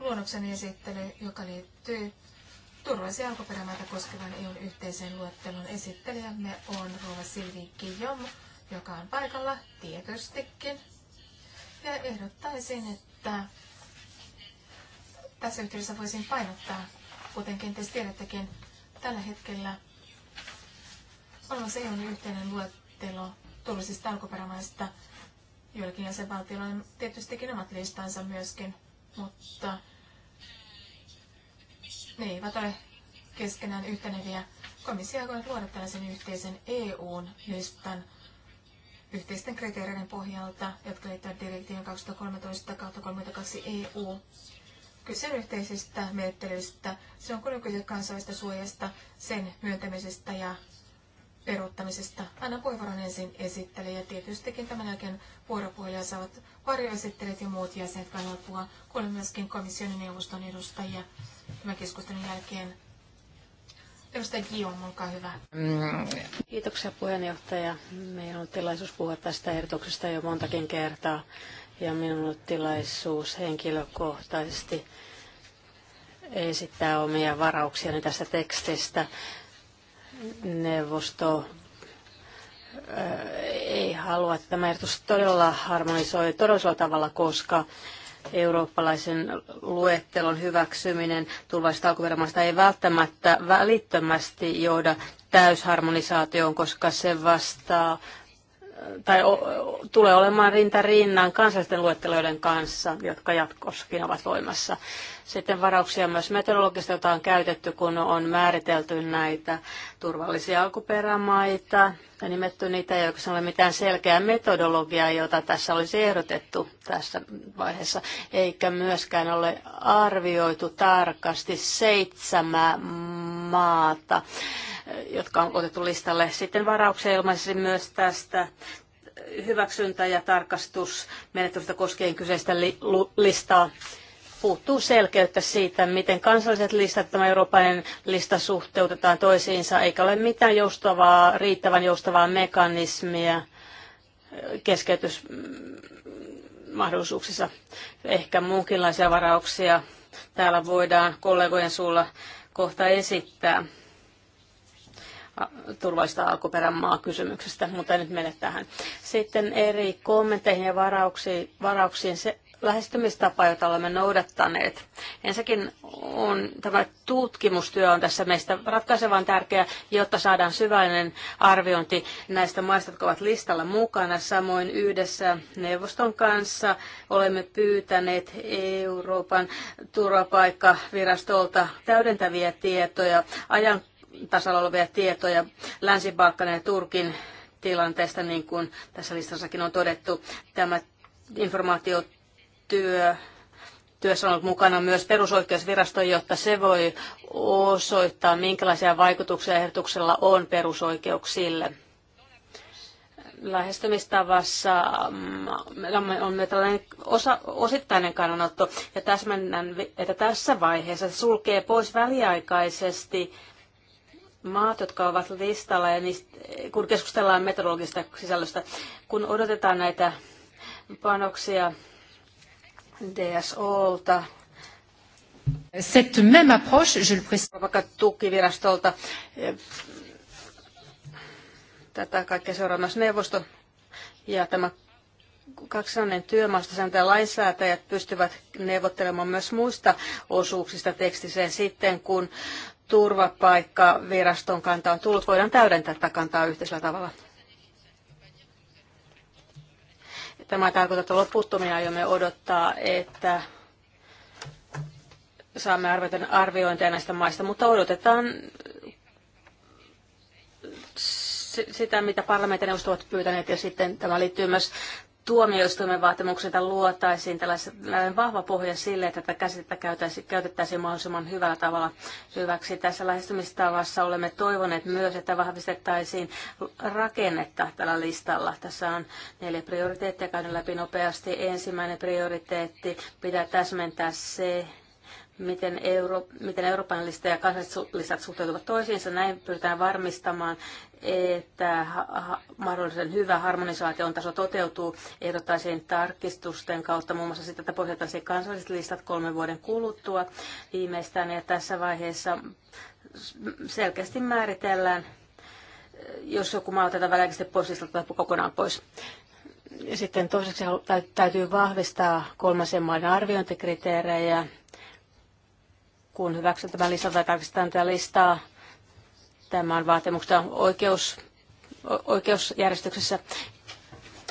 luonnoksen esittely, joka liittyy turvallisia alkuperämaita koskevan EUn yhteisen luettelon esittelijämme on Rova Silvi Kijom, joka on paikalla tietystikin. Ja ehdottaisin, että tässä yhteydessä voisin painottaa, kuten kenties tiedättekin, tällä hetkellä olemassa EUn yhteinen luettelo turvallisista alkuperämaista. Joillakin jäsenvaltioilla on tietystikin omat listansa myöskin mutta ne eivät ole keskenään yhteneviä. Komissio aikoo luoda tällaisen yhteisen EUn listan yhteisten kriteereiden pohjalta, jotka liittyvät direktiivin 2013-32 EU. Kyse on yhteisistä menettelyistä, se on kuitenkin kansallista suojasta, sen myöntämisestä ja erottamisesta. Anna puheenvuoron ensin ja Tietystikin tämän jälkeen vuoropuhelia saavat varjoesittelijät ja muut jäsenet kannattaa puhua. Kuulemme myöskin komission ja neuvoston edustajia tämän keskustelun jälkeen. Edustaja Guillaume, olkaa hyvä. Kiitoksia puheenjohtaja. Meillä on tilaisuus puhua tästä ehdotuksesta jo montakin kertaa ja minulla on tilaisuus henkilökohtaisesti esittää omia varauksiani tästä tekstistä neuvosto eh, ei halua, että tämä ehdotus todella harmonisoi todellisella tavalla, koska eurooppalaisen luettelon hyväksyminen tulvaisista alkuperämaista ei välttämättä välittömästi johda täysharmonisaatioon, koska se vastaa tai o, tulee olemaan rinta rinnan kansallisten luetteloiden kanssa, jotka jatkossakin ovat voimassa. Sitten varauksia myös meteorologista, joita on käytetty, kun on määritelty näitä turvallisia alkuperämaita ja nimetty niitä, ei ole mitään selkeää metodologiaa, jota tässä olisi ehdotettu tässä vaiheessa, eikä myöskään ole arvioitu tarkasti seitsemää maata jotka on otettu listalle. Sitten varauksia ilmaisin myös tästä hyväksyntä- ja tarkastusmenettelystä koskien kyseistä li- listaa puuttuu selkeyttä siitä, miten kansalliset listat tämä eurooppalainen lista suhteutetaan toisiinsa, eikä ole mitään joustavaa, riittävän joustavaa mekanismia äh, keskeytysmahdollisuuksissa. Ehkä muunkinlaisia varauksia täällä voidaan kollegojen suulla kohta esittää turvallista alkuperän maakysymyksestä, mutta en nyt mene tähän. Sitten eri kommentteihin ja varauksiin, varauksiin se, lähestymistapa, jota olemme noudattaneet. Ensinnäkin on, tämä tutkimustyö on tässä meistä ratkaisevan tärkeä, jotta saadaan syvällinen arviointi näistä maista, jotka ovat listalla mukana. Samoin yhdessä neuvoston kanssa olemme pyytäneet Euroopan turvapaikkavirastolta täydentäviä tietoja, ajan tasalla olevia tietoja länsi ja Turkin tilanteesta, niin kuin tässä listassakin on todettu. Tämä informaatio työ työssä on ollut mukana myös perusoikeusvirasto, jotta se voi osoittaa, minkälaisia vaikutuksia ehdotuksella on perusoikeuksille. Lähestymistavassa mm, on tällainen osa, osittainen kannanotto, ja täsmennän, että tässä vaiheessa se sulkee pois väliaikaisesti maat, jotka ovat listalla, ja niistä, kun keskustellaan metodologisesta sisällöstä, kun odotetaan näitä panoksia DSOlta. Cette même approche, je le précise. Vaikka tukivirastolta. Tätä kaikkea seuraa myös neuvosto. Ja tämä kaksinainen työmaasta sääntöjä lainsäätäjät pystyvät neuvottelemaan myös muista osuuksista tekstiseen sitten, kun turvapaikkaviraston kanta on tullut. Voidaan täydentää tätä kantaa yhteisellä tavalla. Tämä tarkoittaa, että loputtomia aiomme odottaa, että saamme arviointeja näistä maista, mutta odotetaan sitä, mitä parlamentin ovat pyytäneet, ja sitten tämä liittyy myös tuomioistuimen vaatimuksilta luotaisiin tällainen vahva pohja sille, että tätä käsitettä käytettäisiin mahdollisimman hyvällä tavalla hyväksi. Tässä lähestymistavassa olemme toivoneet myös, että vahvistettaisiin rakennetta tällä listalla. Tässä on neljä prioriteettia, käydä läpi nopeasti. Ensimmäinen prioriteetti pitää täsmentää se, miten, euro, miten Euroopan lista ja kansalliset listat suhteutuvat toisiinsa. Näin pyritään varmistamaan, että mahdollisen hyvä harmonisaation taso toteutuu ehdottaisiin tarkistusten kautta muun muassa sitä, että pohjataan kansalliset listat kolmen vuoden kuluttua viimeistään ja tässä vaiheessa selkeästi määritellään, jos joku maa otetaan väliaikaisesti pois, listalta kokonaan pois sitten toiseksi täytyy vahvistaa kolmasen maiden arviointikriteerejä kun hyväksyn tämän listan tai tarkistetaan tätä listaa. Tämä on vaatimuksena oikeus, oikeusjärjestyksessä.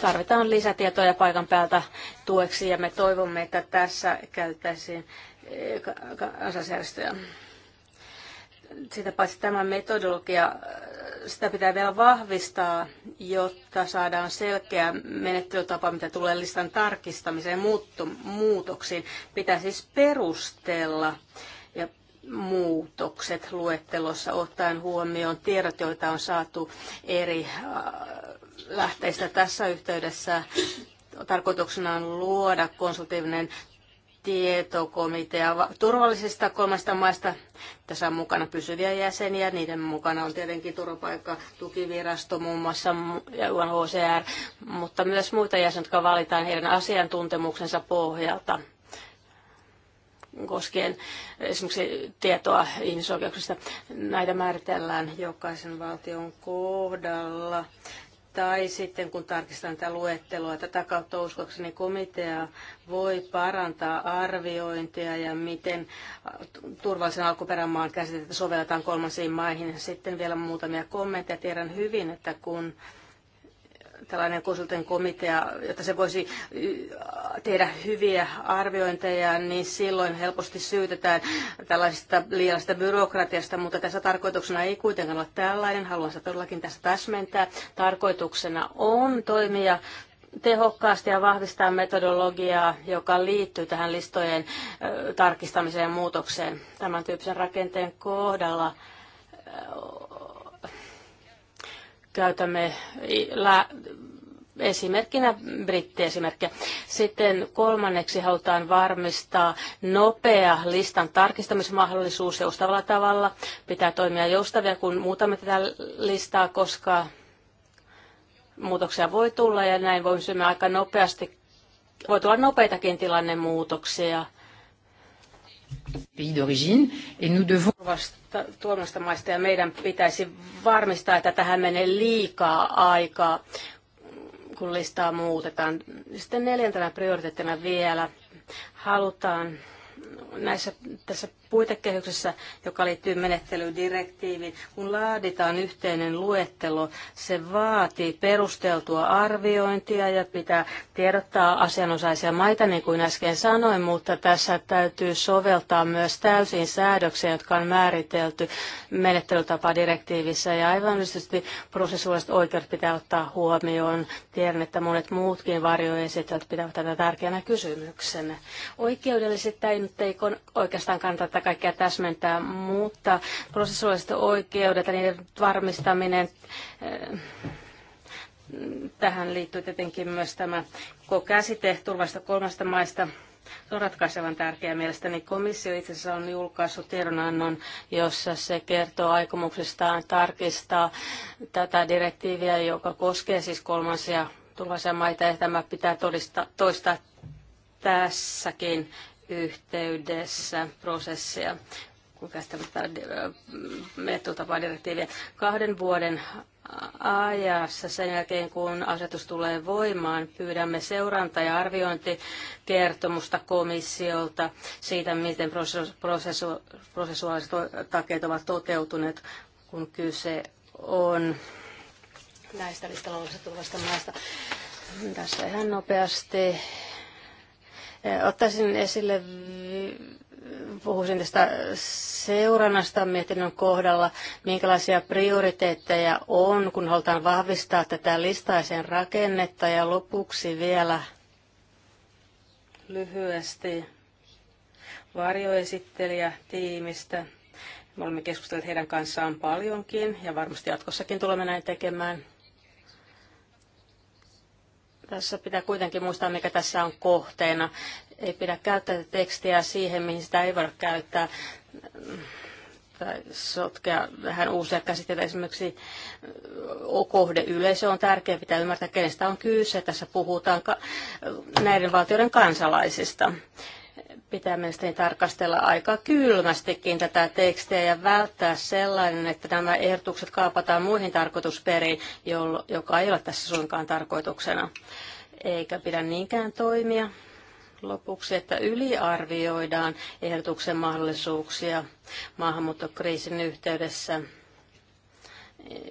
Tarvitaan lisätietoja paikan päältä tueksi ja me toivomme, että tässä käytettäisiin eh, kansallisjärjestöjä. Sitä paitsi tämä metodologia, sitä pitää vielä vahvistaa, jotta saadaan selkeä menettelytapa, mitä tulee listan tarkistamiseen muutoksiin. Pitää siis perustella ja muutokset luettelossa ottaen huomioon tiedot, joita on saatu eri äh, lähteistä tässä yhteydessä. Tarkoituksena on luoda konsultiivinen tietokomitea turvallisista kolmesta maista. Tässä on mukana pysyviä jäseniä. Niiden mukana on tietenkin turvapaikka, tukivirasto muun muassa ja UNHCR, mutta myös muita jäseniä, jotka valitaan heidän asiantuntemuksensa pohjalta koskien esimerkiksi tietoa ihmisoikeuksista. Näitä määritellään jokaisen valtion kohdalla. Tai sitten kun tarkistetaan tätä luettelua, tätä kautta uskokseni komitea voi parantaa arviointia ja miten turvallisen alkuperämaan käsitettä sovelletaan kolmansiin maihin. Sitten vielä muutamia kommentteja. Tiedän hyvin, että kun tällainen konsultin komitea, jotta se voisi tehdä hyviä arviointeja, niin silloin helposti syytetään tällaisesta liiallisesta byrokratiasta, mutta tässä tarkoituksena ei kuitenkaan ole tällainen. Haluan sitä todellakin tässä täsmentää. Tarkoituksena on toimia tehokkaasti ja vahvistaa metodologiaa, joka liittyy tähän listojen tarkistamiseen ja muutokseen. Tämän tyyppisen rakenteen kohdalla käytämme esimerkkinä brittiesimerkkiä. Sitten kolmanneksi halutaan varmistaa nopea listan tarkistamismahdollisuus joustavalla tavalla. Pitää toimia joustavia, kun muutamme tätä listaa, koska muutoksia voi tulla ja näin voimme aika nopeasti, voi tulla nopeitakin tilannemuutoksia Pays d'origine, et nous devons... Tuomasta maista ja meidän pitäisi varmistaa, että tähän menee liikaa aikaa, kun listaa muutetaan. Sitten neljäntenä prioriteettina vielä halutaan näissä, tässä puitekehyksessä, joka liittyy menettelydirektiiviin. Kun laaditaan yhteinen luettelo, se vaatii perusteltua arviointia ja pitää tiedottaa asianosaisia maita, niin kuin äsken sanoin, mutta tässä täytyy soveltaa myös täysin säädöksiä, jotka on määritelty menettelytapadirektiivissä. Ja aivan tietysti prosessuaaliset oikeudet pitää ottaa huomioon. Tiedän, että monet muutkin varjoesittelijät pitävät tätä tärkeänä kysymyksenä. Oikeudellisesti tämä ei nyt ei oikeastaan kannata kaikkea täsmentää, mutta prosessuaaliset oikeudet ja niiden varmistaminen, eh, tähän liittyy tietenkin myös tämä koko käsite turvasta kolmesta maista. Se on ratkaisevan tärkeää mielestäni. Komissio itse asiassa on julkaissut tiedonannon, jossa se kertoo aikomuksestaan tarkistaa tätä direktiiviä, joka koskee siis kolmansia turvallisia maita, ja tämä pitää todista, toistaa tässäkin yhteydessä prosessia, kun käsitellään menettelytapaa direktiiviä. Kahden vuoden ajassa sen jälkeen, kun asetus tulee voimaan, pyydämme seuranta- ja arviointikertomusta komissiolta siitä, miten prosessuaaliset takeet ovat toteutuneet, kun kyse on näistä listalla tulevasta maasta. Tässä ihan nopeasti Ottaisin esille, puhuisin tästä seurannasta mietinnön kohdalla, minkälaisia prioriteetteja on, kun halutaan vahvistaa tätä listaisen rakennetta ja lopuksi vielä lyhyesti tiimistä. Me olemme keskustelleet heidän kanssaan paljonkin ja varmasti jatkossakin tulemme näin tekemään. Tässä pitää kuitenkin muistaa, mikä tässä on kohteena. Ei pidä käyttää tekstiä siihen, mihin sitä ei voida käyttää tai sotkea vähän uusia käsitteitä. Esimerkiksi yleisö on tärkeä, pitää ymmärtää, kenestä on kyse. Tässä puhutaan näiden valtioiden kansalaisista pitää mielestäni tarkastella aika kylmästikin tätä tekstiä ja välttää sellainen, että nämä ehdotukset kaapataan muihin tarkoitusperiin, joka ei ole tässä suinkaan tarkoituksena. Eikä pidä niinkään toimia lopuksi, että yliarvioidaan ehdotuksen mahdollisuuksia maahanmuuttokriisin yhteydessä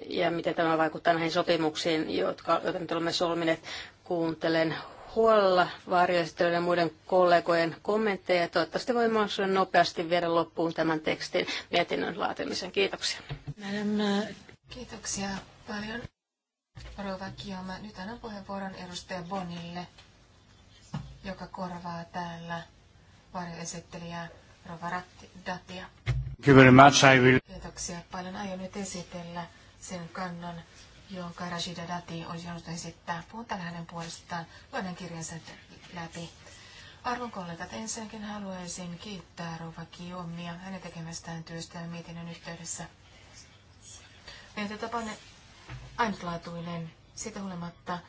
ja miten tämä vaikuttaa näihin sopimuksiin, jotka, joita nyt olemme solmineet. Kuuntelen huolella varjoesittelyiden ja muiden kollegojen kommentteja ja toivottavasti voi mahdollisimman nopeasti viedä loppuun tämän tekstin mietinnön laatimisen. Kiitoksia. Uh, kiitoksia paljon. Rova Kioma, nyt annan puheenvuoron edustaja Bonille, joka korvaa täällä varjoesittelijää Rova Ratti, Datia. Kiitoksia paljon. Aion nyt esitellä sen kannan, jonka Rashida Dati olisi halunnut esittää. Puhun täällä hänen puolestaan. Luen kirjansa läpi. Arvon kollegat, ensinnäkin haluaisin kiittää Rova Kiomia hänen tekemästään työstä ja mietinnön yhteydessä. Mietintötapanne ainutlaatuinen siitä huolimatta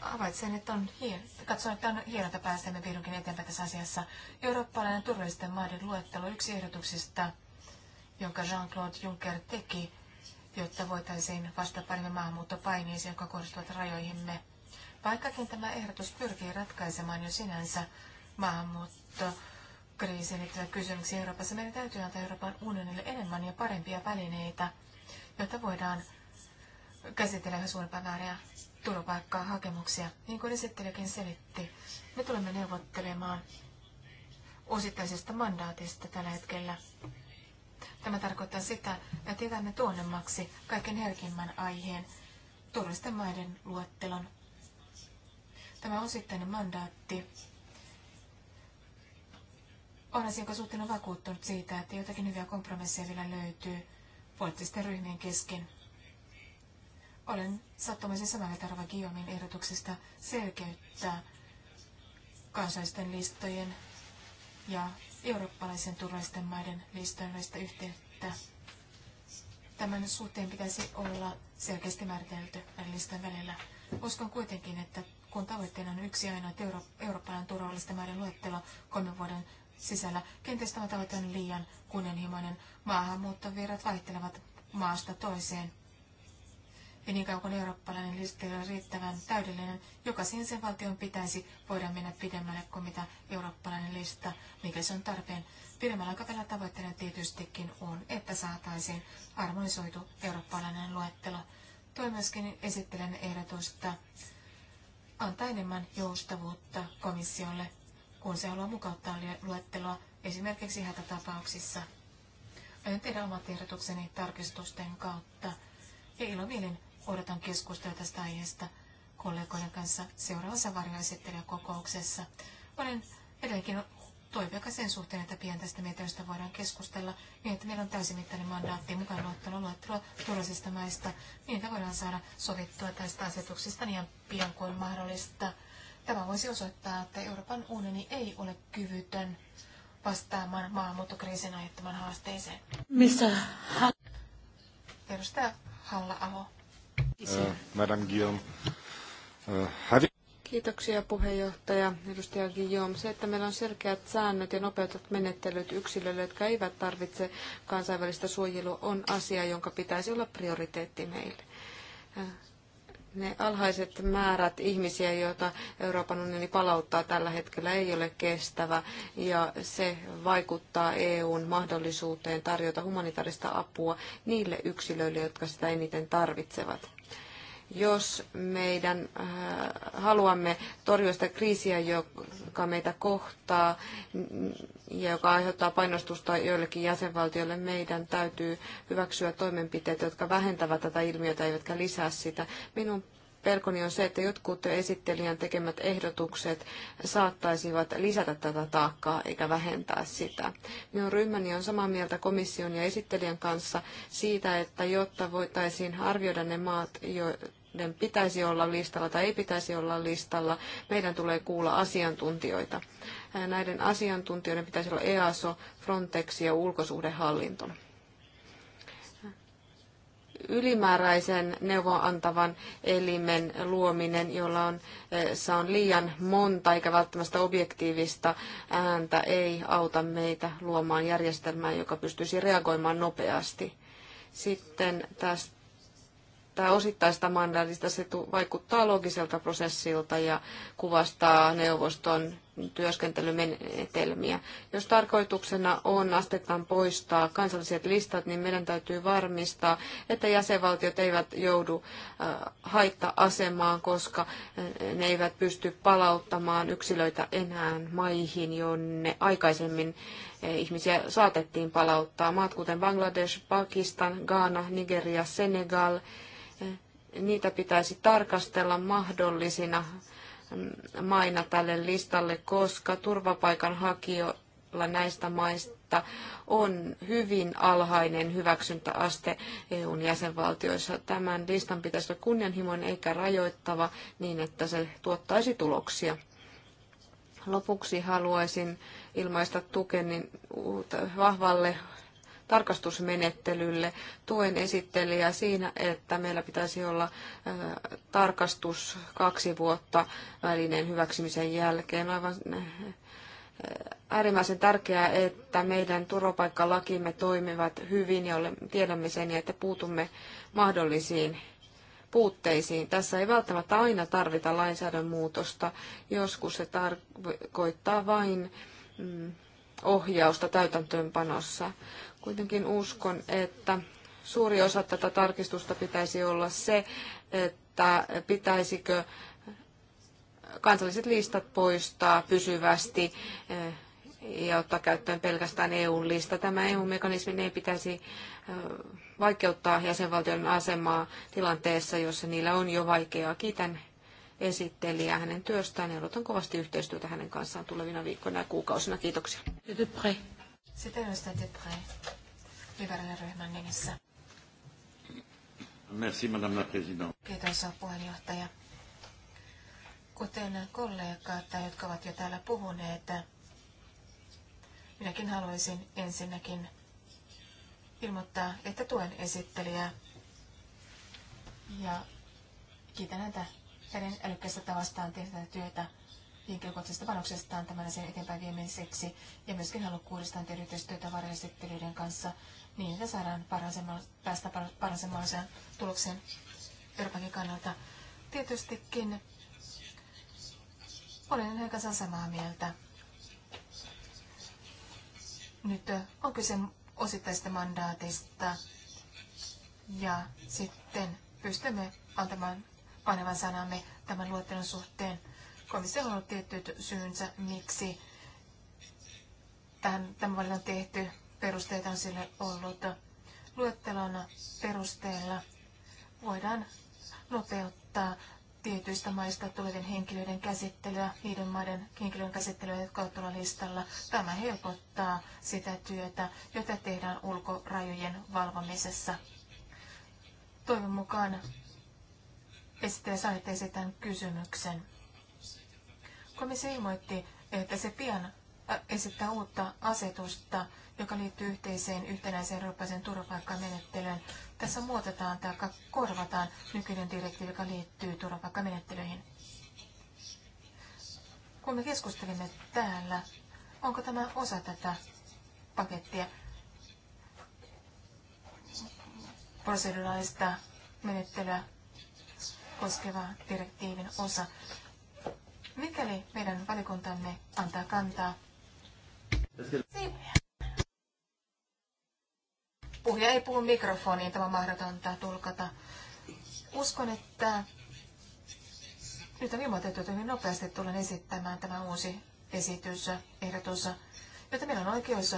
havaitsen, että on hieno, katsoin, että on hienoa, että pääsemme vihdoinkin eteenpäin tässä asiassa. Eurooppalainen turvallisten maiden luettelo yksi ehdotuksista, jonka Jean-Claude Juncker teki jotta voitaisiin vastata paremmin maahanmuuttopaineisiin, jotka kohdistuvat rajoihimme. Vaikkakin tämä ehdotus pyrkii ratkaisemaan jo sinänsä maahanmuuttokriisiin liittyviä kysymyksiä Euroopassa, meidän täytyy antaa Euroopan unionille enemmän ja parempia välineitä, jotta voidaan käsitellä yhä suurempaa määrää turvapaikkaa hakemuksia. Niin kuin esittelijäkin selitti, me tulemme neuvottelemaan osittaisesta mandaatista tällä hetkellä Tämä tarkoittaa sitä, että jätämme tuonnemmaksi kaiken herkimmän aiheen turvallisten maiden luettelon. Tämä osittainen mandaatti on asiakas suhteen on vakuuttunut siitä, että jotakin hyviä kompromisseja vielä löytyy poliittisten ryhmien kesken. Olen sattumaisin samalla mieltä Guillaumin ehdotuksesta selkeyttää kansallisten listojen ja eurooppalaisen turvallisten maiden listojen välistä yhteyttä. Tämän suhteen pitäisi olla selkeästi määritelty välisten välillä. Uskon kuitenkin, että kun tavoitteena on yksi ainoa euro- eurooppalainen turvallisten maiden luettelo kolmen vuoden sisällä, kenties tämä tavoite on liian kunnianhimoinen. Maahanmuuttovirrat vaihtelevat maasta toiseen ja niin kauan kuin eurooppalainen listattelu on riittävän täydellinen, jokaisen sen valtion pitäisi voida mennä pidemmälle kuin mitä eurooppalainen lista, mikä se on tarpeen. Pidemmällä aikavälillä tavoitteena tietystikin on, että saataisiin harmonisoitu eurooppalainen luettelo. Tuo myöskin esittelen ehdotusta antaa enemmän joustavuutta komissiolle, kun se haluaa mukauttaa luetteloa esimerkiksi hätätapauksissa. Aion tehdä omat ehdotukseni tarkistusten kautta ja ilomielin odotan keskustelua tästä aiheesta kollegoiden kanssa seuraavassa varjoesittelijäkokouksessa. Olen edelleenkin toiveikas sen suhteen, että pian tästä mietinnöstä voidaan keskustella niin, että meillä on täysimittainen mandaatti mukaan luettuna luettelua turvallisista maista, niin että voidaan saada sovittua tästä asetuksesta niin pian kuin mahdollista. Tämä voisi osoittaa, että Euroopan unioni ei ole kyvytön vastaamaan maahanmuuttokriisin aiheuttaman haasteeseen. Missä? Edustaja Halla-Aho. Äh, Madame Guillaume. Äh, Kiitoksia puheenjohtaja, edustaja Guillaume. Se, että meillä on selkeät säännöt ja nopeutetut menettelyt yksilöille, jotka eivät tarvitse kansainvälistä suojelua, on asia, jonka pitäisi olla prioriteetti meille äh, ne alhaiset määrät ihmisiä, joita Euroopan unioni palauttaa tällä hetkellä, ei ole kestävä ja se vaikuttaa EUn mahdollisuuteen tarjota humanitaarista apua niille yksilöille, jotka sitä eniten tarvitsevat. Jos meidän äh, haluamme torjua sitä kriisiä, joka meitä kohtaa ja joka aiheuttaa painostusta joillekin jäsenvaltioille, meidän täytyy hyväksyä toimenpiteet, jotka vähentävät tätä ilmiötä eivätkä lisää sitä. Minun pelkoni on se, että jotkut esittelijän tekemät ehdotukset saattaisivat lisätä tätä taakkaa eikä vähentää sitä. Minun ryhmäni on samaa mieltä komission ja esittelijän kanssa siitä, että jotta voitaisiin arvioida ne maat, asioiden pitäisi olla listalla tai ei pitäisi olla listalla. Meidän tulee kuulla asiantuntijoita. Näiden asiantuntijoiden pitäisi olla EASO, Frontex ja ulkosuhdehallinto. Ylimääräisen neuvoa antavan elimen luominen, jolla on, se on liian monta eikä välttämättä objektiivista ääntä, ei auta meitä luomaan järjestelmää, joka pystyisi reagoimaan nopeasti. Sitten tästä tätä osittaista mandaatista se vaikuttaa logiselta prosessilta ja kuvastaa neuvoston työskentelymenetelmiä. Jos tarkoituksena on astetaan poistaa kansalliset listat, niin meidän täytyy varmistaa, että jäsenvaltiot eivät joudu haitta-asemaan, koska ne eivät pysty palauttamaan yksilöitä enää maihin, jonne aikaisemmin ihmisiä saatettiin palauttaa. Maat kuten Bangladesh, Pakistan, Ghana, Nigeria, Senegal – niitä pitäisi tarkastella mahdollisina maina tälle listalle, koska turvapaikanhakijoilla näistä maista on hyvin alhainen hyväksyntäaste EUn jäsenvaltioissa. Tämän listan pitäisi olla kunnianhimoinen eikä rajoittava niin, että se tuottaisi tuloksia. Lopuksi haluaisin ilmaista tukeni vahvalle tarkastusmenettelylle. Tuen esittelijä siinä, että meillä pitäisi olla tarkastus kaksi vuotta välineen hyväksymisen jälkeen. Aivan äärimmäisen tärkeää, että meidän turvapaikkalakimme toimivat hyvin ja tiedämme sen että puutumme mahdollisiin puutteisiin. Tässä ei välttämättä aina tarvita lainsäädännön muutosta. Joskus se tarkoittaa vain mm, ohjausta täytäntöönpanossa. Kuitenkin uskon, että suuri osa tätä tarkistusta pitäisi olla se, että pitäisikö kansalliset listat poistaa pysyvästi eh, ja ottaa käyttöön pelkästään EU-lista. Tämä EU-mekanismi ei pitäisi eh, vaikeuttaa jäsenvaltion asemaa tilanteessa, jossa niillä on jo vaikeaa. Kiitän esittelijää hänen työstään ja odotan kovasti yhteistyötä hänen kanssaan tulevina viikkoina ja kuukausina. Kiitoksia. Sitten liberaaliryhmän nimissä. Merci, madame la présidente. Kiitos, puheenjohtaja. Kuten kollegat, jotka ovat jo täällä puhuneet, minäkin haluaisin ensinnäkin ilmoittaa, että tuen esittelijää ja kiitän häntä hänen älykkäistä tavastaan tehtävää työtä henkilökohtaisesta panoksestaan tämän asian eteenpäin viemiseksi ja myöskin halukkuudestaan tehdä yhteistyötä varjoesittelyiden kanssa niin, että saadaan päästä parhaaseen tulokseen Euroopankin kannalta. Tietystikin olen aika samaa mieltä. Nyt on kyse osittaisesta mandaatista ja sitten pystymme antamaan panevan sanamme tämän luettelon suhteen Komissiolla on ollut tietyt syynsä, miksi tähän, tämä on tehty. Perusteita on sille ollut luettelona perusteella. Voidaan nopeuttaa tietyistä maista tulevien henkilöiden käsittelyä, niiden maiden henkilöiden käsittelyä, jotka ovat tuolla listalla. Tämä helpottaa sitä työtä, jota tehdään ulkorajojen valvomisessa. Toivon mukaan esittäjä saitte esittää kysymyksen. Komissio ilmoitti, että se pian äh, esittää uutta asetusta, joka liittyy yhteiseen yhtenäiseen eurooppalaiseen turvapaikkamenettelyyn. Tässä muotetaan tai korvataan nykyinen direktiivi, joka liittyy turvapaikkamenettelyihin. Kun me keskustelimme täällä, onko tämä osa tätä pakettia proseduraalista menettelyä koskeva direktiivin osa mikäli meidän valikuntamme antaa kantaa. Puhuja ei puhu mikrofoniin, tämä on mahdotonta tulkata. Uskon, että nyt on ilmoitettu, että hyvin nopeasti tulen esittämään tämä uusi esitys, ehdotus, jota meillä on oikeus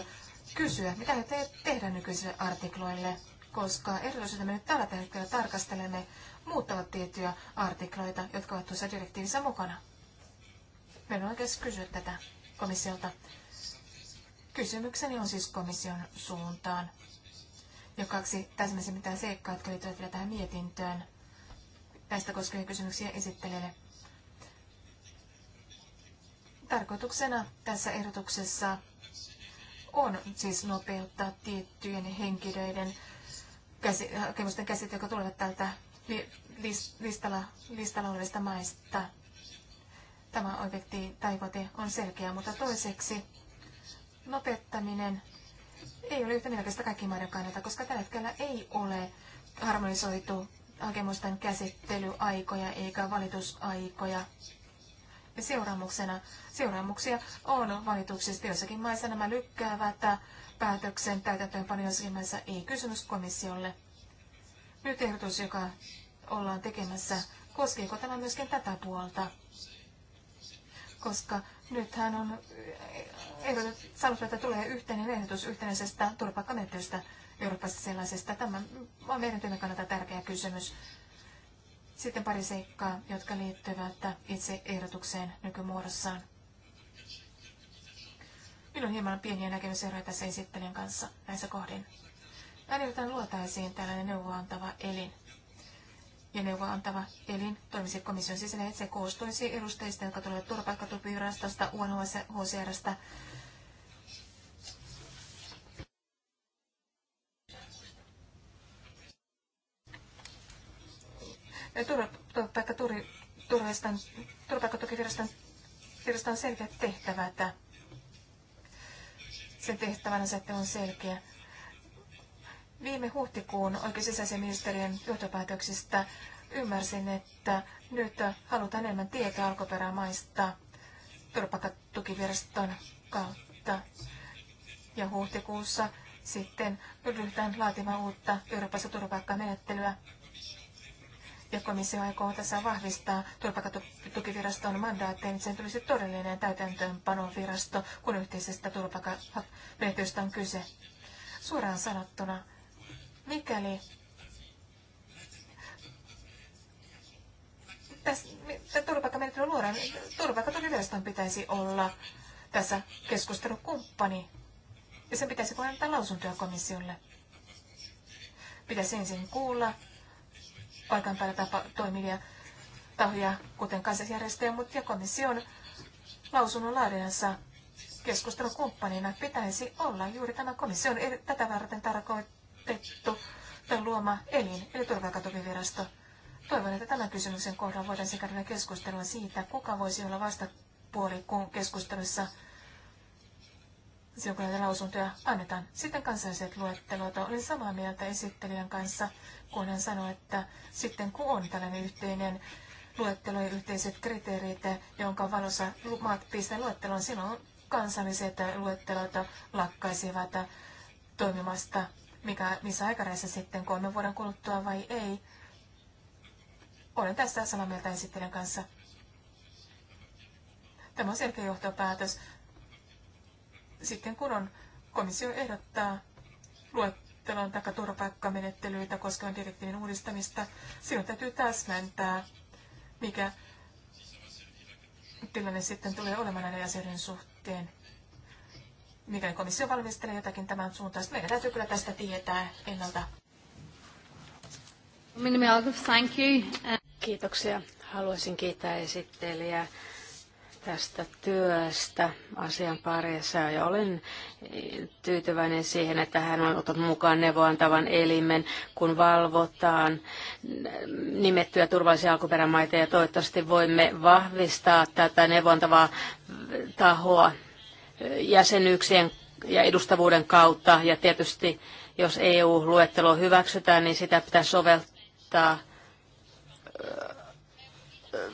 kysyä, mitä he te- tehdä nykyisille artikloille, koska ehdotus, jota me nyt tällä hetkellä tarkastelemme, muuttavat tiettyjä artikloita, jotka ovat tuossa direktiivissä mukana. Meillä on oikeus kysyä tätä komissiolta. Kysymykseni on siis komission suuntaan. Ja kaksi täsmäisen mitään seikkaa, jotka liittyvät vielä tähän mietintöön. Tästä koskevia kysymyksiä esittelijälle. Tarkoituksena tässä ehdotuksessa on siis nopeuttaa tiettyjen henkilöiden käsi, hakemusten käsittelyä, jotka tulevat tältä listalla, listalla olevista maista. Tämä objekti tavoite on selkeä, mutta toiseksi nopeuttaminen ei ole yhtä kaikkien maiden kannalta, koska tällä hetkellä ei ole harmonisoitu hakemusten käsittelyaikoja eikä valitusaikoja. Ja seuraamuksena, seuraamuksia on valituksista. Joissakin maissa nämä lykkäävät päätöksen täytäntöönpano, joissakin maissa ei kysymys komissiolle. Nyt ehdotus, joka ollaan tekemässä, koskeeko tämä myöskin tätä puolta? koska nyt hän on sanottu, että tulee yhteinen ehdotus yhtenäisestä turvapaikkamenettelystä Euroopassa sellaisesta. Tämä on meidän työmme kannalta tärkeä kysymys. Sitten pari seikkaa, jotka liittyvät itse ehdotukseen nykymuodossaan. Minulla on hieman pieniä näkemyseroja tässä esittelijän kanssa näissä kohdin. Äänirytään luotaisiin tällainen neuvoantava elin ja neuvoa antava elin toimisi komission sisällä, että se koostuisi edustajista, jotka tulevat turvapaikkatupivirastosta, UNHCRstä, turvapaikkatukiviraston on selkeät tehtävät. Sen tehtävän asettelu on selkeä. Viime huhtikuun oikeusisäisen johtopäätöksistä ymmärsin, että nyt halutaan enemmän tietoa alkuperämaista turvapaikkatukiviraston kautta. Ja huhtikuussa sitten ryhdytään laatimaan uutta Euroopassa turvapaikkamenettelyä. Ja komissio aikoo tässä vahvistaa turvapaikkatukiviraston mandaatteen, että sen tulisi todellinen täytäntöönpanovirasto, kun yhteisestä turvapaikkamenettelystä on kyse. Suoraan sanottuna Mikäli tässä turvapaikkamenettelyn luodaan, niin turvapaikkaviraston pitäisi olla tässä keskustelukumppani, ja sen pitäisi voida antaa lausuntoja komissiolle. Pitäisi ensin kuulla paikan päällä tapa, toimivia tahoja, kuten kansallisjärjestöjä, mutta ja komission lausunnon laadinnassa keskustelukumppanina pitäisi olla juuri tämä komission tätä varten tarkoittaa pettu tämän luoma elin, eli turvakatovivirasto. Toivon, että tämän kysymyksen kohdalla voitaisiin käydä keskustelua siitä, kuka voisi olla vastapuoli keskustelussa silloin kun näitä lausuntoja annetaan. Sitten kansalliset luettelot. Olen samaa mieltä esittelijän kanssa, kun hän sanoi, että sitten kun on tällainen yhteinen luettelo ja yhteiset kriteerit, jonka valossa maat pistää luetteloon, silloin kansalliset luettelot lakkaisivat toimimasta mikä, missä aikareissa sitten, kolmen vuoden kuluttua vai ei. Olen tästä samaa mieltä esittelijän kanssa. Tämä on selkeä johtopäätös. Sitten kun on, komissio ehdottaa luettelon tai turvapaikkamenettelyitä koskevan direktiivin uudistamista, silloin täytyy täsmentää, mikä tilanne sitten tulee olemaan näiden asioiden suhteen mikäli komissio valmistelee jotakin tämän suuntaista, meidän täytyy kyllä tästä tietää ennalta. Thank you. Kiitoksia. Haluaisin kiittää esittelijää tästä työstä asian parissa ja olen tyytyväinen siihen, että hän on ottanut mukaan neuvoantavan elimen, kun valvotaan nimettyjä turvallisia alkuperämaita ja toivottavasti voimme vahvistaa tätä neuvoantavaa tahoa jäsenyyksien ja edustavuuden kautta. Ja tietysti, jos EU-luettelo hyväksytään, niin sitä pitää soveltaa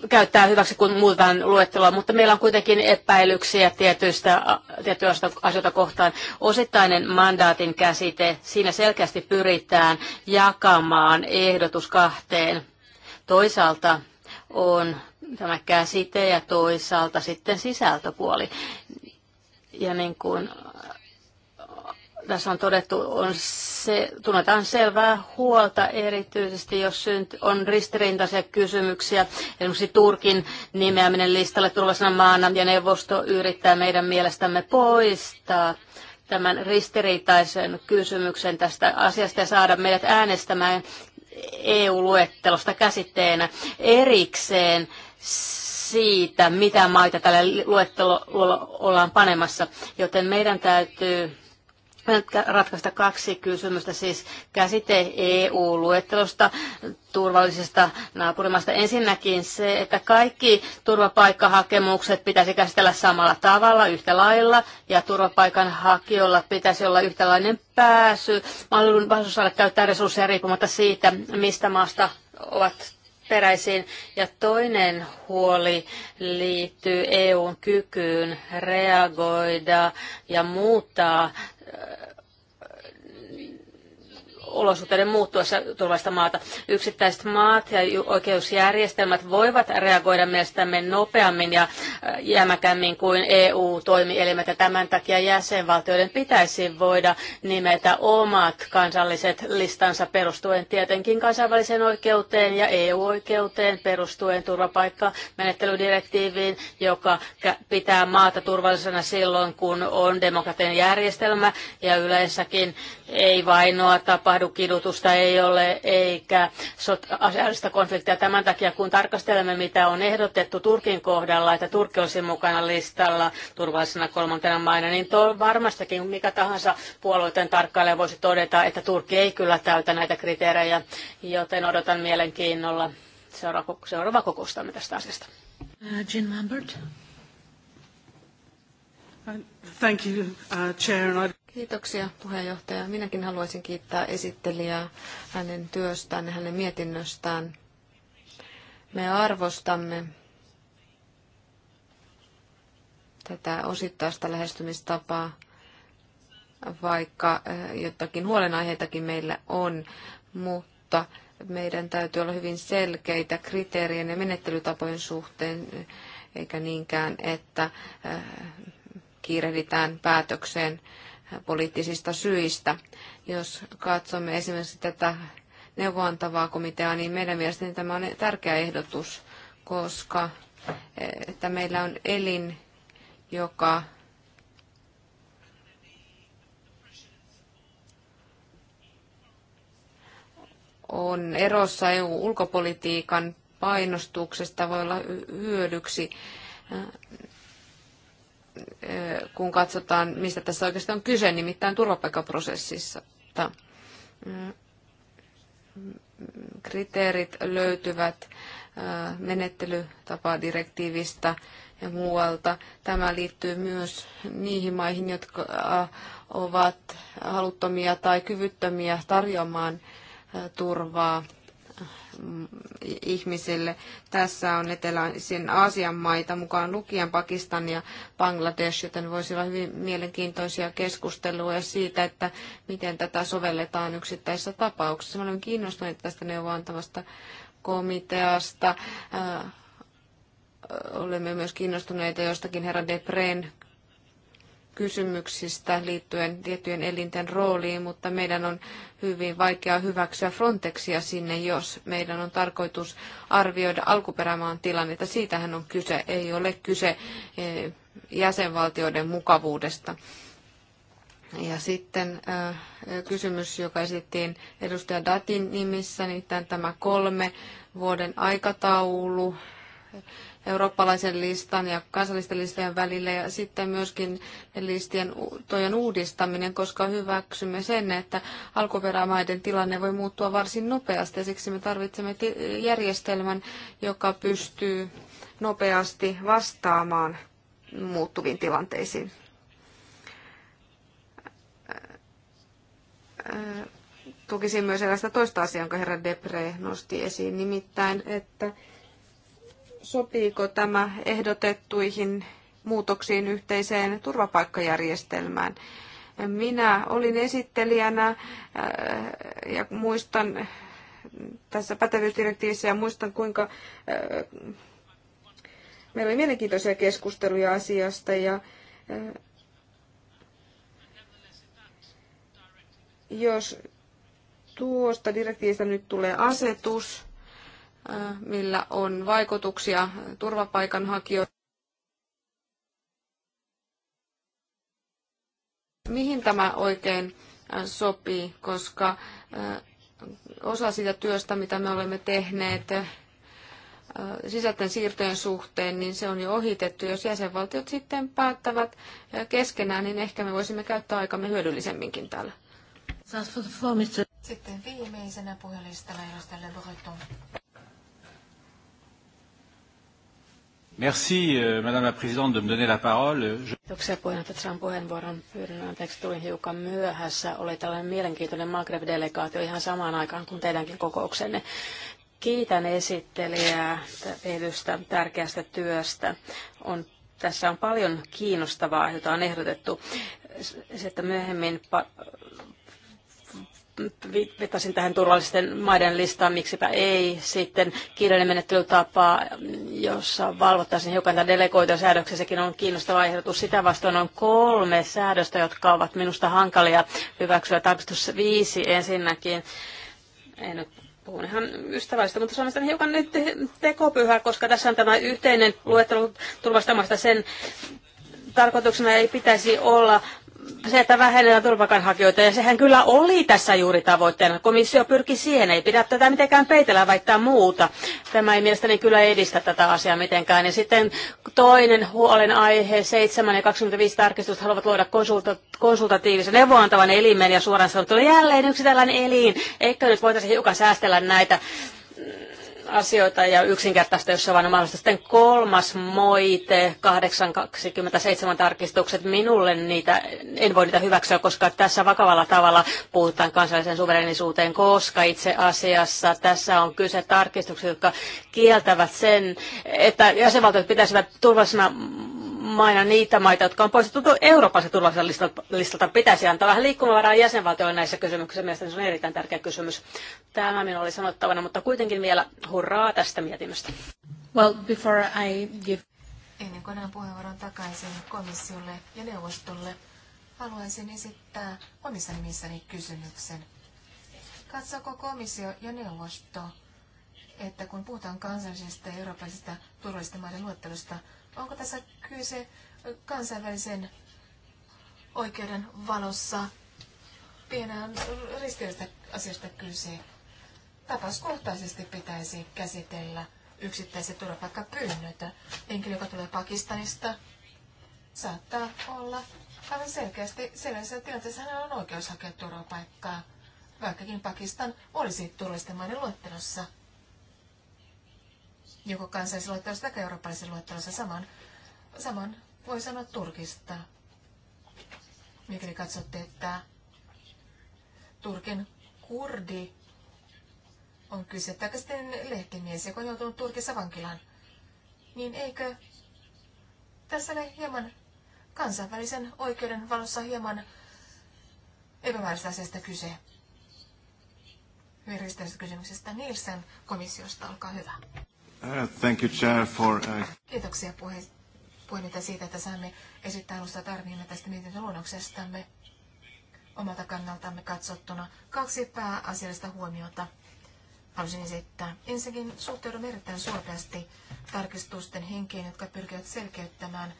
käyttää hyväksi, kun muutetaan luettelua, mutta meillä on kuitenkin epäilyksiä tietyistä, tietyistä asioita kohtaan. Osittainen mandaatin käsite, siinä selkeästi pyritään jakamaan ehdotus kahteen. Toisaalta on tämä käsite ja toisaalta sitten sisältöpuoli. Ja niin kuin äh, tässä on todettu, on se, tunnetaan selvää huolta erityisesti, jos on ristiriintaisia kysymyksiä. Esimerkiksi Turkin nimeäminen listalle turvallisena maana ja neuvosto yrittää meidän mielestämme poistaa tämän ristiriitaisen kysymyksen tästä asiasta ja saada meidät äänestämään EU-luettelosta käsitteenä erikseen siitä, mitä maita tälle luettelolla ollaan panemassa, joten meidän täytyy ratkaista kaksi kysymystä, siis käsite EU-luettelosta turvallisesta naapurimasta Ensinnäkin se, että kaikki turvapaikkahakemukset pitäisi käsitellä samalla tavalla, yhtä lailla, ja turvapaikanhakijoilla pitäisi olla yhtälainen pääsy, mahdollisuus saada käyttää resursseja riippumatta siitä, mistä maasta ovat peräisin Ja toinen huoli liittyy EUn kykyyn reagoida ja muuttaa olosuhteiden muuttuessa turvallista maata. Yksittäiset maat ja oikeusjärjestelmät voivat reagoida mielestämme nopeammin ja äh, jämäkämmin kuin EU-toimielimet. Ja tämän takia jäsenvaltioiden pitäisi voida nimetä omat kansalliset listansa perustuen tietenkin kansainväliseen oikeuteen ja EU-oikeuteen perustuen turvapaikkamenettelydirektiiviin, joka pitää maata turvallisena silloin, kun on demokratian järjestelmä ja yleensäkin ei vainoa tapahdu kidutusta ei ole eikä aseellista konfliktia. Tämän takia, kun tarkastelemme, mitä on ehdotettu Turkin kohdalla, että Turkki olisi mukana listalla turvallisena kolmantena maina, niin to, varmastakin mikä tahansa puolueiden tarkkailija voisi todeta, että Turkki ei kyllä täytä näitä kriteerejä, joten odotan mielenkiinnolla seuraava, seuraava kokoustamme tästä asiasta. Uh, Jean Lambert. Uh, thank you, uh, Chair. Kiitoksia puheenjohtaja. Minäkin haluaisin kiittää esittelijää hänen työstään ja hänen mietinnöstään. Me arvostamme tätä osittaista lähestymistapaa, vaikka eh, jotakin huolenaiheitakin meillä on, mutta meidän täytyy olla hyvin selkeitä kriteerien ja menettelytapojen suhteen, eikä niinkään, että eh, kiirehditään päätökseen poliittisista syistä. Jos katsomme esimerkiksi tätä neuvoantavaa komiteaa, niin meidän mielestäni tämä on tärkeä ehdotus, koska eh, että meillä on elin, joka on erossa EU-ulkopolitiikan painostuksesta, voi olla hyödyksi kun katsotaan, mistä tässä oikeastaan on kyse, nimittäin turvapaikkaprosessissa. Mm, kriteerit löytyvät menettelytapadirektiivistä ja muualta. Tämä liittyy myös niihin maihin, jotka ovat haluttomia tai kyvyttömiä tarjoamaan turvaa ihmisille. Tässä on eteläisen Aasian maita mukaan lukien Pakistan ja Bangladesh, joten voisi olla hyvin mielenkiintoisia keskusteluja siitä, että miten tätä sovelletaan yksittäisissä tapauksissa. Olen kiinnostunut tästä neuvoantavasta komiteasta äh, olemme myös kiinnostuneita jostakin herra Depren kysymyksistä liittyen tiettyjen elinten rooliin, mutta meidän on hyvin vaikea hyväksyä Frontexia sinne, jos meidän on tarkoitus arvioida alkuperämaan tilannetta. Siitähän on kyse, ei ole kyse eh, jäsenvaltioiden mukavuudesta. Ja sitten eh, kysymys, joka esittiin edustaja Datin nimissä, niin tämä kolme vuoden aikataulu eurooppalaisen listan ja kansallisten listojen välillä ja sitten myöskin listien tojen uudistaminen, koska hyväksymme sen, että alkuperämaiden tilanne voi muuttua varsin nopeasti ja siksi me tarvitsemme järjestelmän, joka pystyy nopeasti vastaamaan muuttuviin tilanteisiin. Tukisin myös erästä toista asiaa, jonka herra Depre nosti esiin, nimittäin, että sopiiko tämä ehdotettuihin muutoksiin yhteiseen turvapaikkajärjestelmään. Minä olin esittelijänä äh, ja muistan tässä pätevyysdirektiivissä ja muistan kuinka äh, meillä oli mielenkiintoisia keskusteluja asiasta ja äh, jos tuosta direktiivistä nyt tulee asetus, millä on vaikutuksia turvapaikanhakijoihin. Mihin tämä oikein sopii, koska osa sitä työstä, mitä me olemme tehneet sisäisten siirtojen suhteen, niin se on jo ohitettu. Jos jäsenvaltiot sitten päättävät keskenään, niin ehkä me voisimme käyttää aikamme hyödyllisemminkin täällä. Sitten viimeisenä puhelistalla edustaja Merci, euh, Madame la Présidente, de me donner la parole. Je... Kiitoksia puheenjohtaja Trump puheenvuoron. Pyydän anteeksi, tulin hiukan myöhässä. Oli tällainen mielenkiintoinen Maghreb-delegaatio ihan samaan aikaan kuin teidänkin kokouksenne. Kiitän esittelijää tehdystä tärkeästä työstä. On, tässä on paljon kiinnostavaa, jota on ehdotettu. Se, että myöhemmin pa- viittasin tähän turvallisten maiden listaan, miksipä ei. Sitten kiireinen menettelytapa, jossa valvottaisiin hiukan tätä delegoituja säädöksen, sekin on kiinnostava ehdotus. Sitä vastoin on kolme säädöstä, jotka ovat minusta hankalia hyväksyä. Tarkistus viisi ensinnäkin. En nyt puhun ihan ystävällistä, mutta se on hiukan nyt tekopyhä, koska tässä on tämä yhteinen luettelo turvastamasta sen tarkoituksena ei pitäisi olla se, että vähennetään turvapaikanhakijoita, ja sehän kyllä oli tässä juuri tavoitteena. Komissio pyrki siihen, ei pidä tätä mitenkään peitellä väittää muuta. Tämä ei mielestäni kyllä edistä tätä asiaa mitenkään. Ja sitten toinen huolenaihe, 7 ja 25 tarkistusta haluavat luoda konsulta- konsultatiivisen neuvoantavan elimen, ja suoraan sanottuna jälleen yksi tällainen elin. Eikö nyt voitaisiin hiukan säästellä näitä asioita ja yksinkertaista, jos se vain on mahdollista. Sitten kolmas moite, 827 tarkistukset, minulle niitä, en voi niitä hyväksyä, koska tässä vakavalla tavalla puhutaan kansalliseen suverenisuuteen, koska itse asiassa tässä on kyse tarkistuksista, jotka kieltävät sen, että jäsenvaltiot pitäisivät turvallisena maina niitä maita, jotka on poistettu Euroopassa turvallisella listalta, Pitäisi antaa vähän liikkumavaraa jäsenvaltioille näissä kysymyksissä. Mielestäni se on erittäin tärkeä kysymys. Tämä minulla oli sanottavana, mutta kuitenkin vielä hurraa tästä mietinnöstä. Well, before I give... Ennen kuin annan puheenvuoron takaisin komissiolle ja neuvostolle, haluaisin esittää omissa nimissäni kysymyksen. Katsoko komissio ja neuvosto, että kun puhutaan kansallisesta ja eurooppalaisesta turvallisten maiden luottelusta, onko tässä kyse kansainvälisen oikeuden valossa pienään ristiriidasta asiasta kyse? tapauskohtaisesti pitäisi käsitellä yksittäiset turvapaikkapyynnöt. Henkilö, joka tulee Pakistanista, saattaa olla aivan selkeästi sellaisessa tilanteessa, hänellä on oikeus hakea turvapaikkaa, vaikkakin Pakistan olisi turvallisten maiden luettelossa. Joko kansallisessa luettelossa tai eurooppalaisessa luettelossa saman, saman voi sanoa Turkista. Mikäli katsotte, että Turkin kurdi on kyse, Taikka sitten lehtimies, joka on joutunut Turkissa vankilaan, niin eikö tässä ole hieman kansainvälisen oikeuden valossa hieman epämääräistä asiasta kyse? Hyvin kysymyksestä Nielsen komissiosta, olkaa hyvä. Uh, thank you, Chair, for, uh... Kiitoksia puheenjohtaja siitä, että saamme esittää alusta tarvimme tästä mietintöluonnoksestamme omalta kannaltamme katsottuna kaksi pääasiallista huomiota halusin esittää. Ensinnäkin suhteudun erittäin suopeasti tarkistusten henkeen, jotka pyrkivät selkeyttämään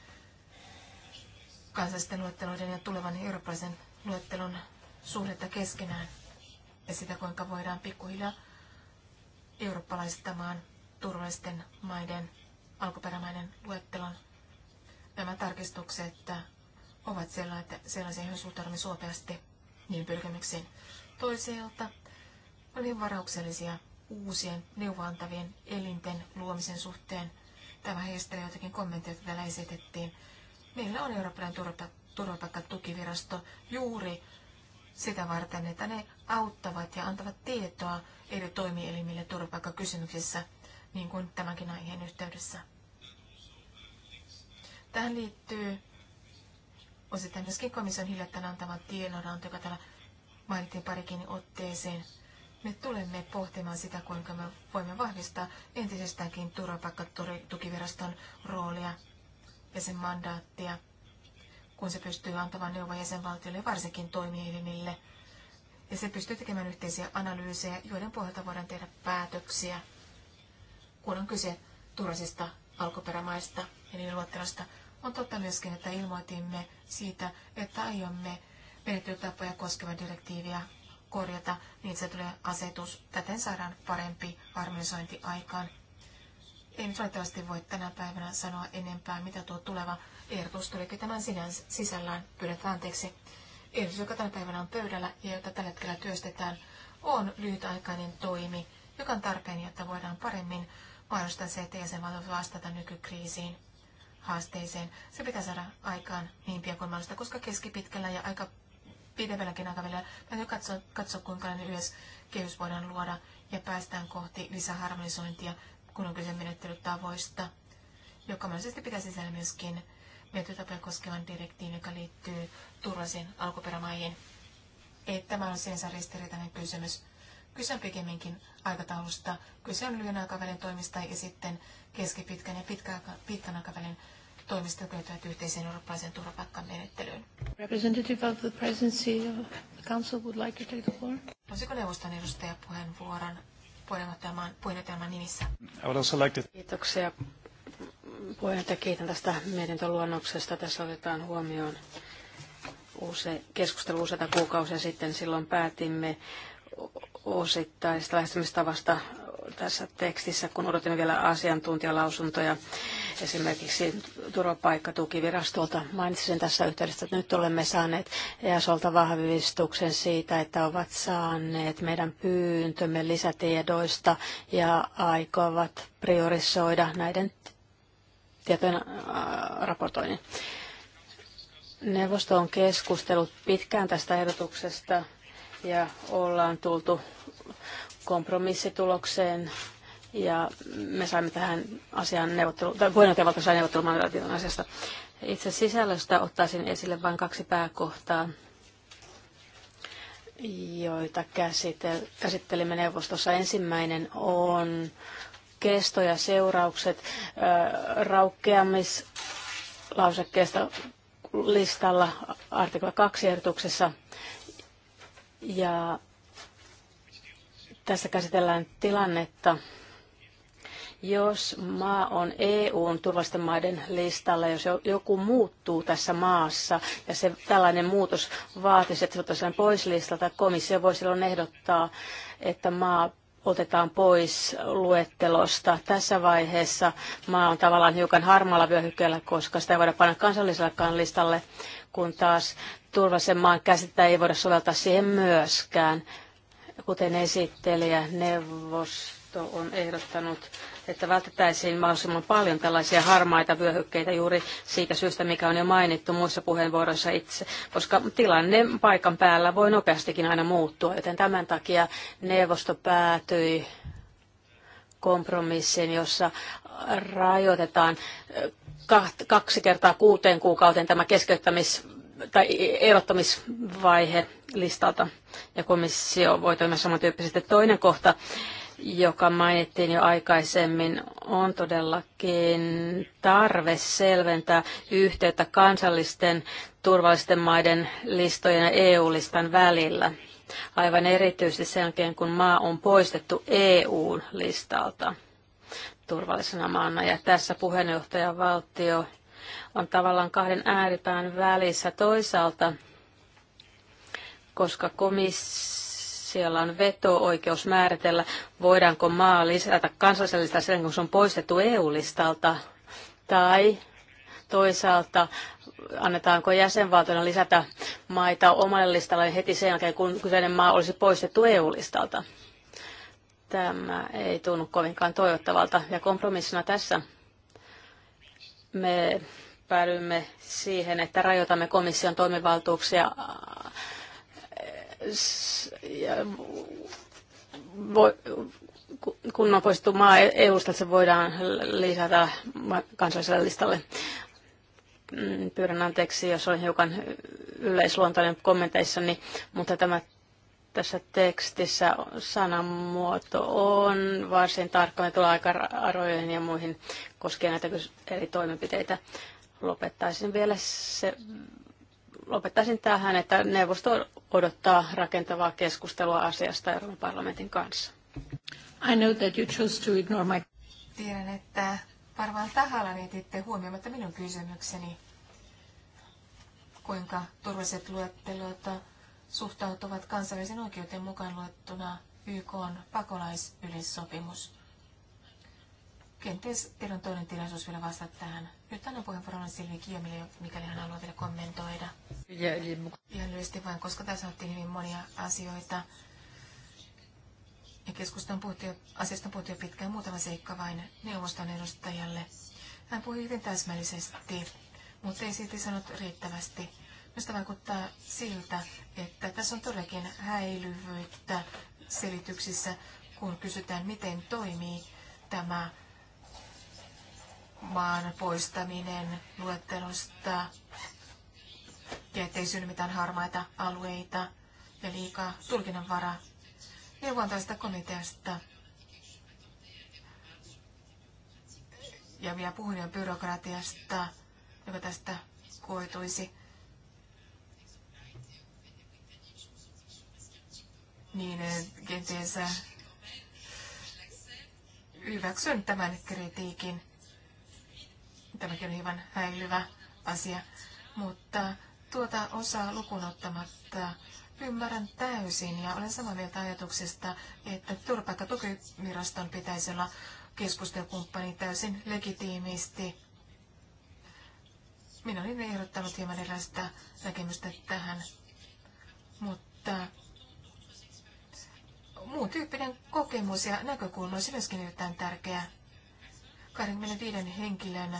kansallisten luetteloiden ja tulevan eurooppalaisen luettelon suhdetta keskenään ja sitä, kuinka voidaan pikkuhiljaa eurooppalaistamaan turvallisten maiden alkuperämaiden luettelon. Nämä tarkistukset ovat sellaisia, joihin suhtaudumme suopeasti niin pyrkimyksiin. Toisaalta olin varauksellisia uusien neuvoantavien elinten luomisen suhteen. Tämä heistä jotakin kommentteja, joita täällä esitettiin. Meillä on Euroopan turvapaikkatukivirasto juuri sitä varten, että ne auttavat ja antavat tietoa eri toimielimille turvapaikkakysymyksissä, niin kuin tämänkin aiheen yhteydessä. Tähän liittyy osittain myöskin komission hiljattain antama tiedonanto, joka täällä mainittiin parikin otteeseen. Me tulemme pohtimaan sitä, kuinka me voimme vahvistaa entisestäänkin turvapaikkatukiviraston roolia ja sen mandaattia, kun se pystyy antamaan neuvoja jäsenvaltioille, varsinkin toimielimille. Ja se pystyy tekemään yhteisiä analyysejä, joiden pohjalta voidaan tehdä päätöksiä, kun on kyse turvallisista alkuperämaista eli niiden luottelosta. On totta myöskin, että ilmoitimme siitä, että aiomme menettelytapoja koskevan direktiiviä korjata, niin se tulee asetus. Täten saadaan parempi harmonisointi aikaan. En valitettavasti voi tänä päivänä sanoa enempää, mitä tuo tuleva ehdotus tulee tämän sinänsä sisällään. pyydetään anteeksi. Ehdotus, joka tänä päivänä on pöydällä ja jota tällä hetkellä työstetään, on lyhytaikainen toimi, joka on tarpeen, jotta voidaan paremmin mahdollistaa se, että jäsenvaltiot vastata nykykriisiin haasteeseen. Se pitää saada aikaan niin pian kuin mahdollista, koska keskipitkällä ja aika pidemmälläkin aikavälillä. Täytyy katsoa, katsoa kuinka yhdessä kehys voidaan luoda ja päästään kohti lisäharmonisointia, kun on kyse menettelytavoista, joka mahdollisesti pitää sisällä myöskin menettelytapoja koskevan direktiivin, joka liittyy turvallisiin alkuperämaihin. Ei, tämä on sinänsä ristiriitainen kysymys. Kyse on pikemminkin aikataulusta. Kyse on lyhyen aikavälin toimista ja sitten keskipitkän ja pitkän aikavälin toimista, jotka liittyvät yhteiseen eurooppalaiseen turvapaikkamenettelyyn. Representative of the presidency of the council would like to take the floor. Voisiko neuvoston edustaja puheenvuoron puheenjohtajan, nimissä? I would also like to... Kiitoksia puheenjohtaja. Kiitän tästä mietintöluonnoksesta. Tässä otetaan huomioon use, keskustelu useita kuukausia sitten. Silloin päätimme osittaisesta lähestymistavasta tässä tekstissä, kun odotimme vielä asiantuntijalausuntoja esimerkiksi turvapaikkatukivirastolta. Mainitsin tässä yhteydessä, että nyt olemme saaneet EASolta vahvistuksen siitä, että ovat saaneet meidän pyyntömme lisätiedoista ja aikovat priorisoida näiden tietojen raportoinnin. Neuvosto on keskustellut pitkään tästä ehdotuksesta ja ollaan tultu kompromissitulokseen ja me saimme tähän asiaan neuvottelu, tai puheenjohtajavalta sai neuvottelumandaatin asiasta. Itse sisällöstä ottaisin esille vain kaksi pääkohtaa, joita käsitel- käsittelimme neuvostossa. Ensimmäinen on kesto ja seuraukset raukkeamislausekkeesta listalla artikla 2 ehdotuksessa. Ja tässä käsitellään tilannetta, jos maa on EUn turvallisten maiden listalla, jos joku muuttuu tässä maassa ja se tällainen muutos vaatisi, että se otetaan pois listalta, komissio voi silloin ehdottaa, että maa otetaan pois luettelosta. Tässä vaiheessa maa on tavallaan hiukan harmaalla vyöhykkeellä, koska sitä ei voida panna kansallisellekaan listalle, kun taas turvallisen maan käsitettä ei voida soveltaa siihen myöskään. Kuten esittelijä, neuvosto on ehdottanut, että vältettäisiin mahdollisimman paljon tällaisia harmaita vyöhykkeitä juuri siitä syystä, mikä on jo mainittu muissa puheenvuoroissa itse, koska tilanne paikan päällä voi nopeastikin aina muuttua, joten tämän takia neuvosto päätyi kompromissiin, jossa rajoitetaan kaksi kertaa kuuteen kuukauteen tämä keskeyttämis tai erottamisvaihe listalta ja komissio voi toimia samantyyppisesti. Toinen kohta, joka mainittiin jo aikaisemmin, on todellakin tarve selventää yhteyttä kansallisten turvallisten maiden listojen ja EU-listan välillä. Aivan erityisesti sen jälkeen, kun maa on poistettu EU-listalta turvallisena maana. Ja tässä puheenjohtajavaltio on tavallaan kahden ääripään välissä. Toisaalta, koska komissiolla on veto-oikeus määritellä, voidaanko maa lisätä kansallisella sen, kun se on poistettu EU-listalta, tai toisaalta annetaanko jäsenvaltioiden lisätä maita omalle listalle heti sen jälkeen, kun kyseinen maa olisi poistettu EU-listalta. Tämä ei tunnu kovinkaan toivottavalta. Ja kompromissina tässä me päädyimme siihen, että rajoitamme komission toimivaltuuksia ja kun on poistettu maa EU-sta, se voidaan lisätä kansalliselle listalle. Mm, pyydän anteeksi, jos olen hiukan yleisluontoinen kommenteissani, niin, mutta tämä tässä tekstissä sanamuoto on varsin tarkka. Me tulee arvojen ja muihin koskien näitä eri toimenpiteitä. Lopettaisin vielä se, lopettaisin tähän, että neuvosto odottaa rakentavaa keskustelua asiasta Euroopan parlamentin kanssa. I know that you chose to ignore my... Tiedän, että varmaan tahalla jätitte huomioimatta minun kysymykseni. Kuinka turvalliset luettelot suhtautuvat kansainvälisen oikeuteen mukaan luettuna YK on pakolaisyleissopimus. Kenties teillä on toinen tilaisuus vielä vastata tähän. Nyt annan puheenvuoron Silvi Kiemille, mikäli hän haluaa vielä kommentoida. Ihan lyhyesti vain, koska tässä saatiin hyvin monia asioita. Ja keskustelun puhuttiin, asiasta puhuttiin jo pitkään muutama seikka vain neuvoston edustajalle. Hän puhui hyvin täsmällisesti, mutta ei silti sanonut riittävästi Mistä vaikuttaa siltä, että tässä on todellakin häilyvyyttä selityksissä, kun kysytään, miten toimii tämä maan poistaminen luettelosta, ja ettei synny mitään harmaita alueita ja liikaa tulkinnanvaraa. Neuvontaista komiteasta ja vielä puhuin jo byrokratiasta, joka tästä koituisi. niin eh, kenties eh, hyväksyn tämän kritiikin. Tämäkin on hieman häilyvä asia, mutta tuota osaa lukunottamatta ymmärrän täysin ja olen samaa mieltä ajatuksesta, että turvapaikkatukiviraston pitäisi olla keskustelukumppani täysin legitiimisti. Minä olin ehdottanut hieman erilaista näkemystä tähän, mutta muun tyyppinen kokemus ja näkökulma olisi myöskin erittäin tärkeä. 25 henkilön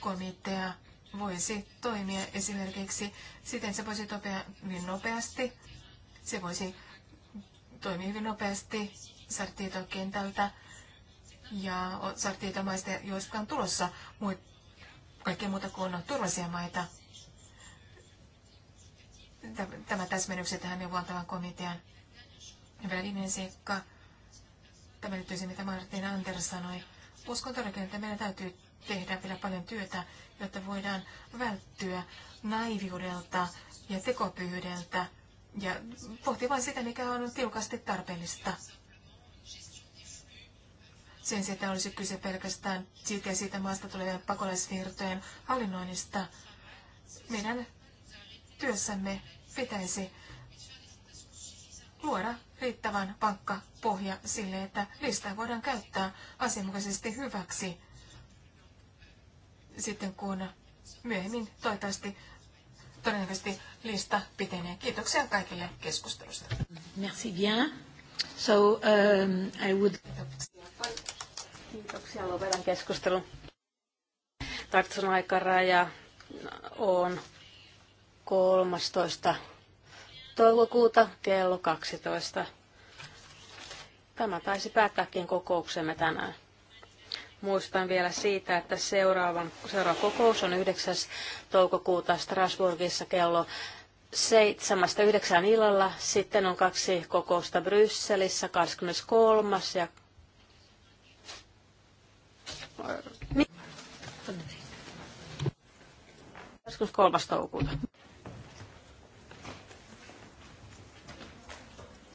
komitea voisi toimia esimerkiksi siten, se voisi toimia hyvin nopeasti. Se voisi toimia hyvin nopeasti sartiitokentältä ja sartiitomaista, joista on tulossa muut, kaikkea muuta kuin turvallisia maita. Tämä täsmennykset tähän neuvontavan komitean välinen niin, seikka. Tämä liittyy se, mitä Martin Anders sanoi. Uskon todellakin, että meidän täytyy tehdä vielä paljon työtä, jotta voidaan välttyä naiviudelta ja tekopyydeltä ja pohti vain sitä, mikä on tiukasti tarpeellista. Sen sijaan, että olisi kyse pelkästään siitä ja siitä maasta tulevien pakolaisvirtojen hallinnoinnista. Meidän työssämme pitäisi luoda riittävän vankka pohja sille, että listaa voidaan käyttää asianmukaisesti hyväksi sitten kun myöhemmin toivottavasti todennäköisesti lista pitenee. Kiitoksia kaikille keskustelusta. Merci bien. So, um, I would... Kiitoksia. Lopetan keskustelun. Tartsun aikaraja on 13 toukokuuta kello 12. Tämä taisi päättääkin kokouksemme tänään. Muistan vielä siitä, että seuraavan, seuraava kokous on 9. toukokuuta Strasbourgissa kello 7.9. illalla. Sitten on kaksi kokousta Brysselissä 23. ja Joskus 3. toukokuuta.